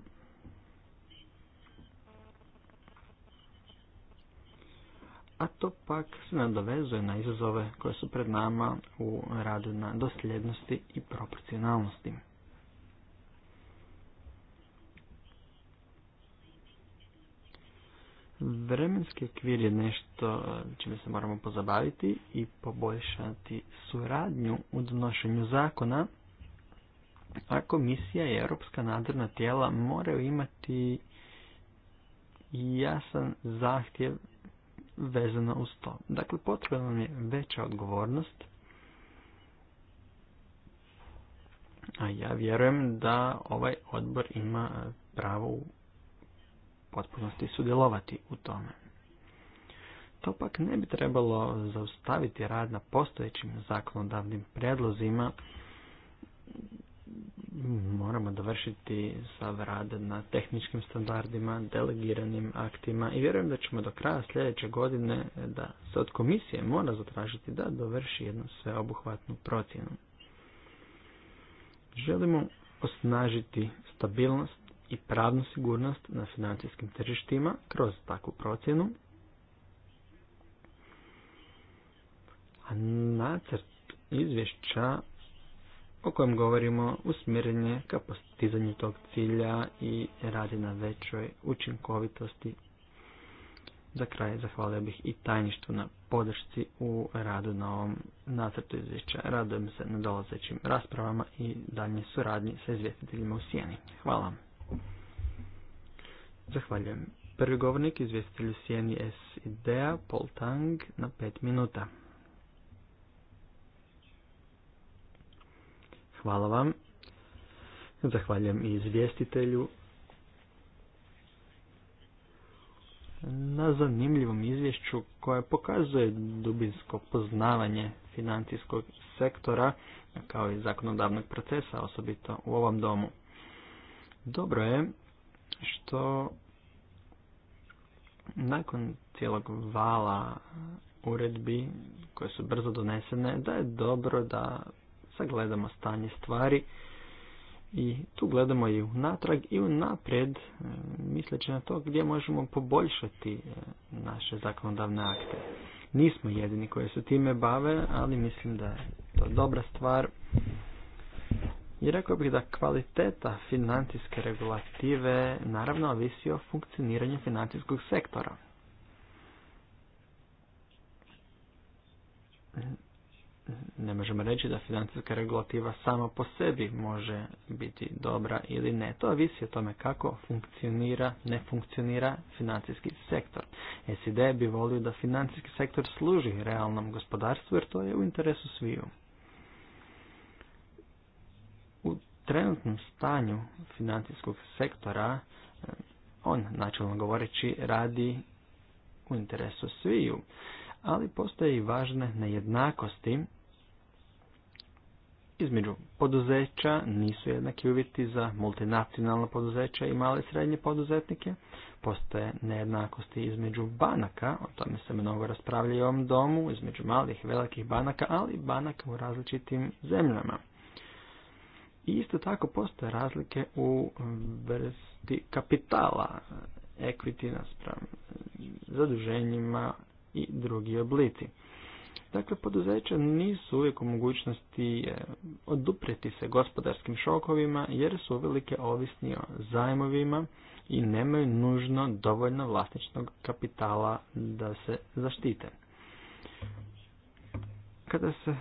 a to pak se nadovezuje na izazove koje su pred nama u radu na dosljednosti i proporcionalnosti. Vremenski okvir je nešto e, čime se moramo pozabaviti i poboljšati suradnju u donošenju zakona, a komisija i europska nadzorna tijela moraju imati jasan zahtjev vezana uz to. Dakle, potrebna nam je veća odgovornost, a ja vjerujem da ovaj odbor ima pravo u potpunosti sudjelovati u tome. To pak ne bi trebalo zaustaviti rad na postojećim zakonodavnim predlozima, moramo dovršiti sav rad na tehničkim standardima, delegiranim aktima i vjerujem da ćemo do kraja sljedeće godine da se od komisije mora zatražiti da dovrši jednu sveobuhvatnu procjenu. Želimo osnažiti stabilnost i pravnu sigurnost na financijskim tržištima kroz takvu procjenu. A nacrt izvješća o kojem govorimo usmjerenje ka postizanju tog cilja i radi na većoj učinkovitosti. Za kraj zahvalio bih i tajništvu na podršci u radu na ovom nacrtu izvješća. Radujem se na dolazećim raspravama i daljnje suradnji sa izvjestiteljima u Sijeni. Hvala. Zahvaljujem. Prvi govornik izvjestitelju Sijeni S. Idea, Tang, na pet minuta. Hvala vam. Zahvaljujem i izvjestitelju na zanimljivom izvješću koje pokazuje dubinsko poznavanje financijskog sektora kao i zakonodavnog procesa, osobito u ovom domu. Dobro je što nakon cijelog vala uredbi koje su brzo donesene, da je dobro da sagledamo stanje stvari i tu gledamo i natrag i unaprijed e, misleći na to gdje možemo poboljšati e, naše zakonodavne akte. Nismo jedini koji se time bave, ali mislim da je to dobra stvar. I rekao bih da kvaliteta financijske regulative naravno ovisi o funkcioniranju financijskog sektora ne možemo reći da financijska regulativa sama po sebi može biti dobra ili ne. To visi o tome kako funkcionira, ne funkcionira financijski sektor. SID bi volio da financijski sektor služi realnom gospodarstvu jer to je u interesu sviju. U trenutnom stanju financijskog sektora on, načelno govoreći, radi u interesu sviju ali postoje i važne nejednakosti između poduzeća nisu jednaki uvjeti za multinacionalna poduzeća i male i srednje poduzetnike. Postoje nejednakosti između banaka, o tome se mnogo raspravlja u ovom domu, između malih i velikih banaka, ali i banaka u različitim zemljama. I isto tako postoje razlike u vrsti kapitala, equity naspram zaduženjima i drugi oblici. Dakle, poduzeća nisu uvijek u mogućnosti e, odupreti se gospodarskim šokovima jer su uvelike ovisni o zajmovima i nemaju nužno dovoljno vlasničnog kapitala da se zaštite. Kada se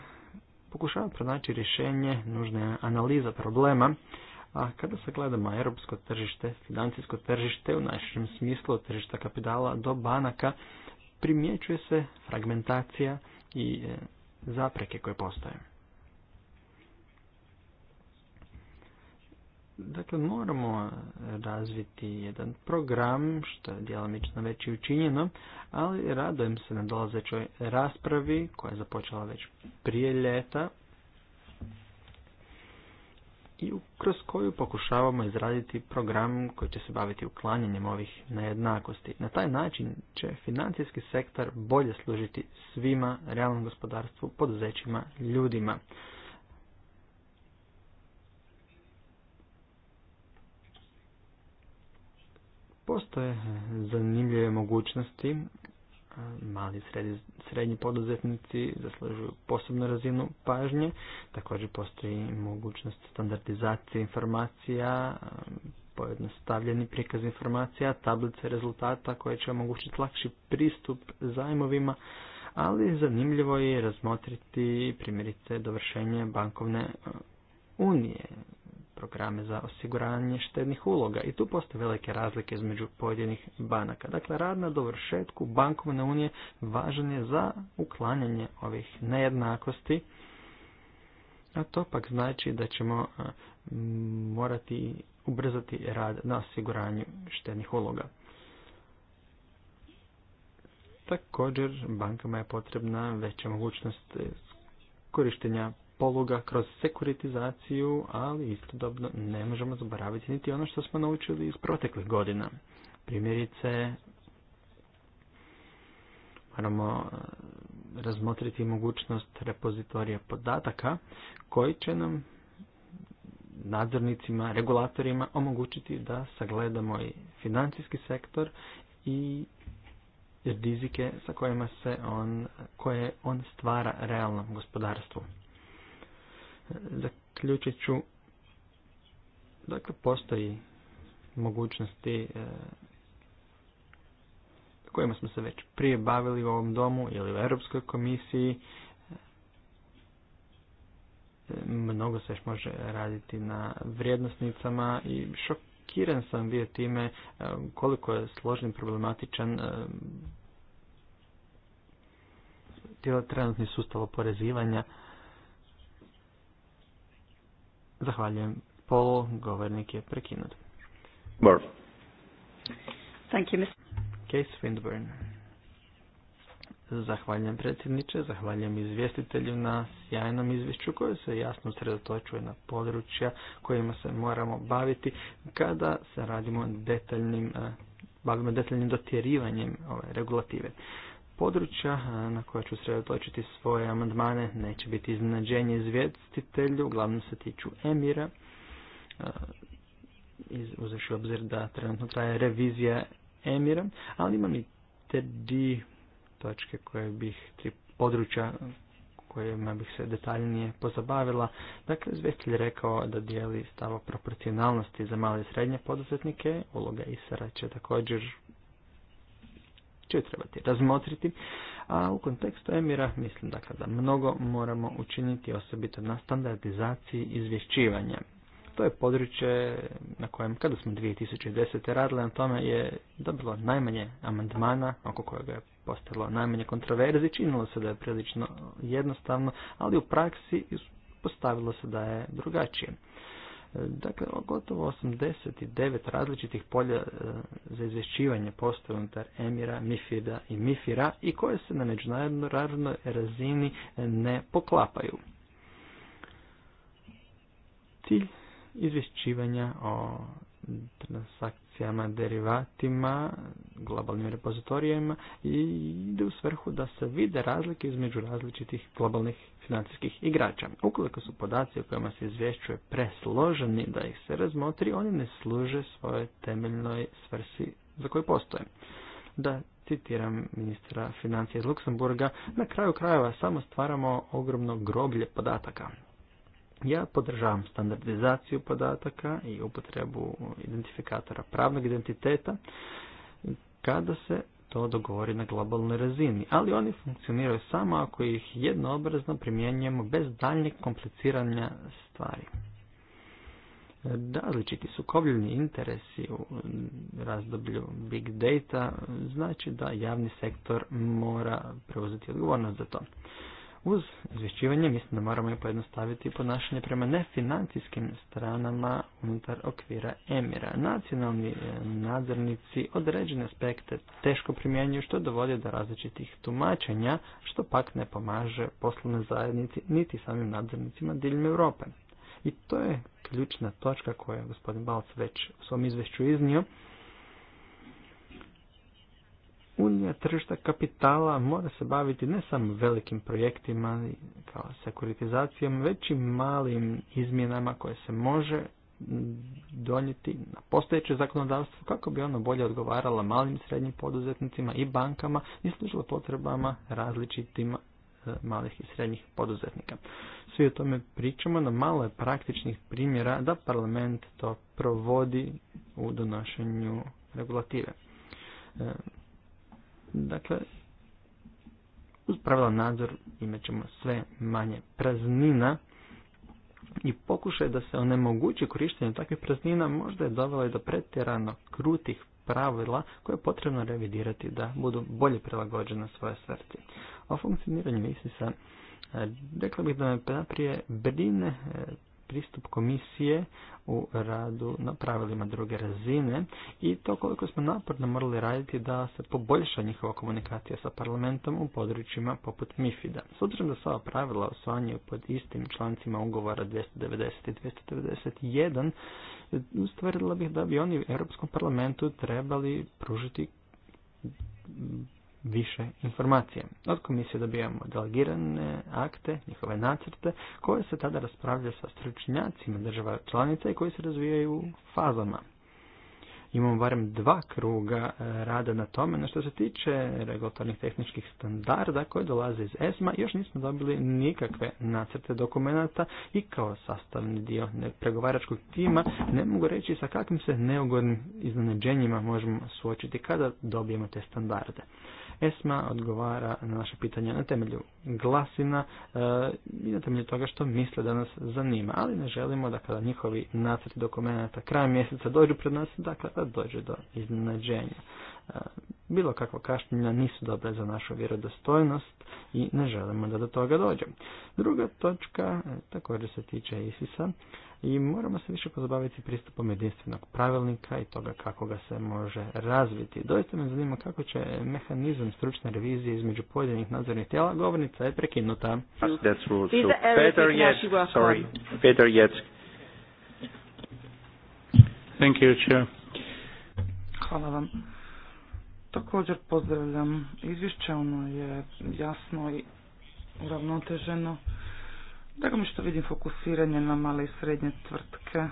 pokušava pronaći rješenje, nužna je analiza problema, a kada se gledamo europsko tržište, financijsko tržište u našem smislu tržišta kapitala do banaka, primjećuje se fragmentacija, i e, zapreke koje postoje. Dakle, moramo razviti jedan program, što je djelomično već i učinjeno, ali radojem se na dolazećoj raspravi, koja je započela već prije ljeta, i kroz koju pokušavamo izraditi program koji će se baviti uklanjanjem ovih nejednakosti. Na taj način će financijski sektor bolje služiti svima, realnom gospodarstvu, poduzećima, ljudima. Postoje zanimljive mogućnosti mali srednji, srednji poduzetnici zaslužuju posebnu razinu pažnje. Također postoji mogućnost standardizacije informacija, pojednostavljeni prikaz informacija, tablice rezultata koje će omogućiti lakši pristup zajmovima, ali zanimljivo je razmotriti primjerice dovršenje bankovne unije, programe za osiguranje štednih uloga i tu postoje velike razlike između pojedinih banaka. Dakle, rad na dovršetku bankovne unije važan je za uklanjanje ovih nejednakosti, a to pak znači da ćemo morati ubrzati rad na osiguranju štednih uloga. Također, bankama je potrebna veća mogućnost korištenja poluga kroz sekuritizaciju, ali istodobno ne možemo zaboraviti niti ono što smo naučili iz proteklih godina. Primjerice, moramo eh, razmotriti mogućnost repozitorija podataka koji će nam nadzornicima, regulatorima omogućiti da sagledamo i financijski sektor i rizike sa kojima se on, koje on stvara realnom gospodarstvu. Zaključit ću, dakle postoji mogućnosti e, kojima smo se već prije bavili u ovom domu ili u Europskoj komisiji. E, mnogo se još može raditi na vrijednosnicama i šokiran sam bio time e, koliko je složen problematičan e, tijelo trenutni sustav oporezivanja Zahvaljujem. Polo, govornik je prekinut. Bar. Thank you, Mr. Case Windburn. Zahvaljujem predsjedniče, zahvaljujem izvjestitelju na sjajnom izvješću koje se jasno sredotočuje na područja kojima se moramo baviti kada se radimo detaljnim, eh, bavimo detaljnim dotjerivanjem ove regulative. Područja na koja ću sredotočiti svoje amandmane neće biti iznenađenje izvjestitelju, uglavnom se tiču emira. iz u obzir da trenutno traje revizija emira, ali imam i te di točke koje bih, tri područja kojima bih se detaljnije pozabavila. Dakle, izvjestitelj rekao da dijeli stavo proporcionalnosti za male i srednje poduzetnike, uloga ISARA će također će trebati razmotriti, a u kontekstu Emira mislim da kada mnogo moramo učiniti osobito na standardizaciji izvješćivanja. To je područje na kojem, kada smo 2010. radili na tome, je dobilo najmanje amandmana, oko kojega je postalo najmanje kontroverzi, činilo se da je prilično jednostavno, ali u praksi postavilo se da je drugačije. Dakle, gotovo 89 različitih polja e, za izvješćivanje postoje unutar Emira, Mifida i Mifira i koje se na međunarodnoj razini ne poklapaju. Cilj izvješćivanja o transakcijama derivatima, globalnim repozitorijima i ide u svrhu da se vide razlike između različitih globalnih financijskih igrača. Ukoliko su podaci o kojima se izvješćuje presloženi da ih se razmotri, oni ne služe svoje temeljnoj svrsi za koju postoje. Da citiram ministra financija iz Luksemburga, na kraju krajeva samo stvaramo ogromno groblje podataka. Ja podržavam standardizaciju podataka i upotrebu identifikatora pravnog identiteta kada se to dogovori na globalnoj razini, ali oni funkcioniraju samo ako ih jednoobrazno primjenjujemo bez daljnjeg kompliciranja stvari. Različiti sukovljeni interesi u razdoblju big data znači da javni sektor mora preuzeti odgovornost za to. Uz izvješćivanje mislim da moramo i pojednostaviti ponašanje prema nefinancijskim stranama unutar okvira emira. Nacionalni e, nadzornici određene aspekte teško primjenjuju što dovodi do različitih tumačenja, što pak ne pomaže poslovnoj zajednici niti samim nadzornicima diljem Europe. I to je ključna točka koju je gospodin Balc već u svom izvješću iznio, Unija tržišta kapitala mora se baviti ne samo velikim projektima kao sekuritizacijom, već i malim izmjenama koje se može donijeti na postojeće zakonodavstvo kako bi ono bolje odgovarala malim i srednjim poduzetnicima i bankama i služilo potrebama različitima e, malih i srednjih poduzetnika. Svi o tome pričamo, na malo je praktičnih primjera da parlament to provodi u donošenju regulative. E, Dakle, uz pravilan nadzor imat ćemo sve manje praznina i pokušaj da se onemogući korištenje takvih praznina možda je dovelo i do pretjerano krutih pravila koje je potrebno revidirati da budu bolje prilagođene svoje srce. O funkcioniranju ISIS-a eh, rekla bih da me naprije brine eh, pristup komisije u radu na pravilima druge razine i to koliko smo naporno morali raditi da se poboljša njihova komunikacija sa parlamentom u područjima poput MIFID-a. S obzirom da sva pravila osvanjaju pod istim člancima ugovora 290 i 291, ustvarila bih da bi oni u Europskom parlamentu trebali pružiti više informacije. Od komisije dobijamo delegirane akte, njihove nacrte, koje se tada raspravljaju sa stručnjacima država članica i koji se razvijaju u fazama. Imamo barem dva kruga e, rada na tome, Na što se tiče regulatornih tehničkih standarda koje dolaze iz ESMA, još nismo dobili nikakve nacrte dokumenata i kao sastavni dio pregovaračkog tima ne mogu reći sa kakvim se neugodnim iznenađenjima možemo suočiti kada dobijemo te standarde. ESMA odgovara na naše pitanje na temelju glasina e, i na temelju toga što misle da nas zanima, ali ne želimo da kada njihovi nacrti dokumenta krajem mjeseca dođu pred nas, dakle da dođe do iznenađenja. E, bilo kakva kašnjenja nisu dobre za našu vjerodostojnost i ne želimo da do toga dođe. Druga točka e, također se tiče Isisa i moramo se više pozabaviti pristupom jedinstvenog pravilnika i toga kako ga se može razviti. Doista me zanima kako će mehanizam stručne revizije između pojedinih nadzornih tijela, govornica je prekinuta. Hvala vam. Također pozdravljam izvješće, ono je jasno i uravnoteženo. Drago mi što vidim fokusiranje na male i srednje tvrtke.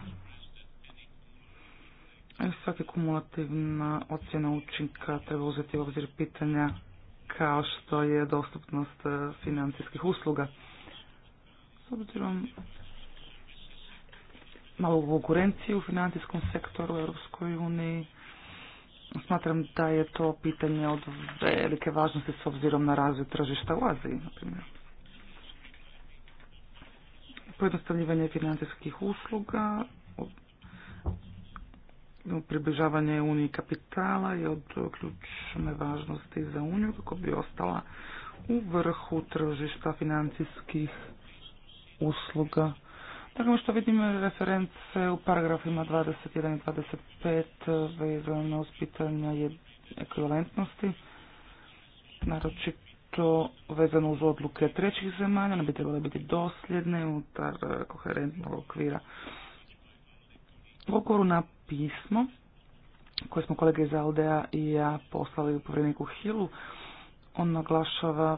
svaki kumulativna ocjena učinka treba uzeti u obzir pitanja kao što je dostupnost e, financijskih usluga. S obzirom malu konkurenciju u financijskom sektoru u Europskoj uniji, smatram da je to pitanje od velike važnosti s obzirom na razvoj tržišta u Aziji, na primjer pojednostavljivanje financijskih usluga, približavanje Uniji kapitala je od ključne važnosti za Uniju kako bi ostala u vrhu tržišta financijskih usluga. Dakle, ono što vidimo reference u paragrafima 21 i 25 vezano uz pitanja ekvivalentnosti, naročito što vezano uz odluke trećih zemalja, ne bi trebale biti dosljedne unutar e, koherentnog okvira. U okoru na pismo koje smo kolege iz Aldea i ja poslali u povredniku Hilu, on naglašava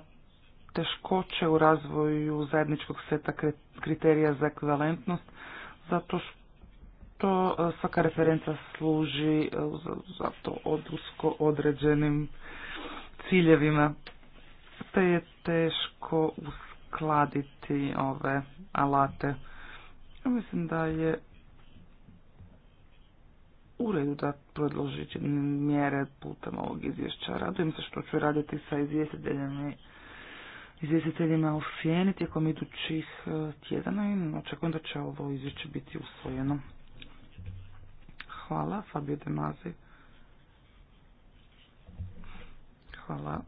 teškoće u razvoju zajedničkog seta kriterija za ekvivalentnost, zato što e, svaka referenca služi e, za to određenim ciljevima te je teško uskladiti ove alate. Ja mislim da je u redu da predloži mjere putem ovog izvješća. Radujem se što ću raditi sa izvjestiteljima izvjestiteljima u Fijeni tijekom idućih e, tjedana i očekujem da će ovo izvješće biti usvojeno. Hvala, Fabio Demazi. Hvala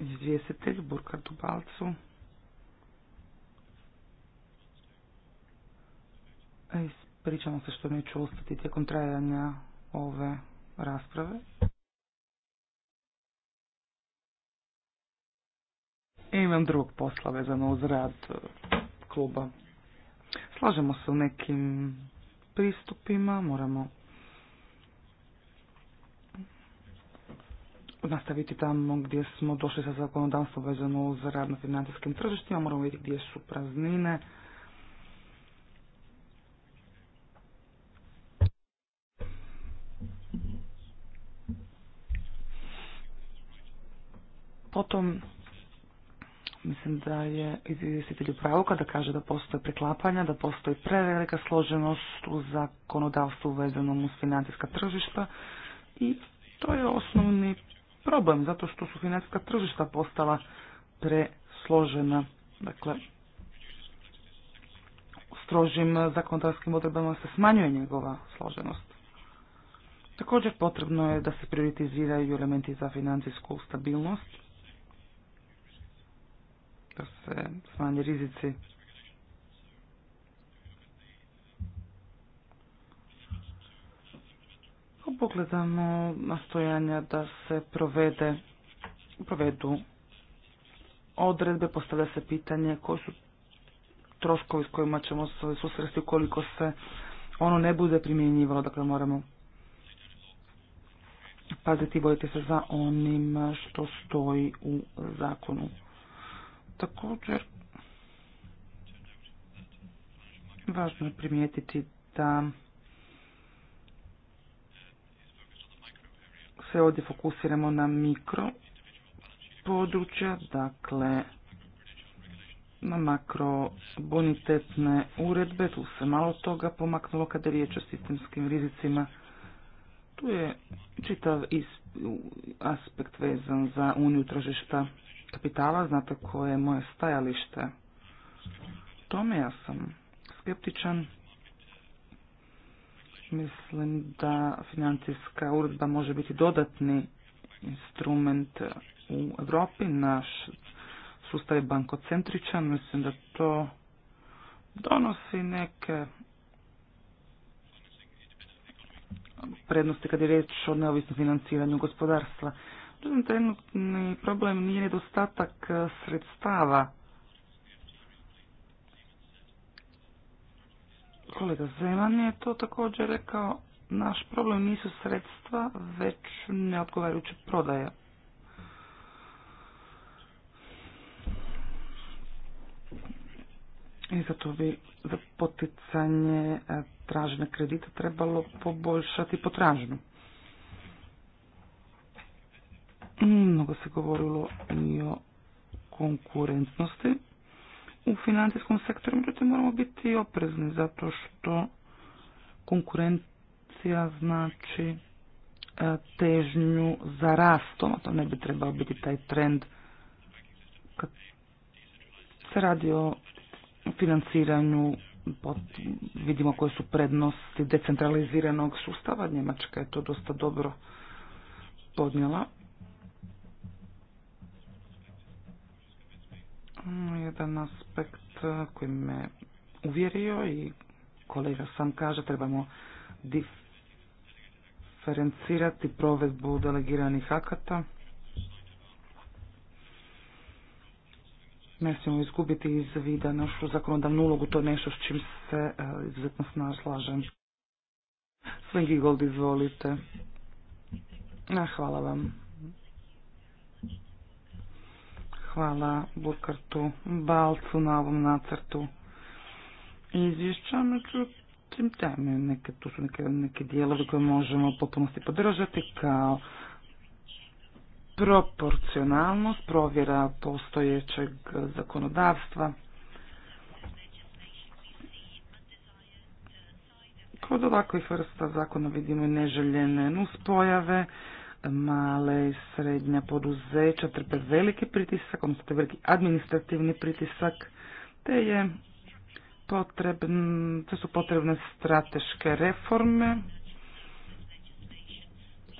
izvjestitelj Burkar Balcu. Pričamo se što neću ostati tijekom trajanja ove rasprave. I imam drugog posla vezano uz rad e, kluba. Slažemo se u nekim pristupima, moramo nastaviti tamo gdje smo došli sa zakonodavstvo vezano uz rad na financijskim tržištima, moramo vidjeti gdje su praznine. Potom, mislim da je izvjestitelj u pravu kada kaže da postoje preklapanja, da postoji prevelika složenost u zakonodavstvu vezanom uz financijska tržišta i to je osnovni problem, zato što su financijska tržišta postala presložena. Dakle, strožim zakonodavskim odredbama se smanjuje njegova složenost. Također potrebno je da se prioritiziraju elementi za financijsku stabilnost, da se smanje rizici pogledamo nastojanja da se provede, provedu odredbe, postavlja se pitanje koji su troškovi s kojima ćemo se susresti ukoliko se ono ne bude primjenjivalo, dakle moramo paziti i bojiti se za onim što stoji u zakonu. Također, važno je primijetiti da se ovdje fokusiramo na mikro područja, dakle na bonitetne uredbe, tu se malo toga pomaknulo kada je riječ o sistemskim rizicima. Tu je čitav aspekt vezan za uniju tržišta kapitala, znate koje je moje stajalište. Tome ja sam skeptičan Mislim da financijska uredba može biti dodatni instrument u Europi. Naš sustav je bankocentričan. Mislim da to donosi neke prednosti kad je riječ o neovisnom financiranju gospodarstva. Međutim, trenutni problem nije nedostatak eh, sredstava Kolega Zeman je to također rekao, naš problem nisu sredstva, već neodgovarajuće prodaja. I zato bi za poticanje e, tražene kredita trebalo poboljšati potražnju. Mnogo se govorilo i o konkurentnosti u financijskom sektoru, međutim moramo biti oprezni zato što konkurencija znači e, težnju za rastom, a to ne bi trebao biti taj trend kad se radi o financiranju vidimo koje su prednosti decentraliziranog sustava, Njemačka je to dosta dobro podnijela. jedan aspekt e, koji me uvjerio i kolega sam kaže trebamo diferencirati provedbu delegiranih akata. Ne smijemo izgubiti iz vida našu zakonodavnu ulogu, to je nešto s čim se e, izuzetno slažem. Sven Gigold, izvolite. E, hvala vam. Hvala Burkartu Balcu na ovom nacrtu izvješća. Međutim, teme, neke, tu su neke, neke dijelovi koje možemo potpunosti podržati kao proporcionalnost, provjera postojećeg zakonodavstva. Kod ovakvih vrsta zakona vidimo i neželjene nuspojave, male i srednja poduzeća trpe veliki pritisak, odnosno veliki administrativni pritisak, te je potrebn, te su potrebne strateške reforme.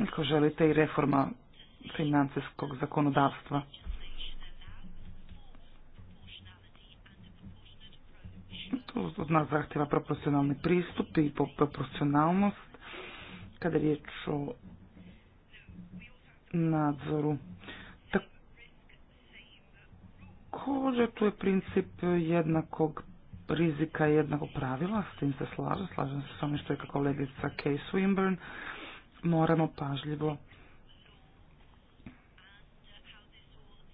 Ako želite i reforma financijskog zakonodavstva. To od nas zahtjeva proporcionalni pristup i proporcionalnost kada je riječ o nadzoru. Također tu je princip jednakog rizika i jednakog pravila, s tim se slažem, slažem se s onim što je kako kolegica Kay Swinburne, moramo pažljivo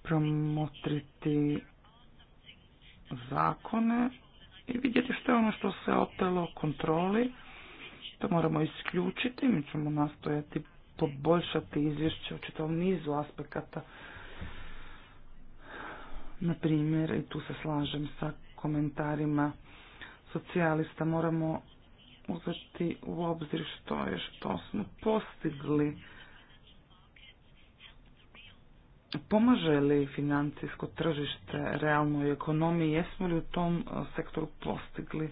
promotriti zakone i vidjeti što je ono što se otelo kontroli. To moramo isključiti, mi ćemo nastojati poboljšati izvješće u čitavom nizu aspekata. Na i tu se slažem sa komentarima socijalista, moramo uzeti u obzir što je što smo postigli. Pomaže li financijsko tržište realnoj ekonomiji? Jesmo li u tom e, sektoru postigli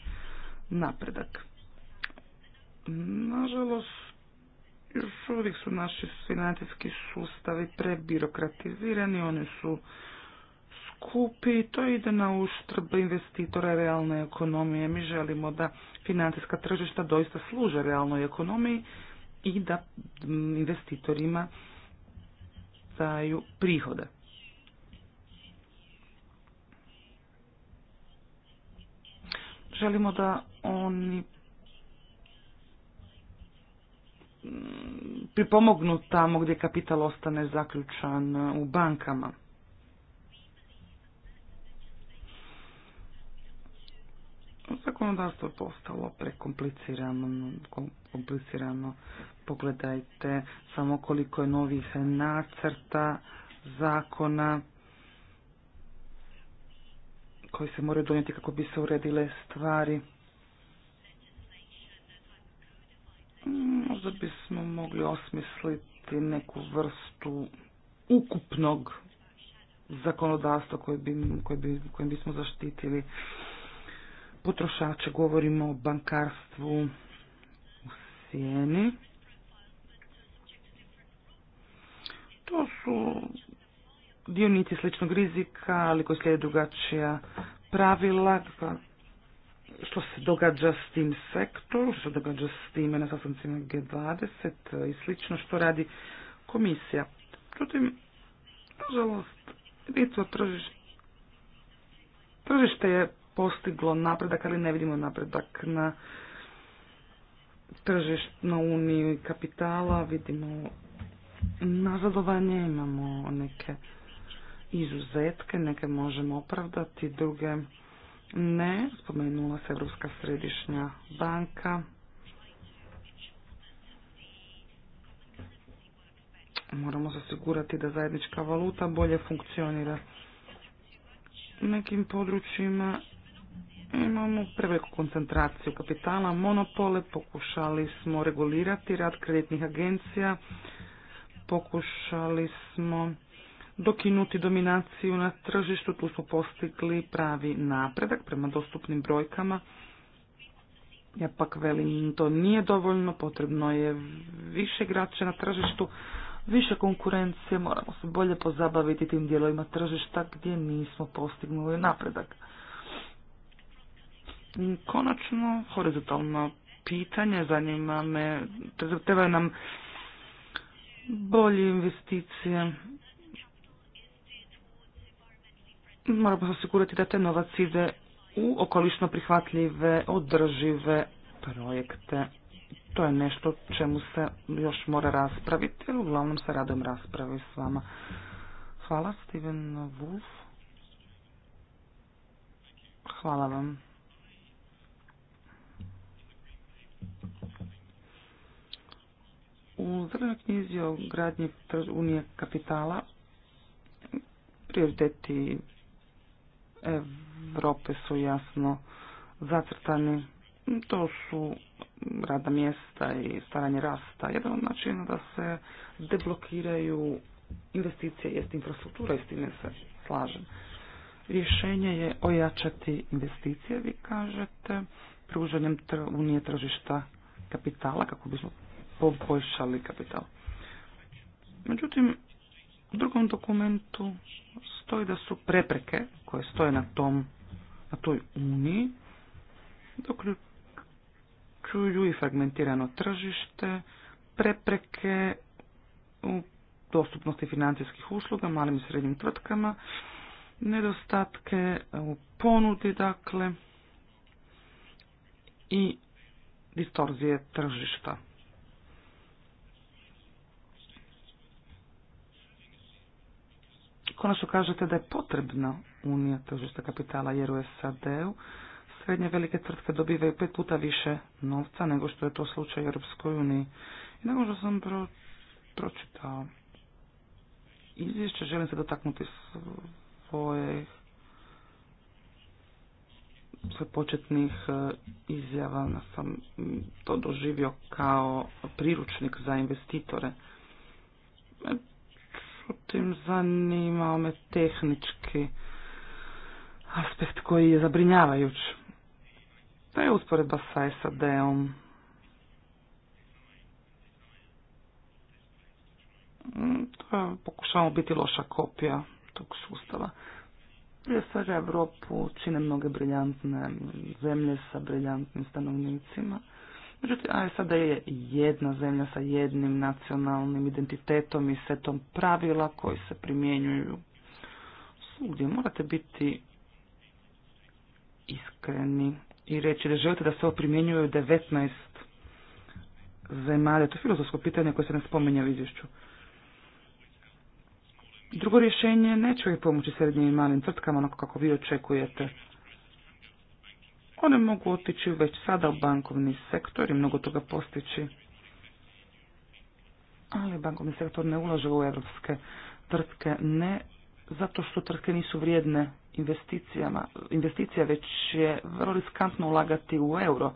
napredak? Nažalost, još uvijek su naši financijski sustavi prebirokratizirani, oni su skupi i to ide na uštrb investitora realne ekonomije. Mi želimo da financijska tržišta doista služe realnoj ekonomiji i da investitorima daju prihode. Želimo da oni pripomognu tamo gdje kapital ostane zaključan e, u bankama. Zakonodavstvo je postalo prekomplicirano, komplicirano. Pogledajte samo koliko je novih nacrta zakona koji se moraju donijeti kako bi se uredile stvari. možda bismo mogli osmisliti neku vrstu ukupnog zakonodavstva koje bi, koje kojim bismo zaštitili potrošače. Govorimo o bankarstvu u sjeni. To su dionici sličnog rizika, ali koji slijede drugačija pravila, što se događa s tim sektorom, što se događa s time na sastancima G20 i slično što radi komisija. Međutim, nažalost, jedinstvo tržište, tržište je postiglo napredak, ali ne vidimo napredak na tržišt na uniju kapitala, vidimo nazadovanje, imamo neke izuzetke, neke možemo opravdati, druge ne, spomenula se Europska središnja banka. Moramo osigurati da zajednička valuta bolje funkcionira. U nekim područjima imamo preveliku koncentraciju kapitala, monopole, pokušali smo regulirati rad kreditnih agencija, pokušali smo dokinuti dominaciju na tržištu, tu smo postigli pravi napredak prema dostupnim brojkama. Ja pak velim, to nije dovoljno, potrebno je više igrača na tržištu, više konkurencije, moramo se bolje pozabaviti tim dijelovima tržišta gdje nismo postignuli napredak. Konačno, horizontalno pitanje, zanima me, treba nam bolje investicije, moramo osigurati da te novac ide u okolišno prihvatljive, održive projekte. To je nešto čemu se još mora raspraviti, jer uglavnom se radom raspravi s vama. Hvala, Steven Wolf. Hvala vam. U zelenoj knjizi o gradnji Unije kapitala prioriteti Europe su jasno zacrtani. To su rada mjesta i staranje rasta. Jedan od načina da se deblokiraju investicije jest infrastruktura i s time se slažem. Rješenje je ojačati investicije, vi kažete, pružanjem unije tržišta kapitala kako bismo poboljšali kapital. Međutim, u drugom dokumentu stoji da su prepreke koje stoje na tom, na toj uniji, doključuju i fragmentirano tržište, prepreke u dostupnosti financijskih usluga malim i srednjim tvrtkama, nedostatke u ponudi, dakle, i distorzije tržišta. Konačno kažete da je potrebna unija tržišta kapitala jer u SAD-u srednje velike tvrtke dobivaju pet puta više novca nego što je to slučaj u Europskoj uniji. I na sam pro, pročitao izvješće, želim se dotaknuti svoje sve početnih e, izjava sam to doživio kao priručnik za investitore. Međutim, zanimao me tehnički aspekt koji je zabrinjavajuć. To je usporedba sa SAD-om. Mm, pokušavamo biti loša kopija tog sustava. Prije svega Evropu čine mnoge briljantne zemlje sa briljantnim stanovnicima. Međutim, a sada je jedna zemlja sa jednim nacionalnim identitetom i setom pravila koji se primjenjuju svugdje. Morate biti iskreni i reći da želite da se ovo primjenjuju 19 zemalja. To je filozofsko pitanje koje se ne spominje u izvješću. Drugo rješenje neće uvijek pomoći srednjim i malim tvrtkama onako kako vi očekujete. One mogu otići već sada u bankovni sektor i mnogo toga postići. Ali bankovni sektor ne ulaže u evropske tvrtke, ne zato što tvrtke nisu vrijedne investicijama, investicija već je vrlo riskantno ulagati u euro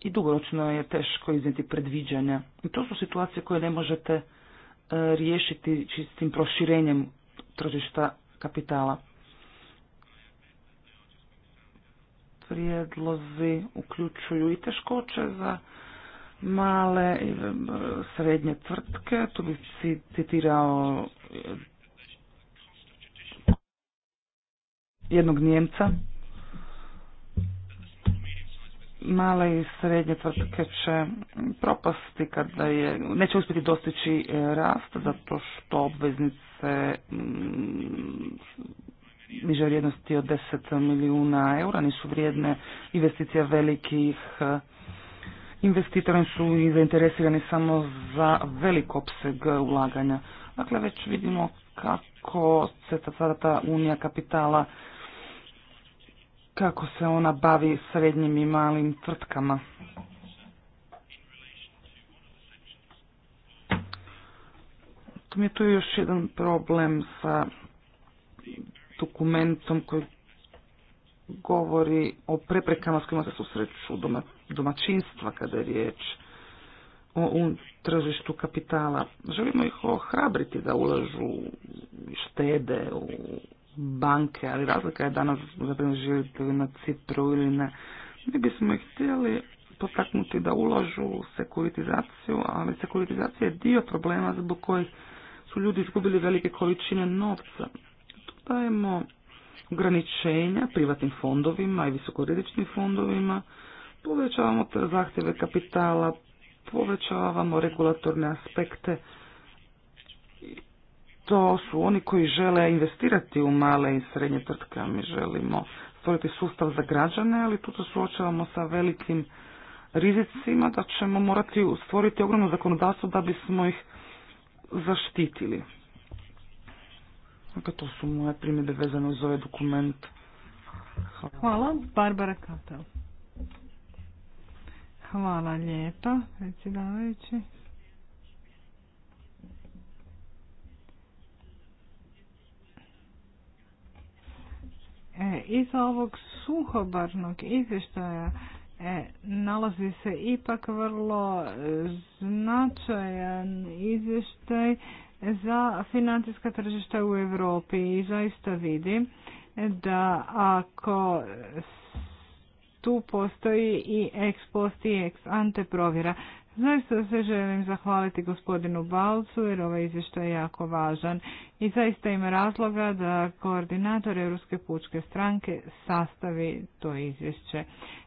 i dugoročno je teško iznijeti predviđanja. I to su situacije koje ne možete e, riješiti čistim proširenjem tržišta kapitala. prijedlozi uključuju i teškoće za male i srednje tvrtke. Tu bih citirao jednog Njemca. Male i srednje tvrtke će propasti kada je, neće uspjeti dostići e, rast zato što obveznice niže vrijednosti od 10 milijuna eura, nisu vrijedne investicija velikih e, investitora, su i zainteresirani samo za velik opseg ulaganja. Dakle, već vidimo kako se sada ta unija kapitala, kako se ona bavi srednjim i malim tvrtkama. Tu mi je tu još jedan problem sa dokumentom koji govori o preprekama s kojima se susreću domaćinstva kada je riječ o, tržištu kapitala. Želimo ih ohrabriti da ulažu štede u banke, ali razlika je danas za na Cipru ili ne. Mi bismo ih htjeli potaknuti da ulažu u sekuritizaciju, ali sekuritizacija je dio problema zbog kojih su ljudi izgubili velike količine novca dajemo ograničenja privatnim fondovima i visokorizičnim fondovima, povećavamo zahtjeve kapitala, povećavamo regulatorne aspekte. To su oni koji žele investirati u male i srednje tvrtke, mi želimo stvoriti sustav za građane, ali tu se suočavamo sa velikim rizicima da ćemo morati stvoriti ogromno zakonodavstvo da bismo ih zaštitili. Dakle, to su moje primjede vezane uz ovaj dokument. Hvala. Hvala, Barbara Katel. Hvala lijepa, predsjedavajući. E, iza ovog suhobarnog izvještaja e, nalazi se ipak vrlo značajan izvještaj za financijska tržišta u Europi i zaista vidim da ako tu postoji i ex post i ex ante provjera. Zaista se želim zahvaliti gospodinu Balcu jer ovaj izvještaj je jako važan i zaista ima razloga da koordinator Europske pučke stranke sastavi to izvješće.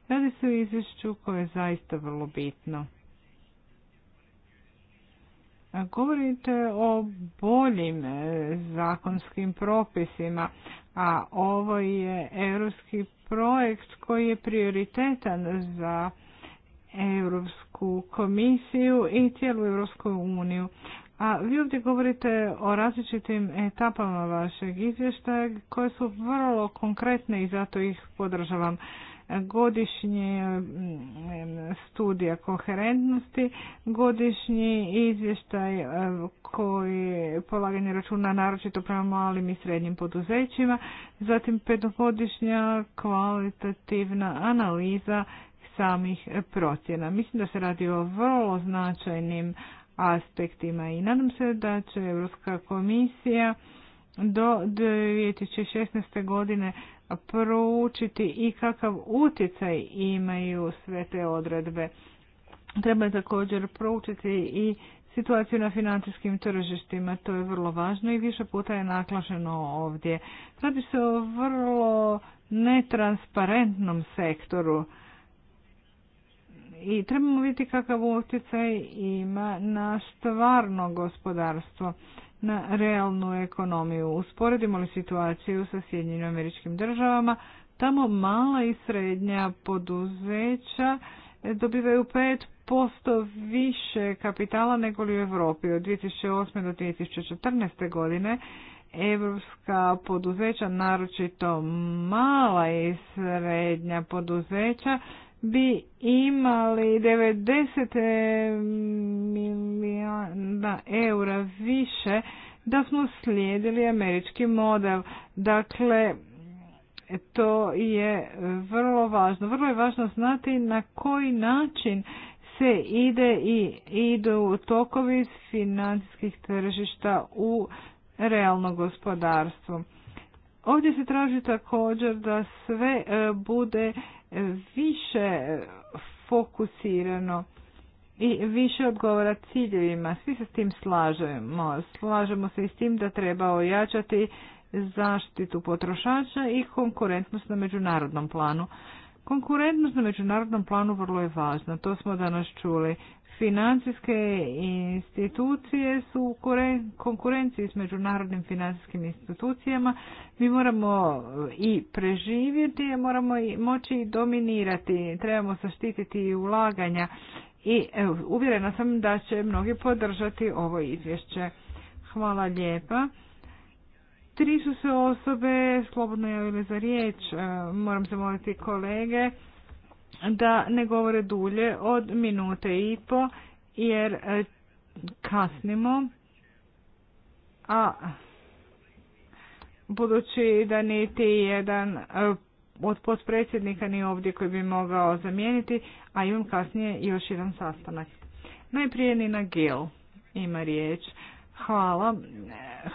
Radi se o izvješću koje je zaista vrlo bitno. Govorite o boljim e, zakonskim propisima, a ovo je europski projekt koji je prioritetan za Europsku komisiju i cijelu Europsku uniju. A vi ovdje govorite o različitim etapama vašeg izvještaja koje su vrlo konkretne i zato ih podržavam godišnje mm, studija koherentnosti, godišnji izvještaj e, koji polaganje računa naročito prema malim i srednjim poduzećima, zatim petogodišnja kvalitativna analiza samih procjena. Mislim da se radi o vrlo značajnim aspektima i nadam se da će Europska komisija do 2016. godine proučiti i kakav utjecaj imaju sve te odredbe. Treba također proučiti i situaciju na financijskim tržištima, to je vrlo važno i više puta je naklašeno ovdje. Radi se o vrlo netransparentnom sektoru i trebamo vidjeti kakav utjecaj ima na stvarno gospodarstvo na realnu ekonomiju. Usporedimo li situaciju sa Sjedinjenim američkim državama, tamo mala i srednja poduzeća dobivaju 5% više kapitala nego li u Europi. Od 2008. do 2014. godine evropska poduzeća, naročito mala i srednja poduzeća, bi imali 90 eh, milijuna eura više da smo slijedili američki model. Dakle, to je vrlo važno. Vrlo je važno znati na koji način se ide i idu tokovi financijskih tržišta u realno gospodarstvo. Ovdje se traži također da sve e, bude e, više fokusirano i više odgovara ciljevima. Svi se s tim slažemo. Slažemo se i s tim da treba ojačati zaštitu potrošača i konkurentnost na međunarodnom planu. Konkurentnost na međunarodnom planu vrlo je važna, to smo danas čuli. Financijske institucije su u konkurenciji s međunarodnim financijskim institucijama. Mi moramo e, i preživjeti, moramo i moći i dominirati, trebamo saštititi i ulaganja. I evo, uvjerena sam da će mnogi podržati ovo izvješće. Hvala lijepa. Tri su se osobe slobodno javile za riječ. E, moram se moliti kolege da ne govore dulje od minute i po jer e, kasnimo. A budući da niti jedan e, od potpredsjednika ni ovdje koji bi mogao zamijeniti, a imam kasnije još jedan sastanak. Najprije Nina Gill ima riječ. Hvala.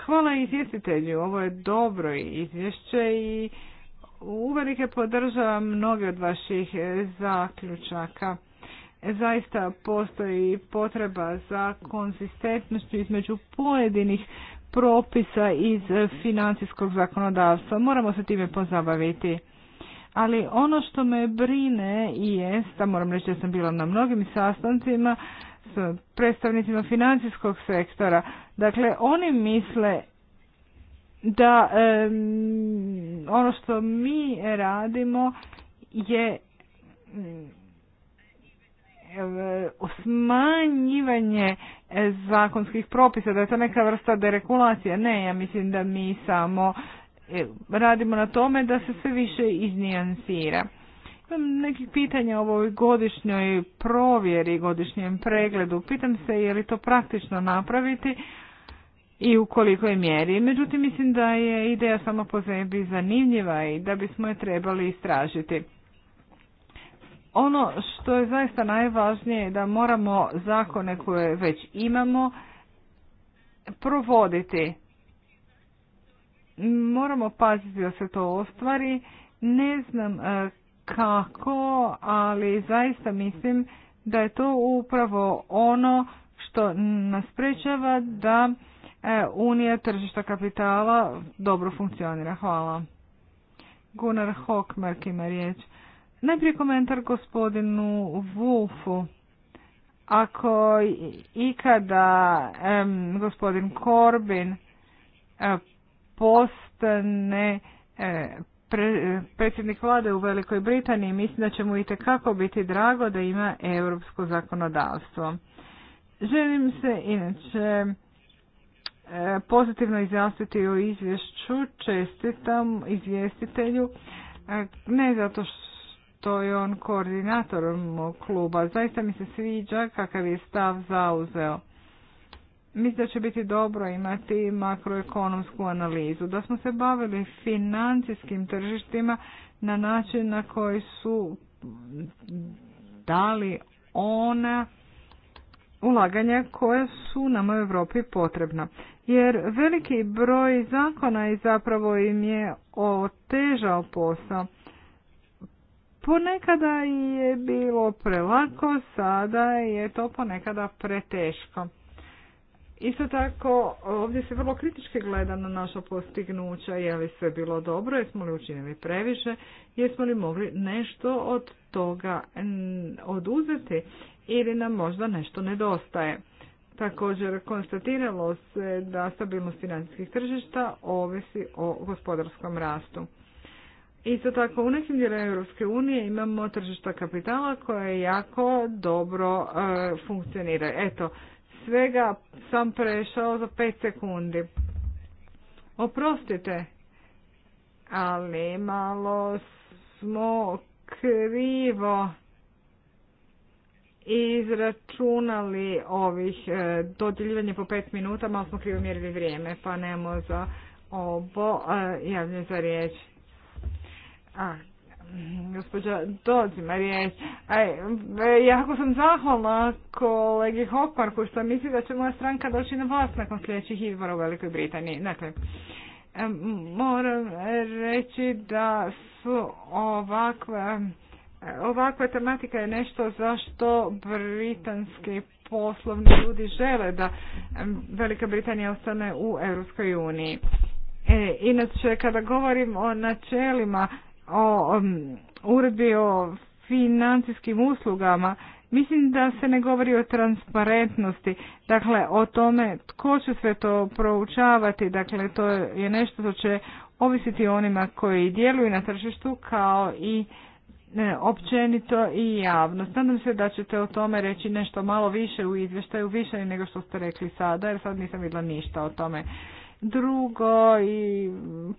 Hvala izvjestitelju. Ovo je dobro izvješće i uvelike podržavam mnoge od vaših zaključaka. Zaista postoji potreba za konzistentnošću između pojedinih propisa iz financijskog zakonodavstva. Moramo se time pozabaviti. Ali ono što me brine jest, a moram reći da sam bila na mnogim sastancima, predstavnicima financijskog sektora. Dakle, oni misle da ono što mi radimo je smanjivanje zakonskih propisa, da je to neka vrsta deregulacije. Ne, ja mislim da mi samo radimo na tome da se sve više iznijansira. Imam nekih pitanja o ovoj godišnjoj provjeri, godišnjem pregledu. Pitam se je li to praktično napraviti i u kolikoj mjeri. Međutim, mislim da je ideja samo po sebi zanimljiva i da bismo je trebali istražiti. Ono što je zaista najvažnije je da moramo zakone koje već imamo provoditi. Moramo paziti da se to ostvari. Ne znam e, kako, ali zaista mislim da je to upravo ono što nas prečava da e, Unija tržišta kapitala dobro funkcionira. Hvala. Gunnar Hockmark ima riječ. Najprije komentar gospodinu Wolfu. Ako ikada gospodin Korbin e, postane e, predsjednik vlade u Velikoj Britaniji, mislim da će mu i biti drago da ima europsko zakonodavstvo. Želim se inače e, pozitivno izjasniti o izvješću, čestitam izvjestitelju, e, ne zato što je on koordinator kluba, zaista mi se sviđa kakav je stav zauzeo. Mislim da će biti dobro imati makroekonomsku analizu. Da smo se bavili financijskim tržištima na način na koji su dali ona ulaganja koja su nam u Europi potrebna. Jer veliki broj zakona i zapravo im je otežao posao. Ponekada je bilo prelako, sada je to ponekada preteško. Isto tako, ovdje se vrlo kritički gleda na naša postignuća, je li sve bilo dobro, jesmo li učinili previše, jesmo li mogli nešto od toga oduzeti ili nam možda nešto nedostaje. Također konstatiralo se da stabilnost financijskih tržišta ovisi o gospodarskom rastu. Isto tako u nekim dijelu Europske unije imamo tržišta kapitala koje jako dobro e, funkcionira. Eto, svega sam prešao za pet sekundi. Oprostite, ali malo smo krivo izračunali ovih e, dodjeljivanja po pet minuta, malo smo krivo mjerili vrijeme, pa nemamo za obo e, za riječ. A, gospođa dozima riječ. jako sam zahvalna kolegi Hokmarku što misli da će moja stranka doći na vlast nakon sljedećih izbora u Velikoj Britaniji. Dakle, e, moram reći da su ovakve e, Ovakva tematika je nešto zašto britanski poslovni ljudi žele da e, Velika Britanija ostane u Europskoj uniji. inače, kada govorim o načelima o um, uredbi o financijskim uslugama, mislim da se ne govori o transparentnosti, dakle o tome tko će sve to proučavati, dakle to je nešto što će ovisiti onima koji djeluju na tržištu kao i e, općenito i javno. Nadam se da ćete o tome reći nešto malo više u izvještaju, više nego što ste rekli sada, jer sad nisam vidjela ništa o tome. Drugo, i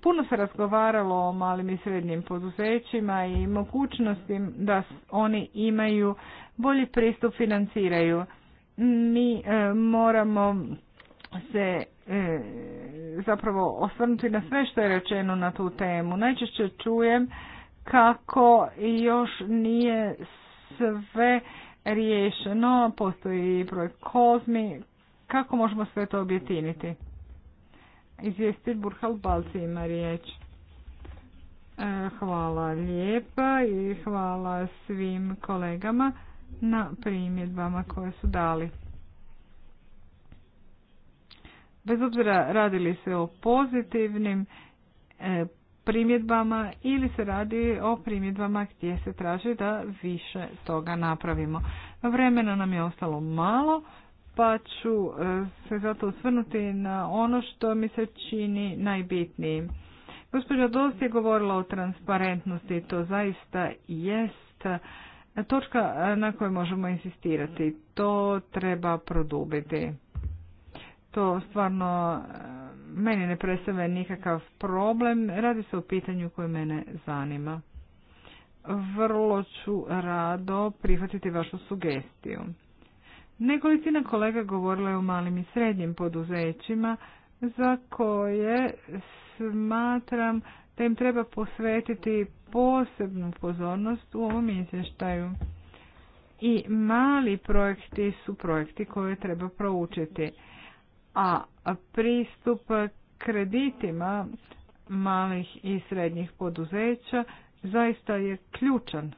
puno se razgovaralo o malim i srednjim poduzećima i mogućnosti da oni imaju bolji pristup financiraju. Mi e, moramo se e, zapravo osvrnuti na sve što je rečeno na tu temu. Najčešće čujem kako još nije sve riješeno, postoji projekt Kozmi, kako možemo sve to objetiniti? Izvjestitelj Burhal Balci ima riječ. E, hvala lijepa i hvala svim kolegama na primjedbama koje su dali. Bez obzira radili se o pozitivnim e, primjedbama ili se radi o primjedbama gdje se traži da više toga napravimo. Vremena nam je ostalo malo pa ću e, se zato osvrnuti na ono što mi se čini najbitnijim. Gospođa Dost je govorila o transparentnosti, to zaista jest e, točka e, na kojoj možemo insistirati. To treba produbiti. To stvarno meni ne predstavlja nikakav problem, radi se o pitanju koje mene zanima. Vrlo ću rado prihvatiti vašu sugestiju. Nekolicina kolega govorila je o malim i srednjim poduzećima za koje smatram da im treba posvetiti posebnu pozornost u ovom izvještaju. I mali projekti su projekti koje treba proučiti, a pristup kreditima malih i srednjih poduzeća zaista je ključan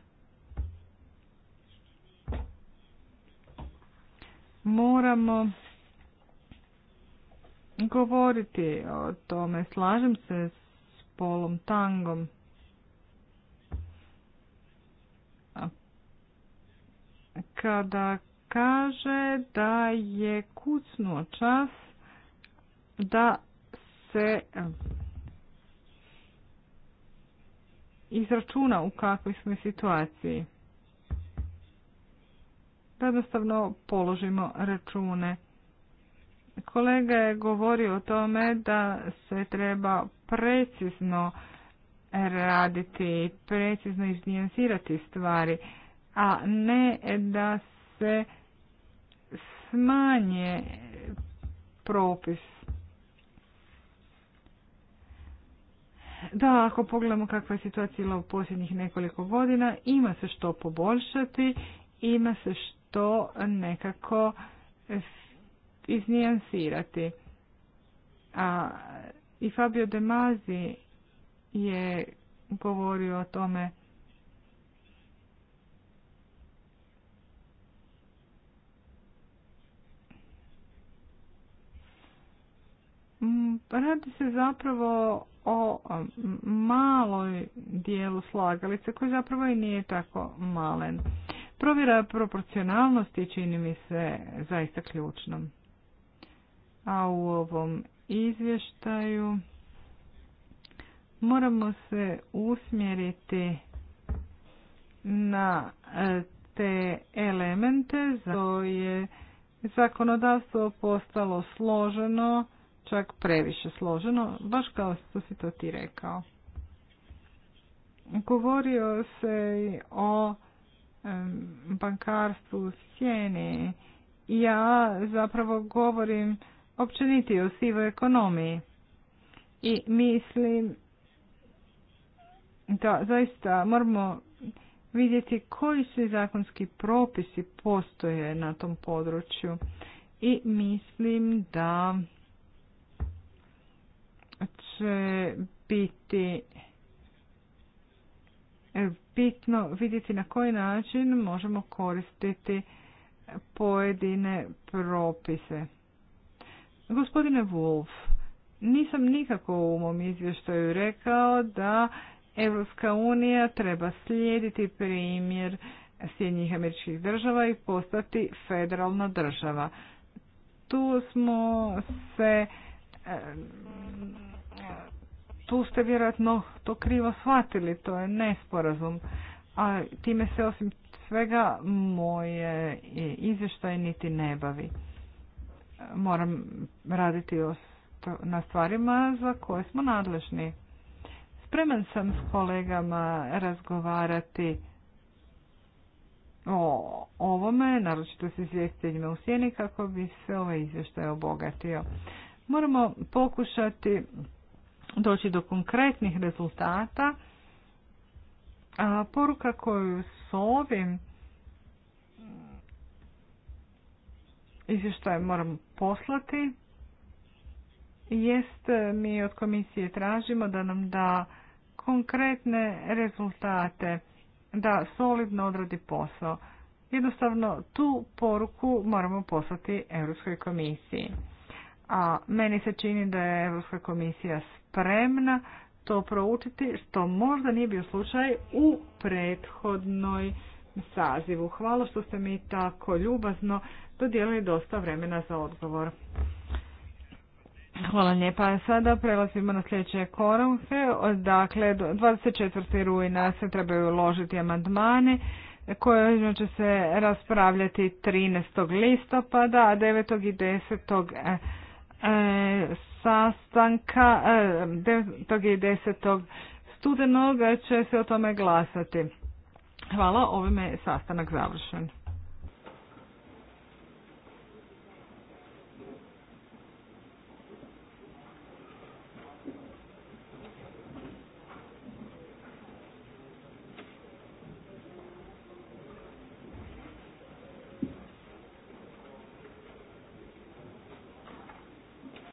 moramo govoriti o tome. Slažem se s Polom Tangom. Kada kaže da je kucnuo čas da se izračuna u kakvoj smo situaciji da jednostavno položimo račune. Kolega je govorio o tome da se treba precizno raditi, precizno iznijansirati stvari, a ne da se smanje propis. Da, ako pogledamo kakva je situacija u posljednjih nekoliko godina, ima se što poboljšati, ima se što to nekako iznijansirati. A i Fabio De Mazi je govorio o tome mm, Radi se zapravo o um, maloj dijelu slagalice koji zapravo i nije tako malen. Provjera proporcionalnosti čini mi se zaista ključnom. A u ovom izvještaju moramo se usmjeriti na e, te elemente za je zakonodavstvo postalo složeno, čak previše složeno, baš kao što si to ti rekao. Govorio se o bankarstvu u sjeni. Ja zapravo govorim općeniti o sivoj ekonomiji i mislim da zaista moramo vidjeti koji su zakonski propisi postoje na tom području i mislim da će biti bitno vidjeti na koji način možemo koristiti pojedine propise. Gospodine Wolf, nisam nikako u mom izvještaju rekao da Evropska unija treba slijediti primjer Sjednjih američkih država i postati federalna država. Tu smo se eh, tu ste vjerojatno to krivo shvatili, to je nesporazum. A time se osim svega moje izvještaj niti ne bavi. Moram raditi na stvarima za koje smo nadležni. Spreman sam s kolegama razgovarati o ovome, naročito s izvjestiteljima u sjeni, kako bi se ovaj izvještaj obogatio. Moramo pokušati doći do konkretnih rezultata. A poruka koju s ovim izvještajem moram poslati jest e, mi od komisije tražimo da nam da konkretne rezultate, da solidno odradi posao. Jednostavno tu poruku moramo poslati Europskoj komisiji. A meni se čini da je Europska komisija spremna to proučiti, što možda nije bio slučaj u prethodnoj sazivu. Hvala što ste mi tako ljubazno dodijelili dosta vremena za odgovor. Hvala lijepa. Sada prelazimo na sljedeće koronke. Dakle, 24. rujna se trebaju uložiti amandmane koje će se raspravljati 13. listopada, a 9. i 10 sastanka 9. E, i 10. studenog e, će se o tome glasati. Hvala, ovime je sastanak završen.